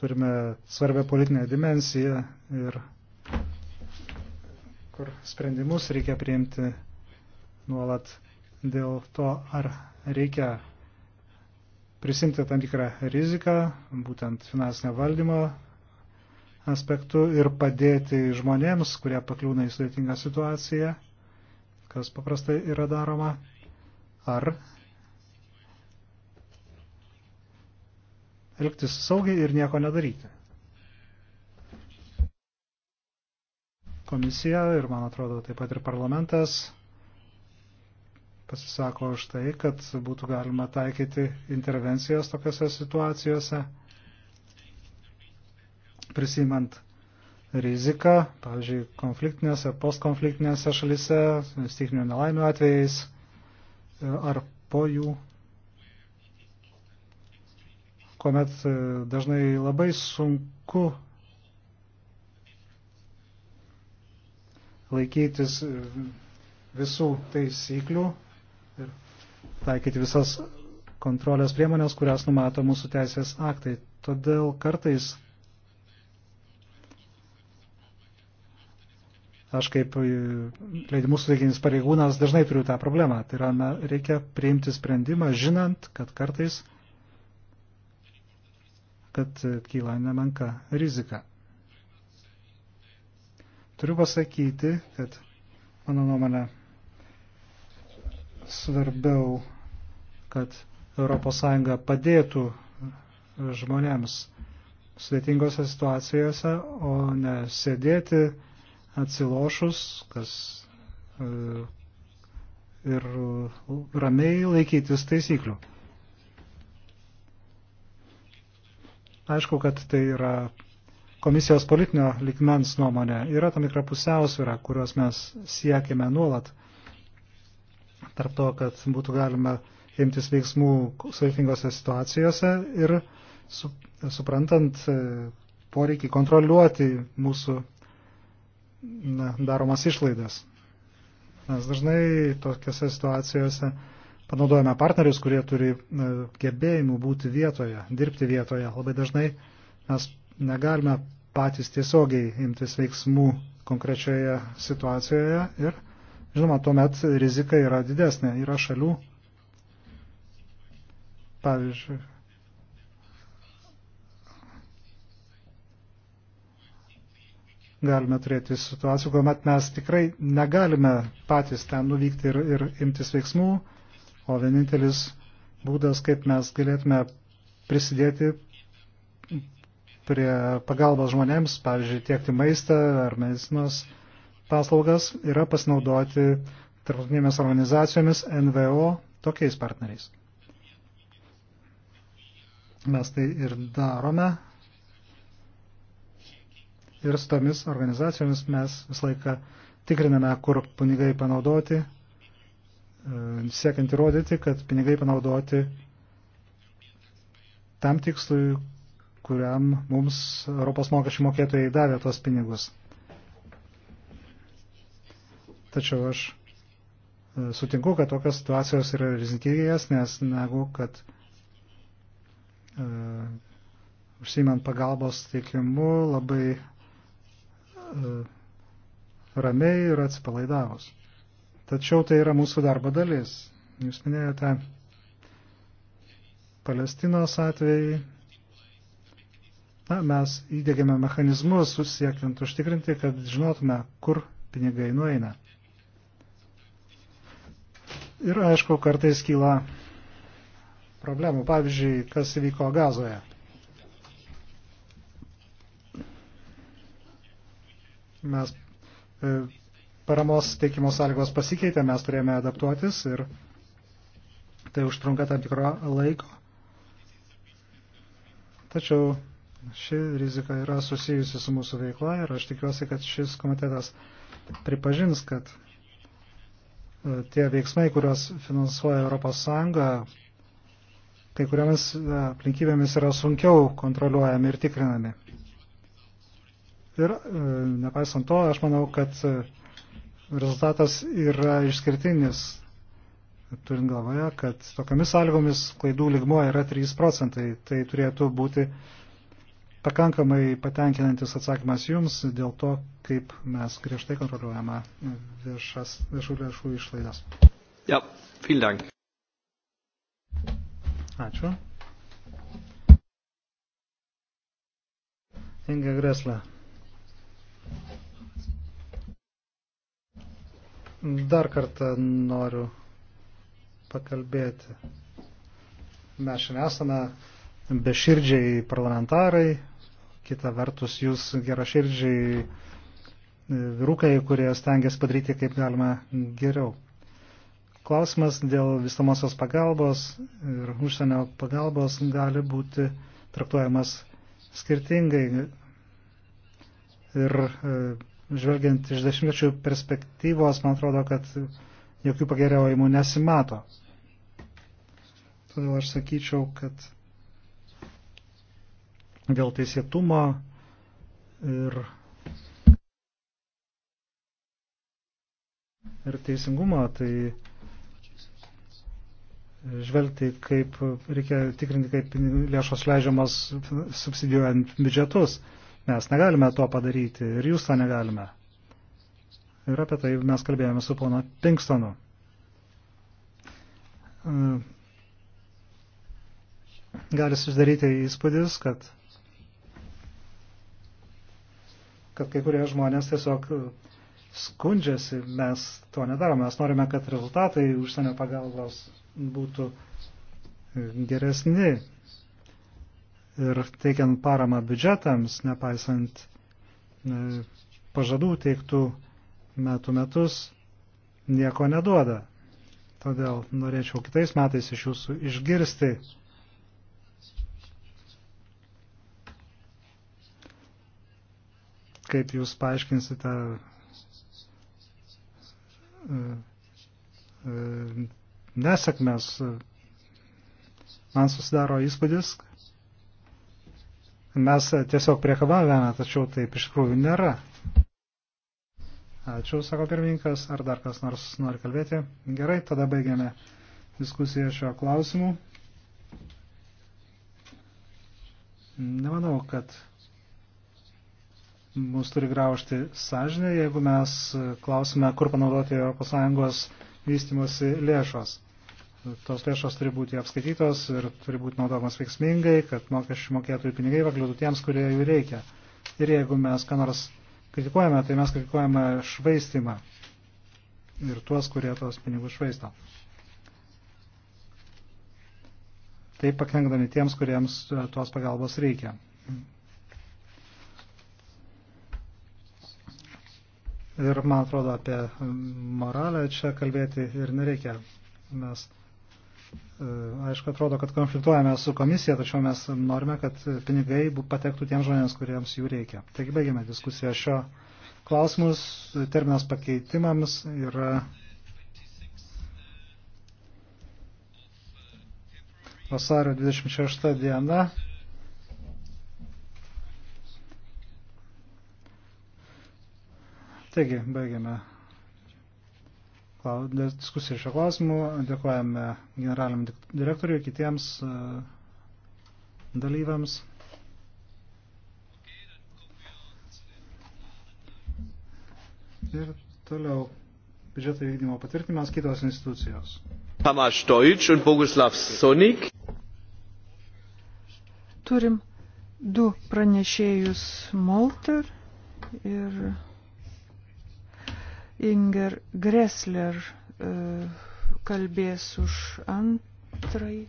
turime svarbę politinę dimensiją ir kur sprendimus reikia priimti nuolat dėl to, ar reikia prisimti tam tikrą riziką, būtent finansinio valdymo aspektu ir padėti žmonėms, kurie pakliūna į sudėtingą situaciją, kas paprastai yra daroma, ar elgtis saugiai ir nieko nedaryti. Komisija ir, man atrodo, taip pat ir parlamentas pasisako už tai, kad būtų galima taikyti intervencijas tokiuose situacijose, prisimant riziką, pavyzdžiui, konfliktinėse, postkonfliktinėse šalise, stikinių nelaimių atvejais e, ar po jų, kuomet e, dažnai labai sunku laikytis e, visų taisyklių taikyti visas kontrolės priemonės, kurias numato mūsų teisės aktai. Todėl kartais aš kaip leidimų suteikinis pareigūnas dažnai turiu tą problemą. Tai yra, na, reikia priimti sprendimą, žinant, kad kartais kad kyla nemenka rizika. Turiu pasakyti, kad mano nuomonė svarbiau, kad ES padėtų žmonėms sudėtingose situacijose, o ne sėdėti atsilošus, kas e, ir ramiai laikytis taisyklių. Aišku, kad tai yra komisijos politinio likmens nuomonė. Yra tam tikra pusiausvyrą, kurios mes siekime nuolat tarp to, kad būtų galima imtis veiksmų sveikingose situacijose ir su, suprantant e, poreikį kontroliuoti mūsų na, daromas išlaidas. Mes dažnai tokiose situacijose panaudojame partnerius, kurie turi e, gebėjimų būti vietoje, dirbti vietoje. Labai dažnai mes negalime patys tiesiogiai imtis veiksmų konkrečioje situacijoje ir Žinoma, tuomet rizika yra didesnė. Yra šalių, pavyzdžiui, galime turėti situacijų, kuomet mes tikrai negalime patys ten nuvykti ir, ir imtis veiksmų, o vienintelis būdas, kaip mes galėtume prisidėti prie pagalbos žmonėms, pavyzdžiui, tiekti maistą ar medicinos paslaugas yra pasinaudoti tarptautinėmis organizacijomis, NVO, tokiais partneriais. Mes tai ir darome. Ir su tomis organizacijomis mes visą laiką tikriname, kur pinigai panaudoti, e, siekiant įrodyti, kad pinigai panaudoti tam tikslui, kuriam mums Europos mokesčių mokėtojai davė tuos pinigus. Tačiau aš e, sutinku, kad tokios situacijos yra rizikingesnės negu kad e, užsiimant pagalbos teikimu labai e, ramiai ir atsipalaidavus. Tačiau tai yra mūsų darbo dalis. Jūs minėjote Palestinos atvejai. Na, mes įdėgėme mechanizmus susiekiant užtikrinti, kad žinotume, kur pinigai nueina. Ir aišku, kartais kyla problemų. Pavyzdžiui, kas įvyko gazoje. Mes e, paramos teikimo sąlygos pasikeitė, mes turėjome adaptuotis ir tai užtrunka tam tikro laiko. Tačiau ši rizika yra susijusi su mūsų veikla ir aš tikiuosi, kad šis komitetas pripažins, kad E, tie veiksmai, kuriuos finansuoja ES, kai kuriomis e, aplinkybėmis yra sunkiau kontroliuojami ir tikrinami. Ir e, nepaisant to, aš manau, kad rezultatas yra išskirtinis, turint galvoje, kad tokiamis sąlygomis klaidų ligmuo yra 3 procentai. Tai turėtų būti uh, pakankamai patenkinantis atsakymas jums dėl to, kaip mes griežtai kontroliuojame viešas, viešų lėšų išlaidas. Ja, vielen Dank. Ačiū. Inga Gresla. Dar kartą noriu pakalbėti. Mes šiandien esame beširdžiai parlamentarai, kita vertus jūs geraširdžiai e, vyrukai, kurie stengiasi padaryti kaip galima geriau. Klausimas dėl vistamosios pagalbos ir užsienio pagalbos gali būti traktuojamas skirtingai. Ir e, žvelgiant iš dešimtmečių perspektyvos, man atrodo, kad jokių pagerėjimų nesimato. Todėl aš sakyčiau, kad dėl teisėtumo ir, ir teisingumo, tai žvelgti, kaip reikia tikrinti, kaip lėšos leidžiamas subsidijuojant biudžetus. Mes negalime to padaryti ir jūs tą negalime. Ir apie tai mes kalbėjome su pono Pinkstonu. Gali susidaryti įspūdis, kad kad kai kurie žmonės tiesiog e, skundžiasi, mes to nedarome, mes norime, kad rezultatai užsienio pagalbos būtų e, geresni. Ir teikiant paramą biudžetams, nepaisant e, pažadų teiktų metų metus, nieko neduoda. Todėl norėčiau kitais metais iš jūsų išgirsti, kaip jūs paaiškinsite e, e, nesėkmės. Man susidaro įspūdis, mes tiesiog priekabavėme, tačiau taip iš tikrųjų nėra. Ačiū, sako pirmininkas, ar dar kas nors nori kalbėti. Gerai, tada baigiame diskusiją šio klausimu. Nemanau, kad mus turi graužti sąžinė, jeigu mes klausime, kur panaudoti ES vystimosi lėšos. Tos lėšos turi būti apskaitytos ir turi būti naudomas veiksmingai, kad mokesčių mokėtojų pinigai pakliūtų tiems, kurie jų reikia. Ir jeigu mes ką nors kritikuojame, tai mes kritikuojame švaistimą ir tuos, kurie tos pinigus švaisto. Taip pakengdami tiems, kuriems e, tos pagalbos reikia. Ir man atrodo, apie moralę čia kalbėti ir nereikia. Mes, e, aišku, atrodo, kad konfliktuojame su komisija, tačiau mes norime, kad pinigai patektų tiems žmonėms, kuriems jų reikia. Taigi baigiame diskusiją šio klausimus. Terminas pakeitimams yra vasario 26 diena. Taigi, baigiame diskusiją šio klausimu. Dėkojame generaliniam direktoriui ir kitiems e, dalyviams. Ir toliau biudžeto vykdymo patvirtinimas kitos institucijos. Tamas Deutsch ir Boguslav Sonik. Turim du pranešėjus Molter ir Inger Gressler e, kalbės už antrąjį.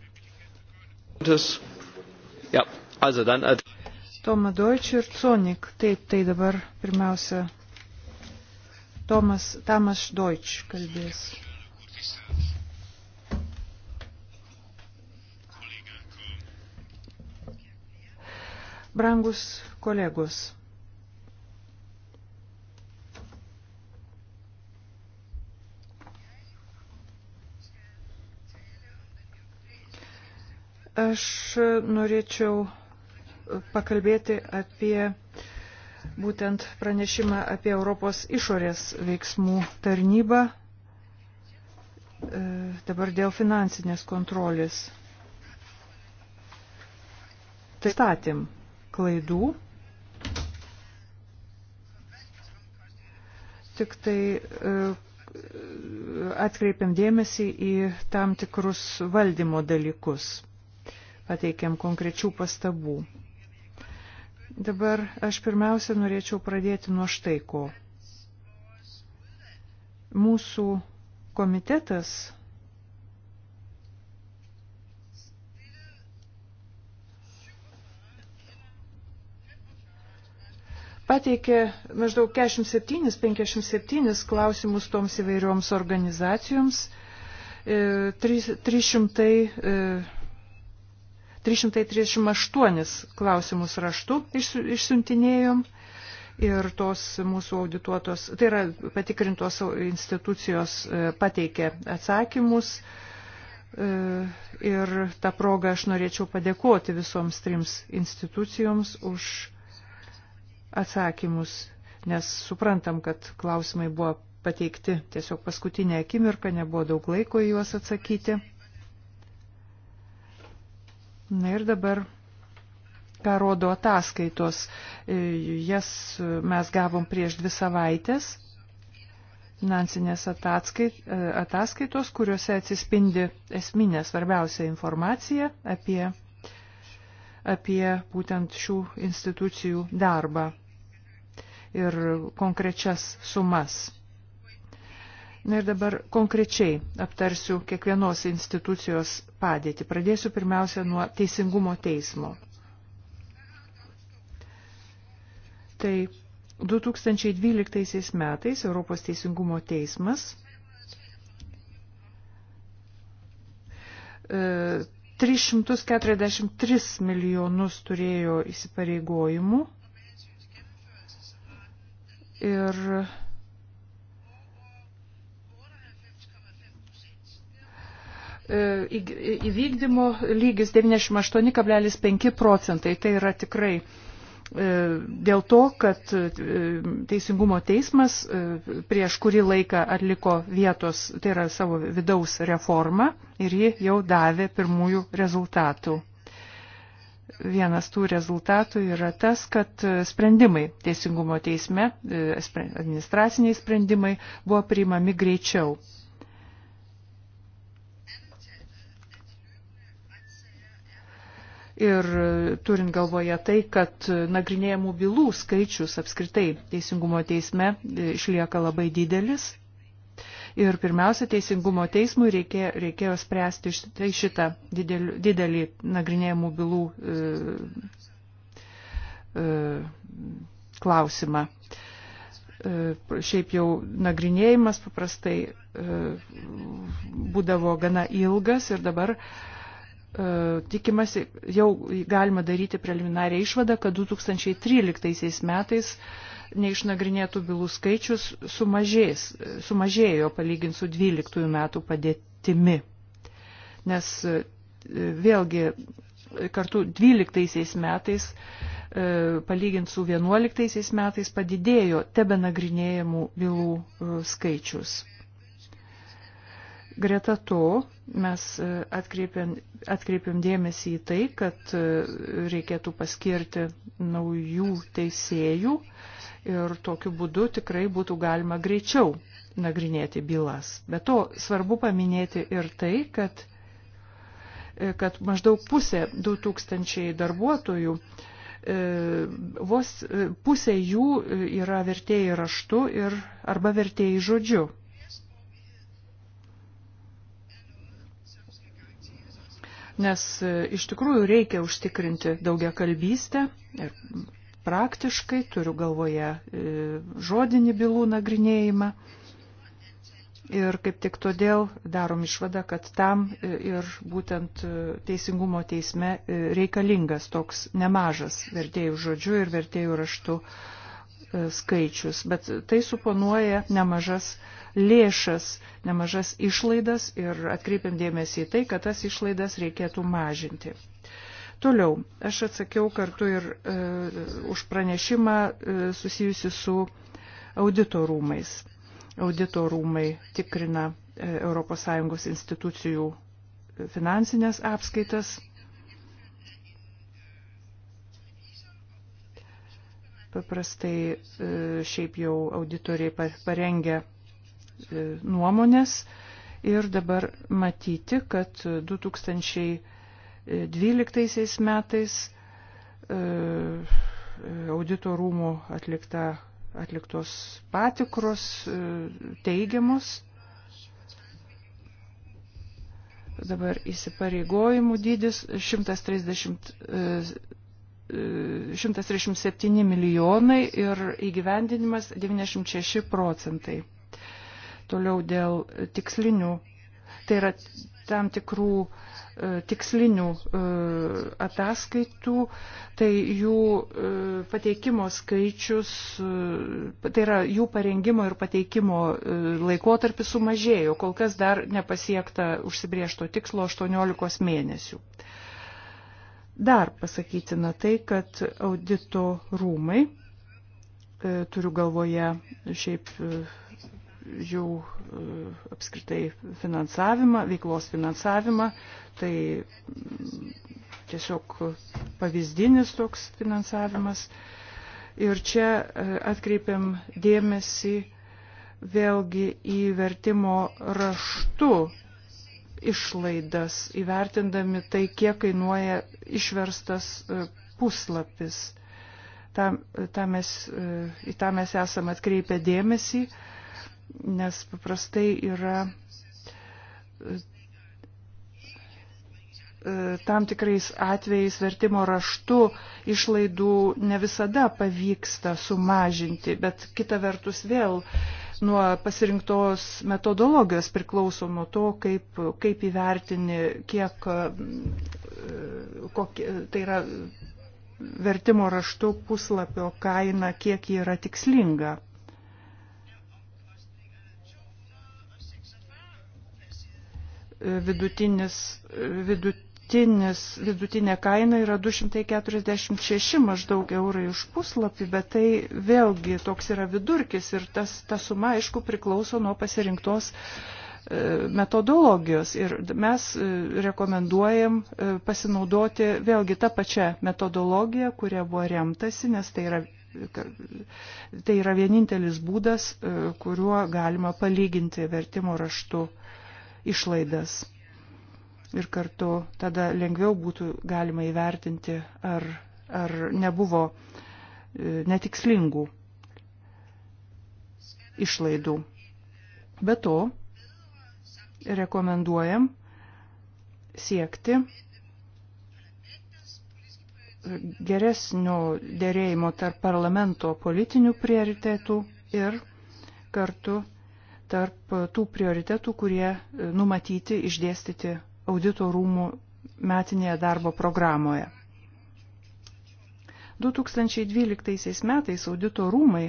Ja, also dann... Äh, Toma Deutsch ir Sonik. Taip, tai dabar pirmiausia Tomas, Tamas Deutsch kalbės. Brangus kolegos. Aš norėčiau pakalbėti apie būtent pranešimą apie Europos išorės veiksmų tarnybą e, dabar dėl finansinės kontrolės. Tai statėm klaidų. Tik tai e, atkreipiam dėmesį į tam tikrus valdymo dalykus pateikėm konkrečių pastabų. Dabar aš pirmiausia norėčiau pradėti nuo štai ko. Mūsų komitetas pateikė maždaug 47-57 klausimus toms įvairioms organizacijoms, 300 e, 338 klausimus raštu išsiuntinėjom ir tos mūsų audituotos, tai yra patikrintos institucijos e, pateikė atsakymus. E, ir tą progą aš norėčiau padėkoti visoms trims institucijoms už atsakymus, nes suprantam, kad klausimai buvo pateikti tiesiog paskutinę akimirką, nebuvo daug laiko į juos atsakyti. Na ir dabar, ką rodo ataskaitos, e, jas mes gavom prieš dvi savaitės, finansinės ataskait, e, ataskaitos, kuriuose atsispindi esminė svarbiausia informacija apie, apie būtent šių institucijų darbą ir konkrečias sumas. Na ir dabar konkrečiai aptarsiu kiekvienos institucijos padėtį. Pradėsiu pirmiausia nuo Teisingumo teismo. Tai 2012 metais Europos Teisingumo teismas e, 343 milijonus turėjo įsipareigojimų ir E, įvykdymo lygis 98,5 procentai. Tai yra tikrai e, dėl to, kad e, Teisingumo teismas prieš kurį laiką atliko vietos, tai yra savo vidaus reformą ir ji jau davė pirmųjų rezultatų. Vienas tų rezultatų yra tas, kad sprendimai Teisingumo teisme, administraciniai sprendimai buvo priimami greičiau. Ir turint galvoje tai, kad nagrinėjamų bylų skaičius apskritai teisingumo teisme e, išlieka labai didelis. Ir pirmiausia, teisingumo teismui reikėjo, reikėjo spręsti tai šitą, šitą didelį, didelį nagrinėjamų bylų e, e, klausimą. E, šiaip jau nagrinėjimas paprastai e, būdavo gana ilgas ir dabar e, E, tikimasi, jau galima daryti preliminarią išvadą, kad 2013 metais neišnagrinėtų bylų skaičius sumažės, sumažėjo palyginti su 12 metų padėtimi. Nes e, vėlgi kartu 12 metais e, palyginti su 11 metais padidėjo tebenagrinėjimų bylų skaičius. Greta to mes e, atkreipiam, atkreipiam dėmesį į tai, kad e, reikėtų paskirti naujų teisėjų ir tokiu būdu tikrai būtų galima greičiau nagrinėti bylas. Be to svarbu paminėti ir tai, kad, e, kad maždaug pusė 2000 darbuotojų vos pusė jų yra vertėjai raštu ir arba vertėjai žodžiu. nes e, iš tikrųjų reikia užtikrinti daugia kalbystę ir praktiškai turiu galvoje e, žodinį bylų nagrinėjimą. Ir kaip tik todėl darom išvadą, kad tam e, ir būtent teisingumo teisme reikalingas toks nemažas vertėjų žodžių ir vertėjų raštų skaičius. Bet tai suponuoja nemažas uh, lėšas, nemažas išlaidas ir atkreipiam dėmesį į tai, kad tas išlaidas reikėtų mažinti. Toliau, aš atsakiau kartu ir e, už pranešimą e, susijusi su auditorumais. Auditorumai tikrina e, ES institucijų e, finansinės apskaitas. Paprastai e, šiaip jau auditoriai parengia E, nuomonės ir dabar matyti, kad 2012 metais e, audito rūmų atlikta, atliktos patikros e, teigiamos. Dabar įsipareigojimų dydis 130 137 milijonai ir įgyvendinimas 96 procentai. Toliau dėl tikslinių, tai yra tam tikrų e, tikslinių e, ataskaitų, tai jų e, pateikimo skaičius, tai yra jų parengimo ir pateikimo laikotarpis sumažėjo, kol kas dar nepasiekta užsibriešto tikslo 18 mėnesių. Dar pasakytina tai, kad audito rūmai, turiu galvoje šiaip jau e, apskritai finansavimą, veiklos finansavimą. Tai mm, tiesiog pavyzdinis toks finansavimas. Ir čia e, atkreipiam dėmesį vėlgi į vertimo raštu išlaidas, įvertindami tai, kiek kainuoja išverstas e, puslapis. Ta, ta mes, į tą mes esam atkreipę dėmesį nes paprastai yra e, e, tam tikrais atvejais vertimo raštu išlaidų ne visada pavyksta sumažinti, bet kita vertus vėl nuo pasirinktos metodologijos priklauso nuo to, kaip, kaip įvertini, kiek e, kokie, tai yra vertimo raštu puslapio kaina, kiek ji yra tikslinga. vidutinis, vidutinis, vidutinė kaina yra 246 maždaug eurai už puslapį, bet tai vėlgi toks yra vidurkis ir tas, ta suma, aišku, priklauso nuo pasirinktos e, metodologijos ir mes e, rekomenduojam e, pasinaudoti vėlgi tą pačią metodologiją, kuria buvo remtasi, nes tai yra, tai yra vienintelis būdas, kuriuo galima palyginti vertimo raštu išlaidas. Ir kartu tada lengviau būtų galima įvertinti, ar, ar nebuvo e, netikslingų išlaidų. Be to, rekomenduojam siekti geresnio dėrėjimo tarp parlamento politinių prioritetų ir kartu tarp tų prioritetų, kurie e, numatyti išdėstyti audito rūmų metinėje darbo programoje. 2012 metais audito rūmai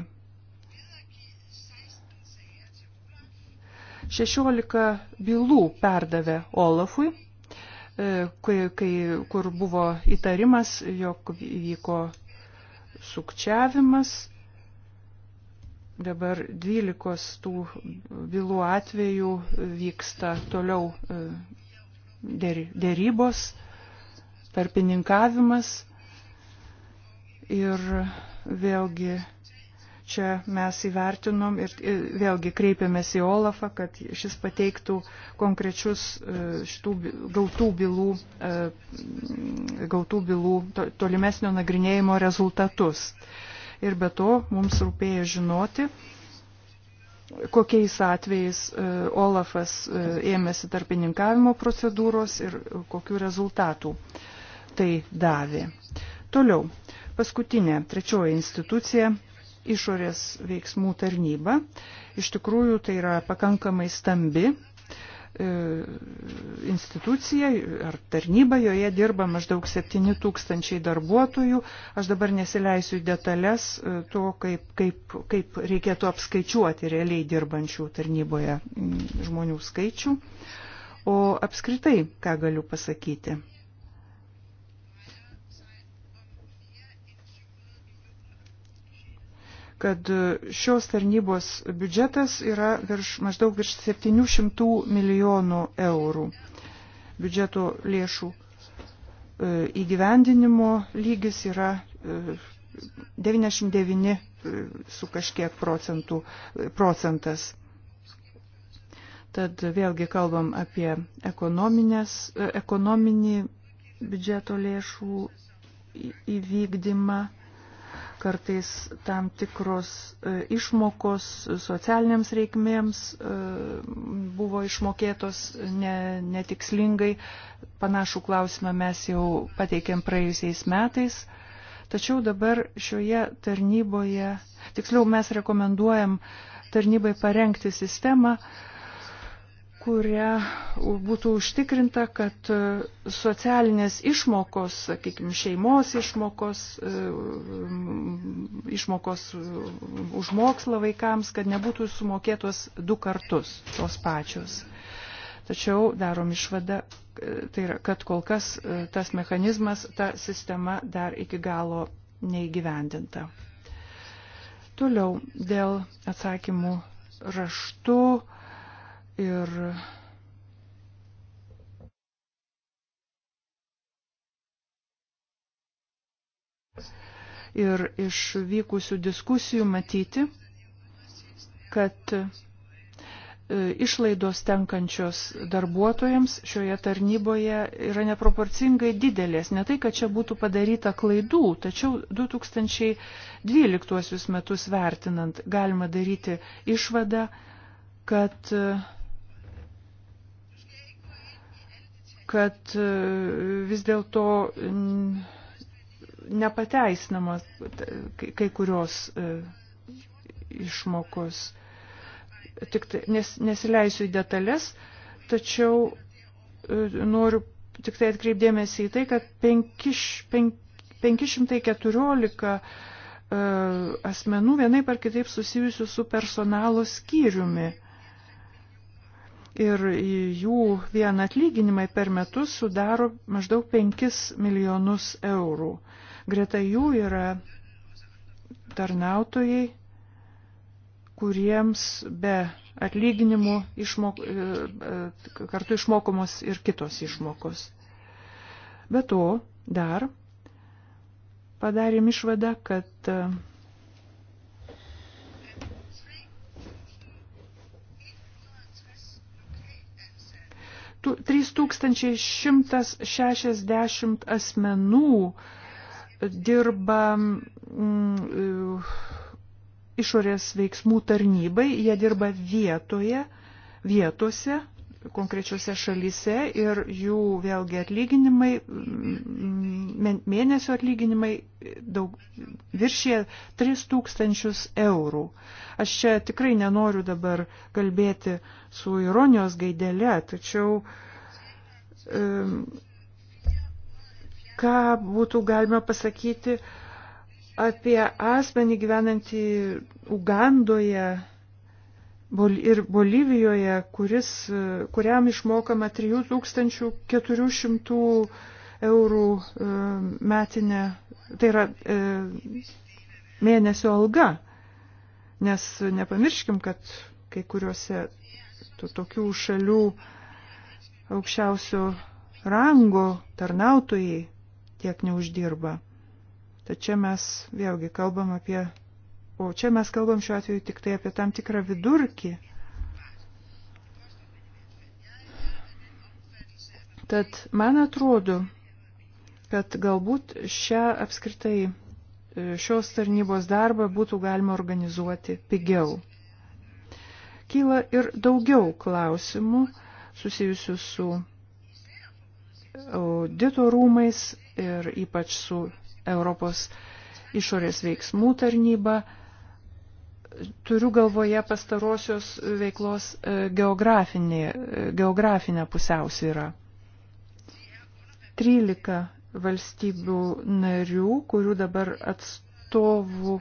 16 bylų perdavė Olafui, e, kai, kai, kur buvo įtarimas, jog vyko sukčiavimas dabar 12 tų bylų atvejų vyksta toliau e, dėrybos, tarpininkavimas ir vėlgi čia mes įvertinom ir e, vėlgi kreipėmės į Olafą, kad šis pateiktų konkrečius e, šitų gautų bylų, gautų bylų tolimesnio nagrinėjimo rezultatus ir be to mums rūpėjo žinoti, kokiais atvejais e, Olafas e, ėmėsi tarpininkavimo procedūros ir kokiu rezultatu tai davė. Toliau, paskutinė, trečioji institucija išorės veiksmų tarnyba. Iš tikrųjų, tai yra pakankamai stambi E, institucija ar tarnyba, joje dirba maždaug 7 tūkstančiai darbuotojų. Aš dabar nesileisiu į detalės e, to, kaip, kaip, kaip reikėtų apskaičiuoti realiai dirbančių tarnyboje žmonių skaičių. O apskritai, ką galiu pasakyti? kad šios tarnybos biudžetas yra virš, maždaug virš 700 milijonų eurų biudžeto lėšų e, įgyvendinimo lygis yra 99 e, e, su kažkiek procentų, procentas. Tad vėlgi kalbam apie ekonominį biudžeto lėšų įvykdymą kartais tam tikros e, išmokos socialiniams reikmėms e, buvo išmokėtos ne, netikslingai. Panašų klausimą mes jau pateikėm praėjusiais metais. Tačiau dabar šioje tarnyboje, tiksliau mes rekomenduojam tarnybai parengti sistemą, kuria būtų užtikrinta, kad e, socialinės išmokos, sakykime, šeimos išmokos, e, išmokos e, už mokslą vaikams, kad nebūtų sumokėtos du kartus tos pačios. Tačiau darom išvadą, tai yra, kad kol kas tas mechanizmas, ta sistema dar iki galo neįgyvendinta. Toliau dėl atsakymų raštu Ir Ir iš vykusių diskusijų matyti, kad e, išlaidos tenkančios darbuotojams šioje tarnyboje yra neproporcingai didelės. Ne tai, kad čia būtų padaryta klaidų, tačiau 2012 metus vertinant galima daryti išvadą, kad e, kad e, vis dėlto nepateisinamos kai kurios e, išmokos. Tik tai, nes, nesileisiu į detalės, tačiau e, noriu tik tai atkreipdėmėsi į tai, kad 5, 5, 514 asmenų vienaip ar kitaip susijusių su personalo skyriumi ir jų vien atlyginimai per metus sudaro maždaug 5 milijonus eurų. Greta jų yra tarnautojai, kuriems be atlyginimų išmok, e, e, kartu išmokomos ir kitos išmokos. Be to, dar padarėm išvadą, kad e, 3160 asmenų dirba mm, išorės veiksmų tarnybai, jie dirba vietoje, vietose konkrečiose šalyse ir jų vėlgi atlyginimai, mėnesio atlyginimai daug, viršė 3000 eurų. Aš čia tikrai nenoriu dabar kalbėti su ironijos gaidelė, tačiau ką būtų galima pasakyti apie asmenį gyvenantį Ugandoje ir Bolivijoje, kuris, kuriam išmokama 3400 eurų e, metinė, tai yra e, mėnesio alga. Nes nepamirškim, kad kai kuriuose to, tokių šalių aukščiausio rango tarnautojai tiek neuždirba. Tačiau mes vėlgi kalbam apie O čia mes kalbam šiuo atveju tik tai apie tam tikrą vidurkį. Tad man atrodo, kad galbūt šią apskritai e, šios tarnybos darbą būtų galima organizuoti pigiau. Kyla ir daugiau klausimų susijusių su audito rūmais ir ypač su Europos išorės veiksmų tarnyba. Turiu galvoje pastarosios veiklos geografinė, geografinė e, pusiausvyrą. 13 valstybių narių, kurių dabar atstovų,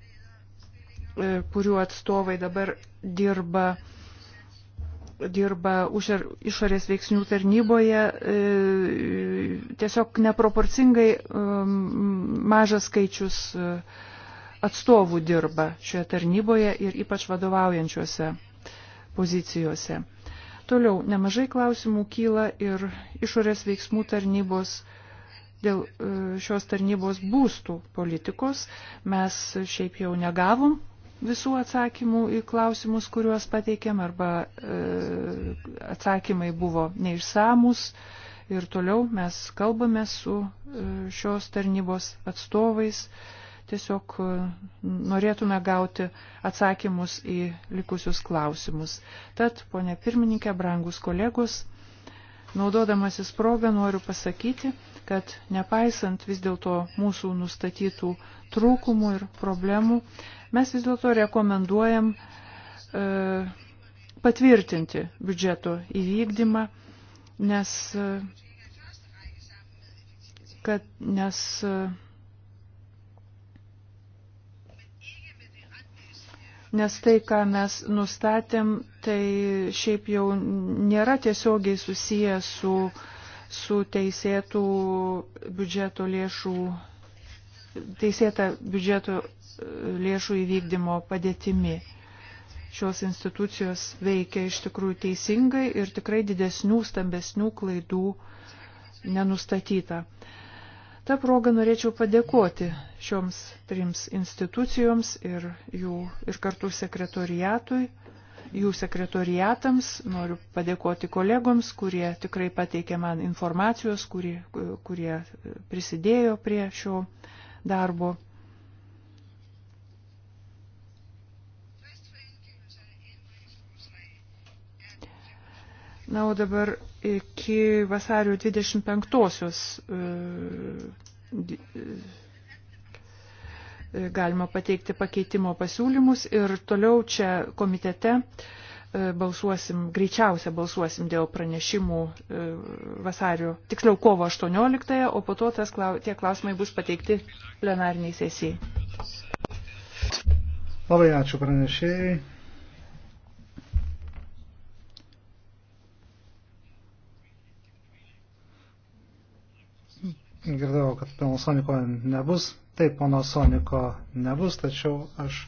e, kurių atstovai dabar dirba dirba išorės veiksnių tarnyboje, e, tiesiog neproporcingai mažas skaičius atstovų dirba šioje tarnyboje ir ypač vadovaujančiuose pozicijose. Toliau nemažai klausimų kyla ir išorės veiksmų tarnybos dėl e, šios tarnybos būstų politikos. Mes šiaip jau negavom visų atsakymų į klausimus, kuriuos pateikėm, arba e, atsakymai buvo neišsamus. Ir toliau mes kalbame su e, šios tarnybos atstovais, e, Tiesiog e, norėtume gauti atsakymus į likusius klausimus. Tad, ponė pirmininkė, brangus kolegos, naudodamasis progą noriu pasakyti, kad nepaisant vis dėlto mūsų nustatytų trūkumų ir problemų, mes vis dėlto rekomenduojam e, patvirtinti biudžeto įvykdymą, nes, e, kad, nes e, nes tai, ką mes nustatėm, tai šiaip jau nėra tiesiogiai susiję su, su teisėtų biudžeto lėšų, teisėta biudžeto e, lėšų įvykdymo padėtimi. Šios institucijos veikia iš tikrųjų teisingai ir tikrai didesnių, stambesnių klaidų nenustatyta. Ta proga norėčiau padėkoti šioms trims institucijoms ir, jų, ir kartu sekretoriatui, jų sekretoriatams. Noriu padėkoti kolegoms, kurie tikrai pateikė man informacijos, kurie, kurie prisidėjo prie šio darbo. Na, o dabar iki vasario 25-osios e, e, galima pateikti pakeitimo pasiūlymus ir toliau čia komitete e, balsuosim, greičiausia balsuosim dėl pranešimų vasario, tiksliau kovo 18, o po to tas, tie klausimai bus pateikti plenariniai sesijai. Labai ačiū pranešėjai. girdėjau, kad pono Soniko nebus. Taip, pono Soniko nebus, tačiau aš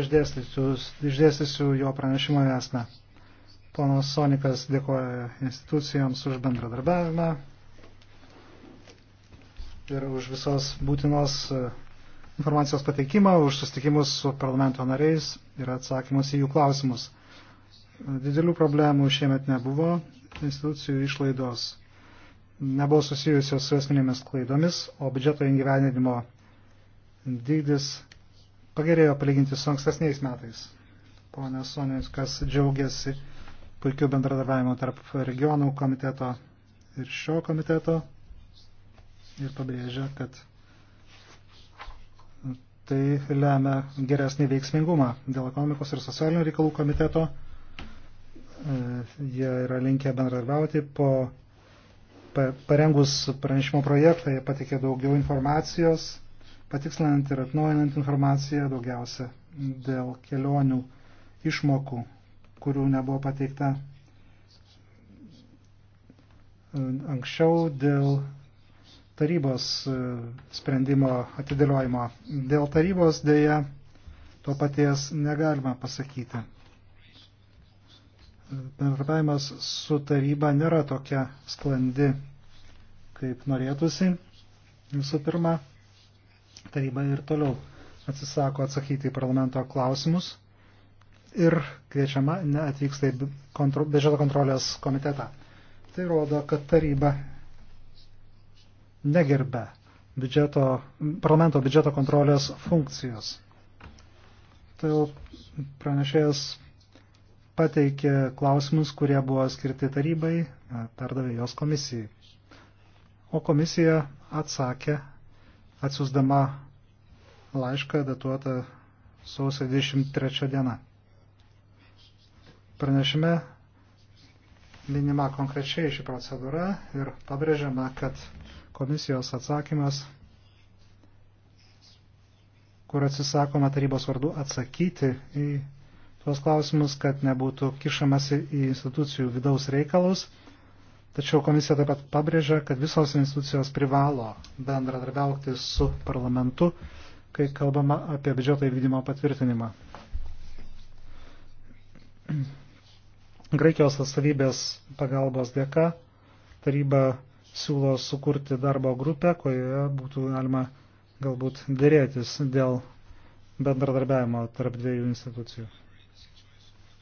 išdėstysiu, išdėstysiu jo pranešimo esmę. Ponas Sonikas dėkoja institucijoms už bendradarbiavimą ir už visos būtinos e, informacijos pateikimą, už sustikimus su parlamento nariais ir atsakymus į jų klausimus. Didelių problemų šiemet nebuvo, institucijų išlaidos nebuvo susijusios su esminėmis klaidomis, o biudžeto įgyvenimo dydis pagerėjo palyginti su ankstesniais metais. Pone Soniskas džiaugiasi puikiu bendradarbiavimu tarp regionų komiteto ir šio komiteto ir pabrėžia, kad tai lemia geresnį veiksmingumą dėl ekonomikos ir socialinių reikalų komiteto. E, jie yra linkę bendradarbiauti po parengus pranešimo projektą, jie patikė daugiau informacijos, patikslinant ir atnaujinant informaciją daugiausia dėl kelionių išmokų, kurių nebuvo pateikta anksčiau dėl tarybos e, sprendimo atidėliojimo. Dėl tarybos dėja to paties negalima pasakyti bendradarbiavimas su taryba nėra tokia sklandi, kaip norėtųsi. Visų pirma, taryba ir toliau atsisako atsakyti į parlamento klausimus ir kviečiama neatvyksta į kontro, biudžeto kontrolės komitetą. Tai rodo, kad taryba negerbė biudžeto, parlamento biudžeto kontrolės funkcijos. Tai jau pranešėjas pateikė klausimus, kurie buvo skirti tarybai, perdavė jos komisijai. O komisija atsakė, atsiusdama laišką datuotą sausio 23 dieną. Pranešime minima konkrečiai ši procedūra ir pabrėžiama, kad komisijos atsakymas, kur atsisakoma tarybos vardu atsakyti į tuos klausimus, kad nebūtų kišamasi į institucijų vidaus reikalus. Tačiau komisija taip pat pabrėžia, kad visos institucijos privalo bendradarbiauti su parlamentu, kai kalbama apie biudžeto įvykdymo patvirtinimą. Graikijos atstovybės pagalbos dėka taryba siūlo sukurti darbo grupę, kurioje būtų galima galbūt dėrėtis dėl bendradarbiavimo tarp dviejų institucijų.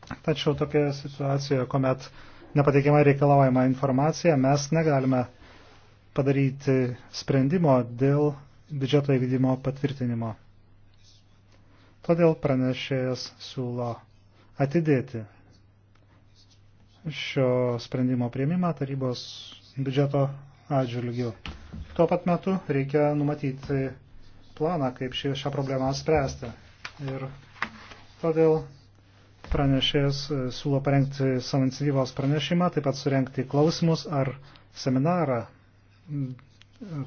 Tačiau tokia situacija, kuomet nepateikiama reikalaujama informacija, mes negalime padaryti sprendimo dėl biudžeto įvykdymo patvirtinimo. Todėl pranešėjas siūlo atidėti šio sprendimo prieimimą tarybos biudžeto atžvilgiu. Tuo pat metu reikia numatyti planą, kaip šią problemą spręsti. Ir todėl pranešės e, siūlo parengti savo iniciatyvos pranešimą, taip pat surenkti klausimus ar seminarą,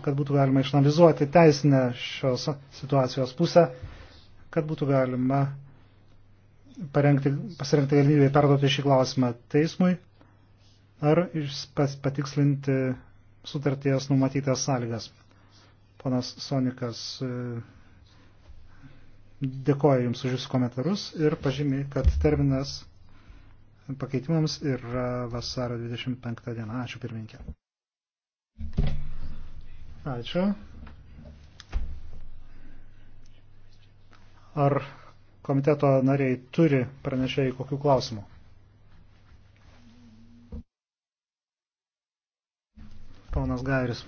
kad būtų galima išanalizuoti teisinę šios situacijos pusę, kad būtų galima parengti, pasirinkti galimybę perduoti šį klausimą teismui ar patikslinti sutarties numatytas sąlygas. Ponas Sonikas e, Dėkoju Jums už Jūsų komentarus ir pažymė, kad terminas pakeitimams yra vasaro 25 diena. Ačiū pirmininkė. Ačiū. Ar komiteto nariai turi pranešėjai kokių klausimų? Ponas Gairis.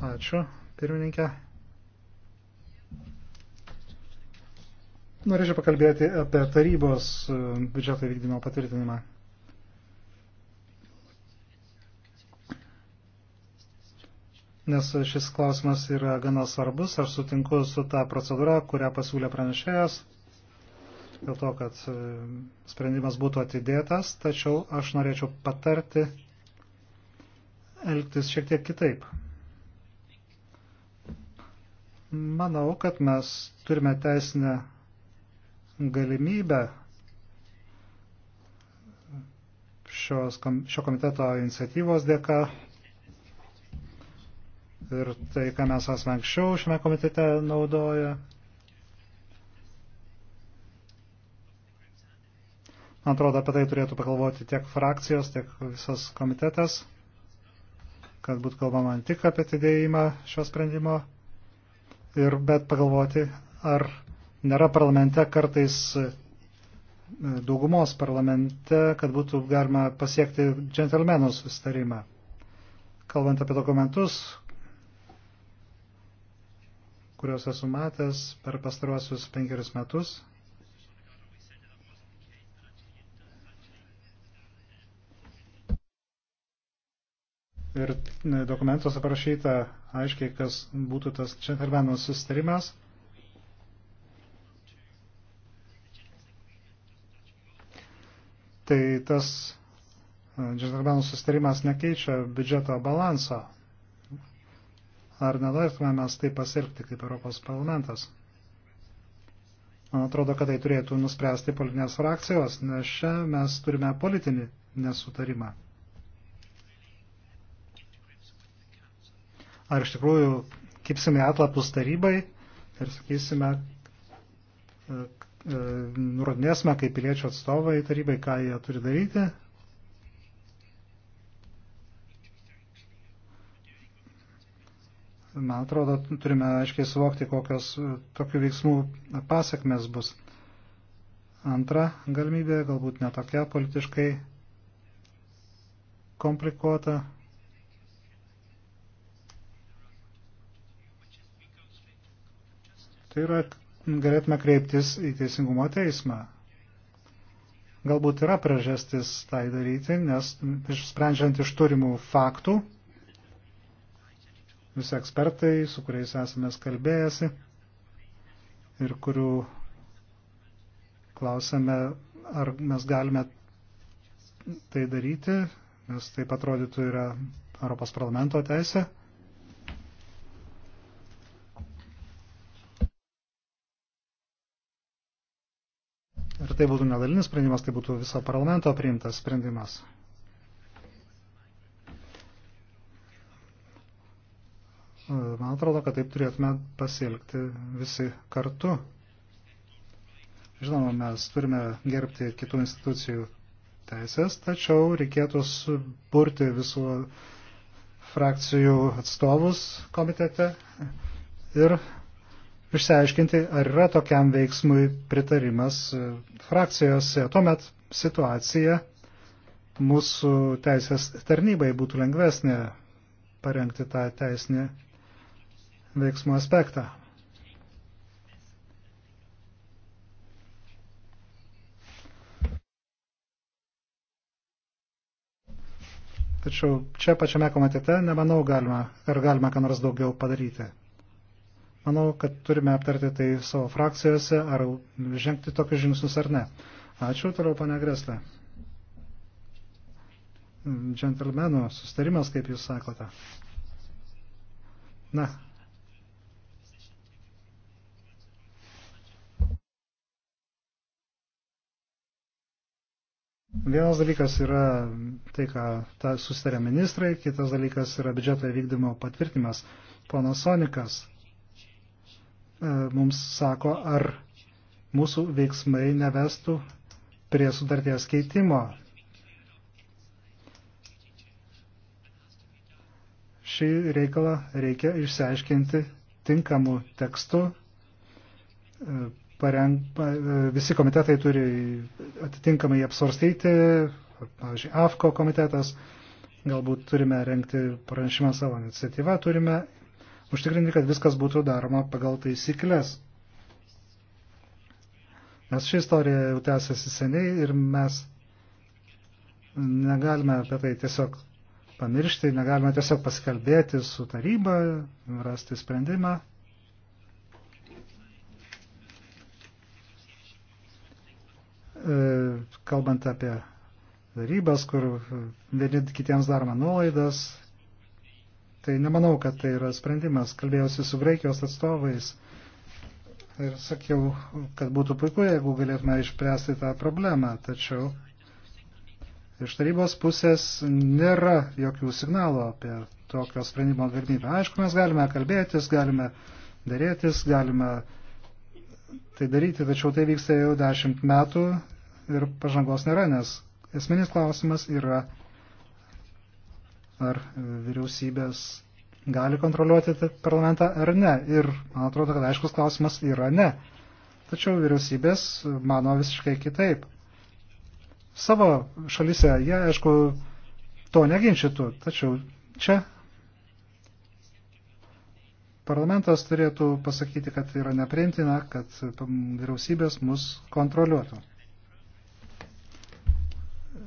Ačiū, pirmininkė. Norėčiau pakalbėti apie tarybos e, biudžeto vykdymo patvirtinimą. Nes šis klausimas yra gana svarbus. Aš sutinku su ta procedūra, kurią pasiūlė pranešėjas, dėl to, kad e, sprendimas būtų atidėtas, tačiau aš norėčiau patarti elgtis šiek tiek kitaip. Manau, kad mes turime teisinę galimybę šios, šio komiteto iniciatyvos dėka ir tai, ką mes esame anksčiau šiame komitete naudoja. Man atrodo, apie tai turėtų pakalvoti tiek frakcijos, tiek visas komitetas, kad būtų kalbama ne tik apie atidėjimą šio sprendimo ir bet pagalvoti, ar nėra parlamente kartais e, daugumos parlamente, kad būtų galima pasiekti džentelmenų susitarimą. Kalbant apie dokumentus, kuriuos esu matęs per pastaruosius penkerius metus, Ir dokumentuose parašyta aiškiai, kas būtų tas džentelmenų sustarimas. Tai tas džentelmenų sustarimas nekeičia biudžeto balanso. Ar nenorėtume mes tai pasirkti kaip Europos parlamentas? Man atrodo, kad tai turėtų nuspręsti politinės frakcijos, nes čia mes turime politinį nesutarimą. Ar iš tikrųjų kipsime atlapus tarybai ir sakysime, e, e, nurodinėsime kaip piliečių atstovai tarybai, ką jie turi daryti. Man atrodo, turime aiškiai suvokti, kokios e, tokių veiksmų pasiekmes bus. Antra galimybė, galbūt netokia politiškai komplikuota. Tai yra, galėtume kreiptis į Teisingumo teismą. Galbūt yra priežastis tai daryti, nes sprendžiant iš turimų faktų, visi ekspertai, su kuriais esame kalbėjęsi ir kurių klausėme, ar mes galime tai daryti, nes tai patrodytų yra Europos parlamento teisė. tai būtų nedalinis sprendimas, tai būtų viso parlamento priimtas sprendimas. E, man atrodo, kad taip turėtume pasielgti visi kartu. Žinoma, mes turime gerbti kitų institucijų teisės, tačiau reikėtų suburti visų frakcijų atstovus komitete ir išsiaiškinti, ar yra tokiam veiksmui pritarimas e, frakcijose. Tuomet situacija mūsų teisės tarnybai būtų lengvesnė parengti tą teisinį veiksmų aspektą. Tačiau čia pačiame komitete, nemanau, galima, ar galima ką nors daugiau padaryti. Manau, kad turime aptarti tai savo frakcijose, ar žengti tokius žingsnius ar ne. Ačiū, toliau pane Greslė. Džentelmenų sustarimas, kaip jūs sakote. Na. Vienas dalykas yra tai, ką ta susitarė ministrai, kitas dalykas yra biudžeto įvykdymo patvirtimas. Ponas Sonikas E, mums sako, ar mūsų veiksmai nevestų prie sutarties keitimo. Šį reikalą reikia išsiaiškinti tinkamu tekstu. E, pareng, e, visi komitetai turi atitinkamai apsvarstyti, pavyzdžiui, AFKO komitetas, galbūt turime renkti pranešimą savo iniciatyvą, turime užtikrinti, kad viskas būtų daroma pagal taisyklės. Nes ši istorija jau tęsiasi seniai ir mes negalime apie tai tiesiog pamiršti, negalime tiesiog pasikalbėti su taryba, rasti sprendimą. E, kalbant apie darybas, kur vieni kitiems daroma nuolaidas, Tai nemanau, kad tai yra sprendimas. Kalbėjausi su Graikijos atstovais ir sakiau, kad būtų puiku, jeigu galėtume išpręsti tą problemą, tačiau iš tarybos pusės nėra jokių signalų apie tokio sprendimo galimybę. Aišku, mes galime kalbėtis, galime dėrėtis, galime tai daryti, tačiau tai vyksta jau dešimt metų ir pažangos nėra, nes esminis klausimas yra ar vyriausybės gali kontroliuoti parlamentą ar ne. Ir man atrodo, kad aiškus klausimas yra ne. Tačiau vyriausybės mano visiškai kitaip. Savo šalise jie, aišku, to neginčytų, tačiau čia parlamentas turėtų pasakyti, kad tai yra nepriimtina, kad vyriausybės mus kontroliuotų.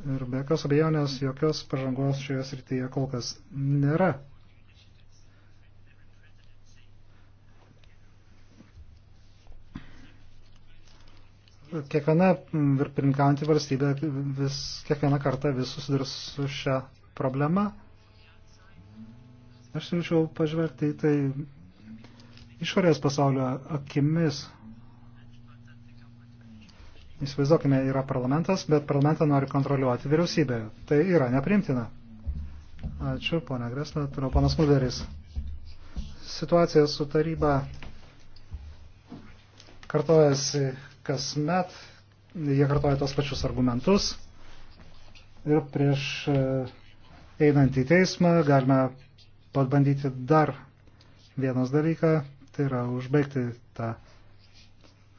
Ir be jokios abejonės, jokios pažangos šioje srityje kol kas nėra. Kiekviena pirmininkaujantį valstybę vis, kiekvieną kartą vis susidurs su šią problemą. Aš siūlyčiau pažvelgti į tai išorės pasaulio akimis. Įsivaizduokime, yra parlamentas, bet parlamentą nori kontroliuoti vyriausybė. Tai yra neprimtina. Ačiū, ponia Gresna. Toliau panas Mulderis. Situacija su taryba kartojasi kasmet. Jie kartoja tos pačius argumentus. Ir prieš e, einant į teismą galime pabandyti dar vienas dalyką, tai yra užbaigti tą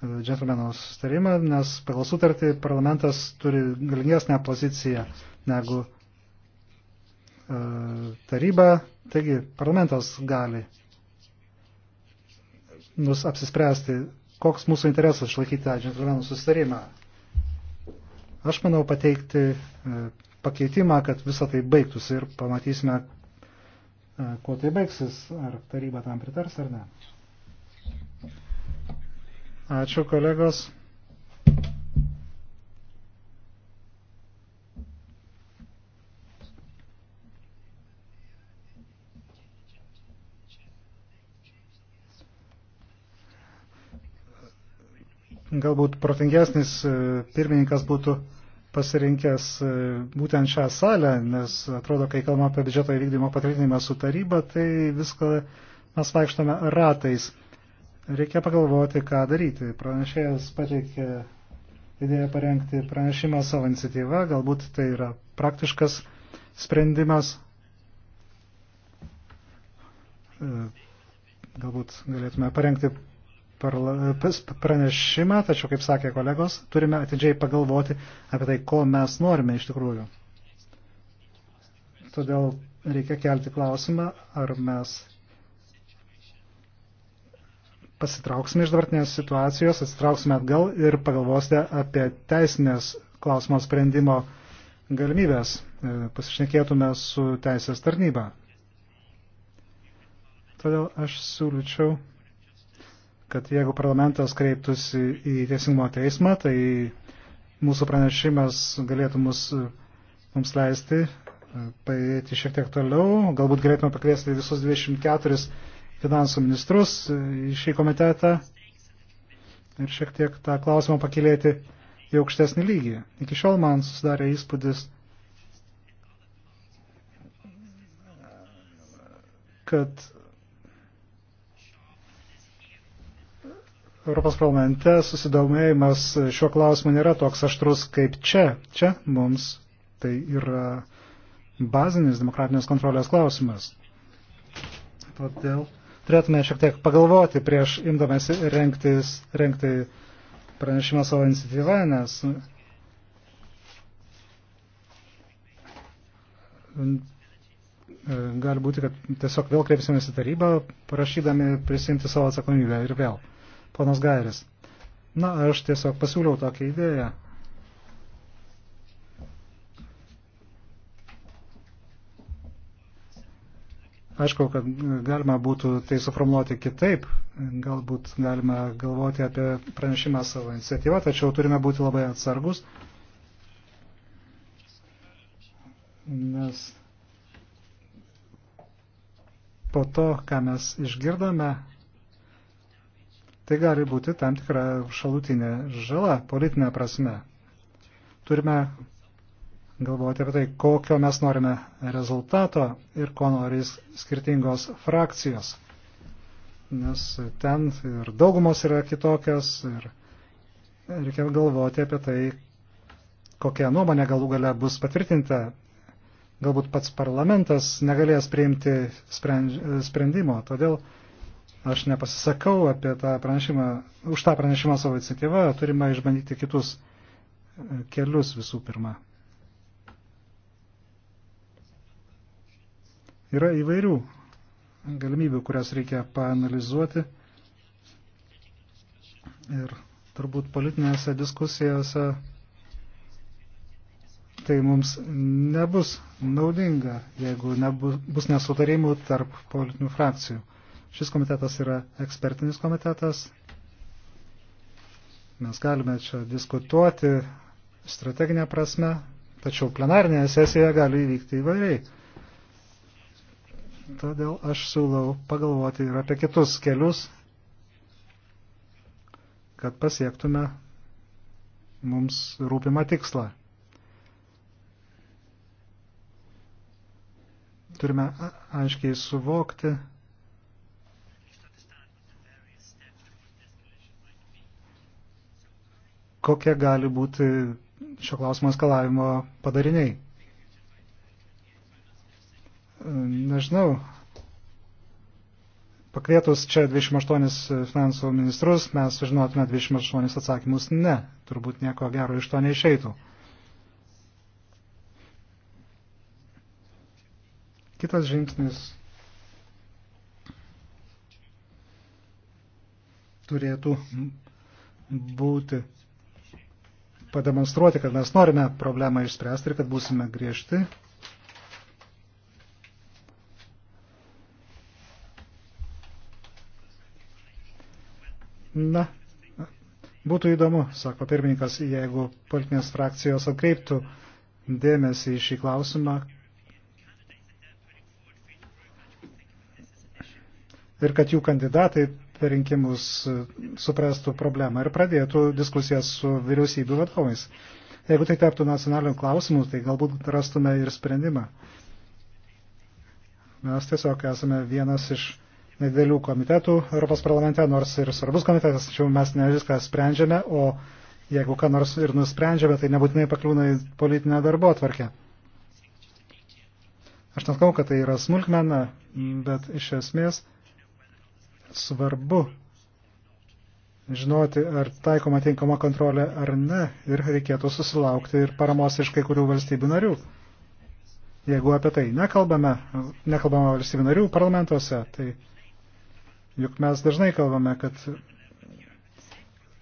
džentelmenų sustarimą, nes pagal sutartį parlamentas turi galingesnę poziciją negu e, taryba, taigi parlamentas gali nus apsispręsti, koks mūsų interesas išlaikyti tą džentelmenų sustarimą. Aš manau pateikti e, pakeitimą, kad visą tai baigtųsi ir pamatysime, e, kuo tai baigsis, ar taryba tam pritars ar ne. Ačiū kolegos. galbūt protingesnis e, pirmininkas būtų pasirinkęs e, būtent šią salę, nes atrodo, kai kalbame apie biudžeto įvykdymo patvirtinimą su taryba, tai viską mes vaikštame ratais. Reikia pagalvoti, ką daryti. Pranešėjas pateikė idėją parengti pranešimą savo iniciatyvą, galbūt tai yra praktiškas sprendimas. E, galbūt galėtume parengti pranešimą, tačiau, kaip sakė kolegos, turime atidžiai pagalvoti apie tai, ko mes norime iš tikrųjų. Todėl reikia kelti klausimą, ar mes pasitrauksime iš dabartinės situacijos, atsitrauksime atgal ir pagalvosite apie teisinės klausimo sprendimo galimybės, e, pasišnekėtume su teisės tarnyba. Todėl aš siūlyčiau, kad jeigu parlamentas kreiptųsi į teisingumo teismą, tai mūsų pranešimas galėtų mus, e, mums leisti e, paėti šiek tiek toliau. Galbūt galėtume pakviesti visus 24 finansų ministrus e, į šį komitetą ir šiek tiek tą klausimą pakilėti į aukštesnį lygį. Iki šiol man susidarė įspūdis, kad Europos parlamente susidomėjimas šiuo klausimu nėra toks aštrus kaip čia. Čia mums tai yra bazinis demokratinės kontrolės klausimas. Todėl turėtume šiek tiek pagalvoti prieš imdamės rengtis, rengti pranešimą savo iniciatyvą, nes e, gali būti, kad tiesiog vėl kreipsimės į tarybą, prašydami prisimti savo atsakomybę ir vėl. Ponas Gairis. Na, aš tiesiog pasiūliau tokią idėją. Aišku, kad galima būtų tai suformuoluoti kitaip, galbūt galima galvoti apie pranešimą savo iniciatyvą, tačiau turime būti labai atsargus, nes po to, ką mes išgirdome, tai gali būti tam tikra šalutinė žala politinė prasme. Turime galvoti apie tai, kokio mes norime rezultato ir ko nori skirtingos frakcijos. Nes ten ir daugumos yra kitokios ir reikia galvoti apie tai, kokia nuomonė galų gale bus patvirtinta. Galbūt pats parlamentas negalės priimti sprendimo, todėl aš nepasisakau apie tą pranešimą, už tą pranešimą savo iniciatyvą, turime išbandyti kitus kelius visų pirma. Yra įvairių galimybių, kurias reikia paanalizuoti. Ir turbūt politinėse diskusijose tai mums nebus naudinga, jeigu nebus, bus nesutarimų tarp politinių frakcijų. Šis komitetas yra ekspertinis komitetas. Mes galime čia diskutuoti strateginę prasme, tačiau plenarinėje sesijoje gali įvykti įvairiai. Todėl aš siūlau pagalvoti ir apie kitus kelius, kad pasiektume mums rūpimą tikslą. Turime aiškiai suvokti, kokie gali būti šio klausimo skalavimo padariniai nežinau, pakvietus čia 28 finansų ministrus, mes sužinotume 28 atsakymus ne. Turbūt nieko gero iš to neišeitų. Kitas žingsnis turėtų būti pademonstruoti, kad mes norime problemą išspręsti ir kad būsime griežti Na, būtų įdomu, sako pirmininkas, jeigu politinės frakcijos atkreiptų dėmesį į šį klausimą. Ir kad jų kandidatai per rinkimus suprastų problemą ir pradėtų diskusijas su vyriausybių vadovais. Jeigu tai taptų nacionaliniu klausimu, tai galbūt rastume ir sprendimą. Mes tiesiog esame vienas iš didelių komitetų Europos parlamente, nors ir svarbus komitetas, tačiau mes ne viską sprendžiame, o jeigu ką nors ir nusprendžiame, tai nebūtinai pakliūna į politinę darbo atvarkę. Aš nesakau, kad tai yra smulkmena, bet iš esmės svarbu žinoti, ar taikoma tinkama kontrolė ar ne, ir reikėtų susilaukti ir paramos iš kai kurių valstybių narių. Jeigu apie tai nekalbame, nekalbame valstybių narių parlamentuose, tai Juk mes dažnai kalbame, kad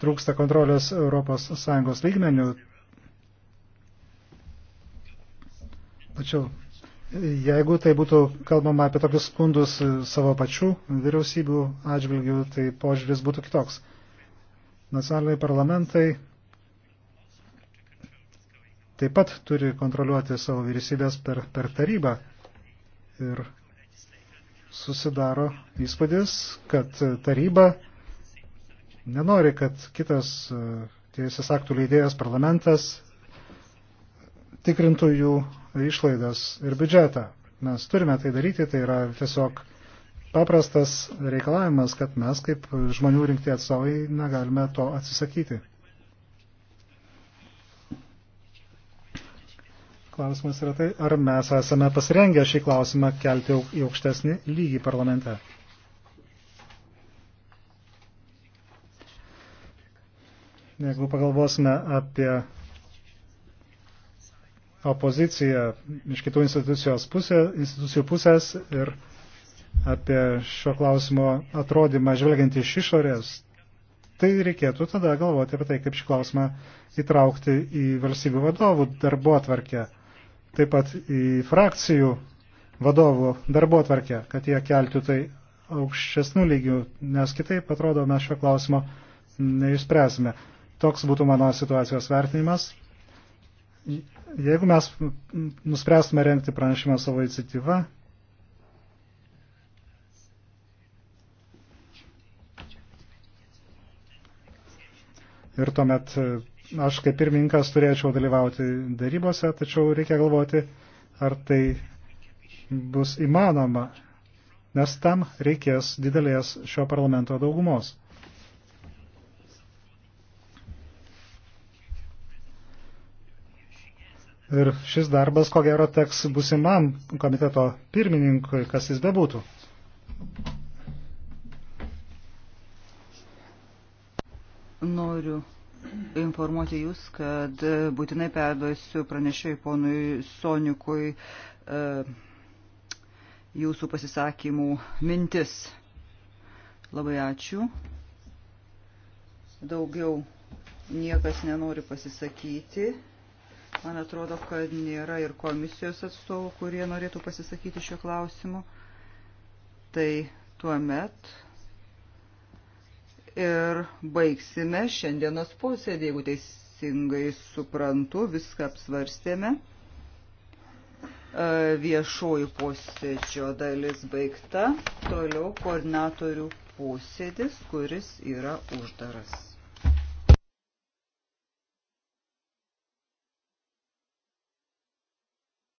trūksta kontrolės ES lygmenių. Tačiau jeigu tai būtų kalbama apie tokius skundus savo pačių vyriausybių atžvilgių, tai požiūris būtų kitoks. Nacionaliniai parlamentai taip pat turi kontroliuoti savo vyriausybės per, per tarybą. Ir susidaro įspūdis, kad taryba nenori, kad kitas e, teisės aktų leidėjas parlamentas tikrintų jų išlaidas ir biudžetą. Mes turime tai daryti, tai yra tiesiog paprastas reikalavimas, kad mes kaip žmonių rinkti atstovai negalime to atsisakyti. Klausimas yra tai, ar mes esame pasirengę šį klausimą kelti į aukštesnį lygį parlamente. Jeigu pagalvosime apie opoziciją iš kitų institucijos pusė, institucijų pusės ir apie šio klausimo atrodymą žvelgiant iš išorės, tai reikėtų tada galvoti apie tai, kaip šį klausimą įtraukti į valstybių vadovų darbo atvarkę taip pat į frakcijų vadovų darbo tvarkę, kad jie keltų tai aukštesnių lygių, nes kitaip, atrodo, mes šio klausimo neišspręsime. Toks būtų mano situacijos vertinimas. Jeigu mes nuspręstume renkti pranešimą savo iniciatyvą, ir tuomet aš kaip pirmininkas turėčiau dalyvauti darybose, tačiau reikia galvoti, ar tai bus įmanoma, nes tam reikės didelės šio parlamento daugumos. Ir šis darbas, ko gero, teks busimam komiteto pirmininkui, kas jis bebūtų. Noriu informuoti Jūs, kad būtinai perduosiu pranešėjai ponui Sonikui e, Jūsų pasisakymų mintis. Labai ačiū. Daugiau niekas nenori pasisakyti. Man atrodo, kad nėra ir komisijos atstovų, kurie norėtų pasisakyti šiuo klausimu. Tai tuo metu ir baigsime šiandienos posėdį, jeigu teisingai suprantu, viską apsvarstėme. E, viešoji posėdžio dalis baigta, toliau koordinatorių posėdis, kuris yra uždaras.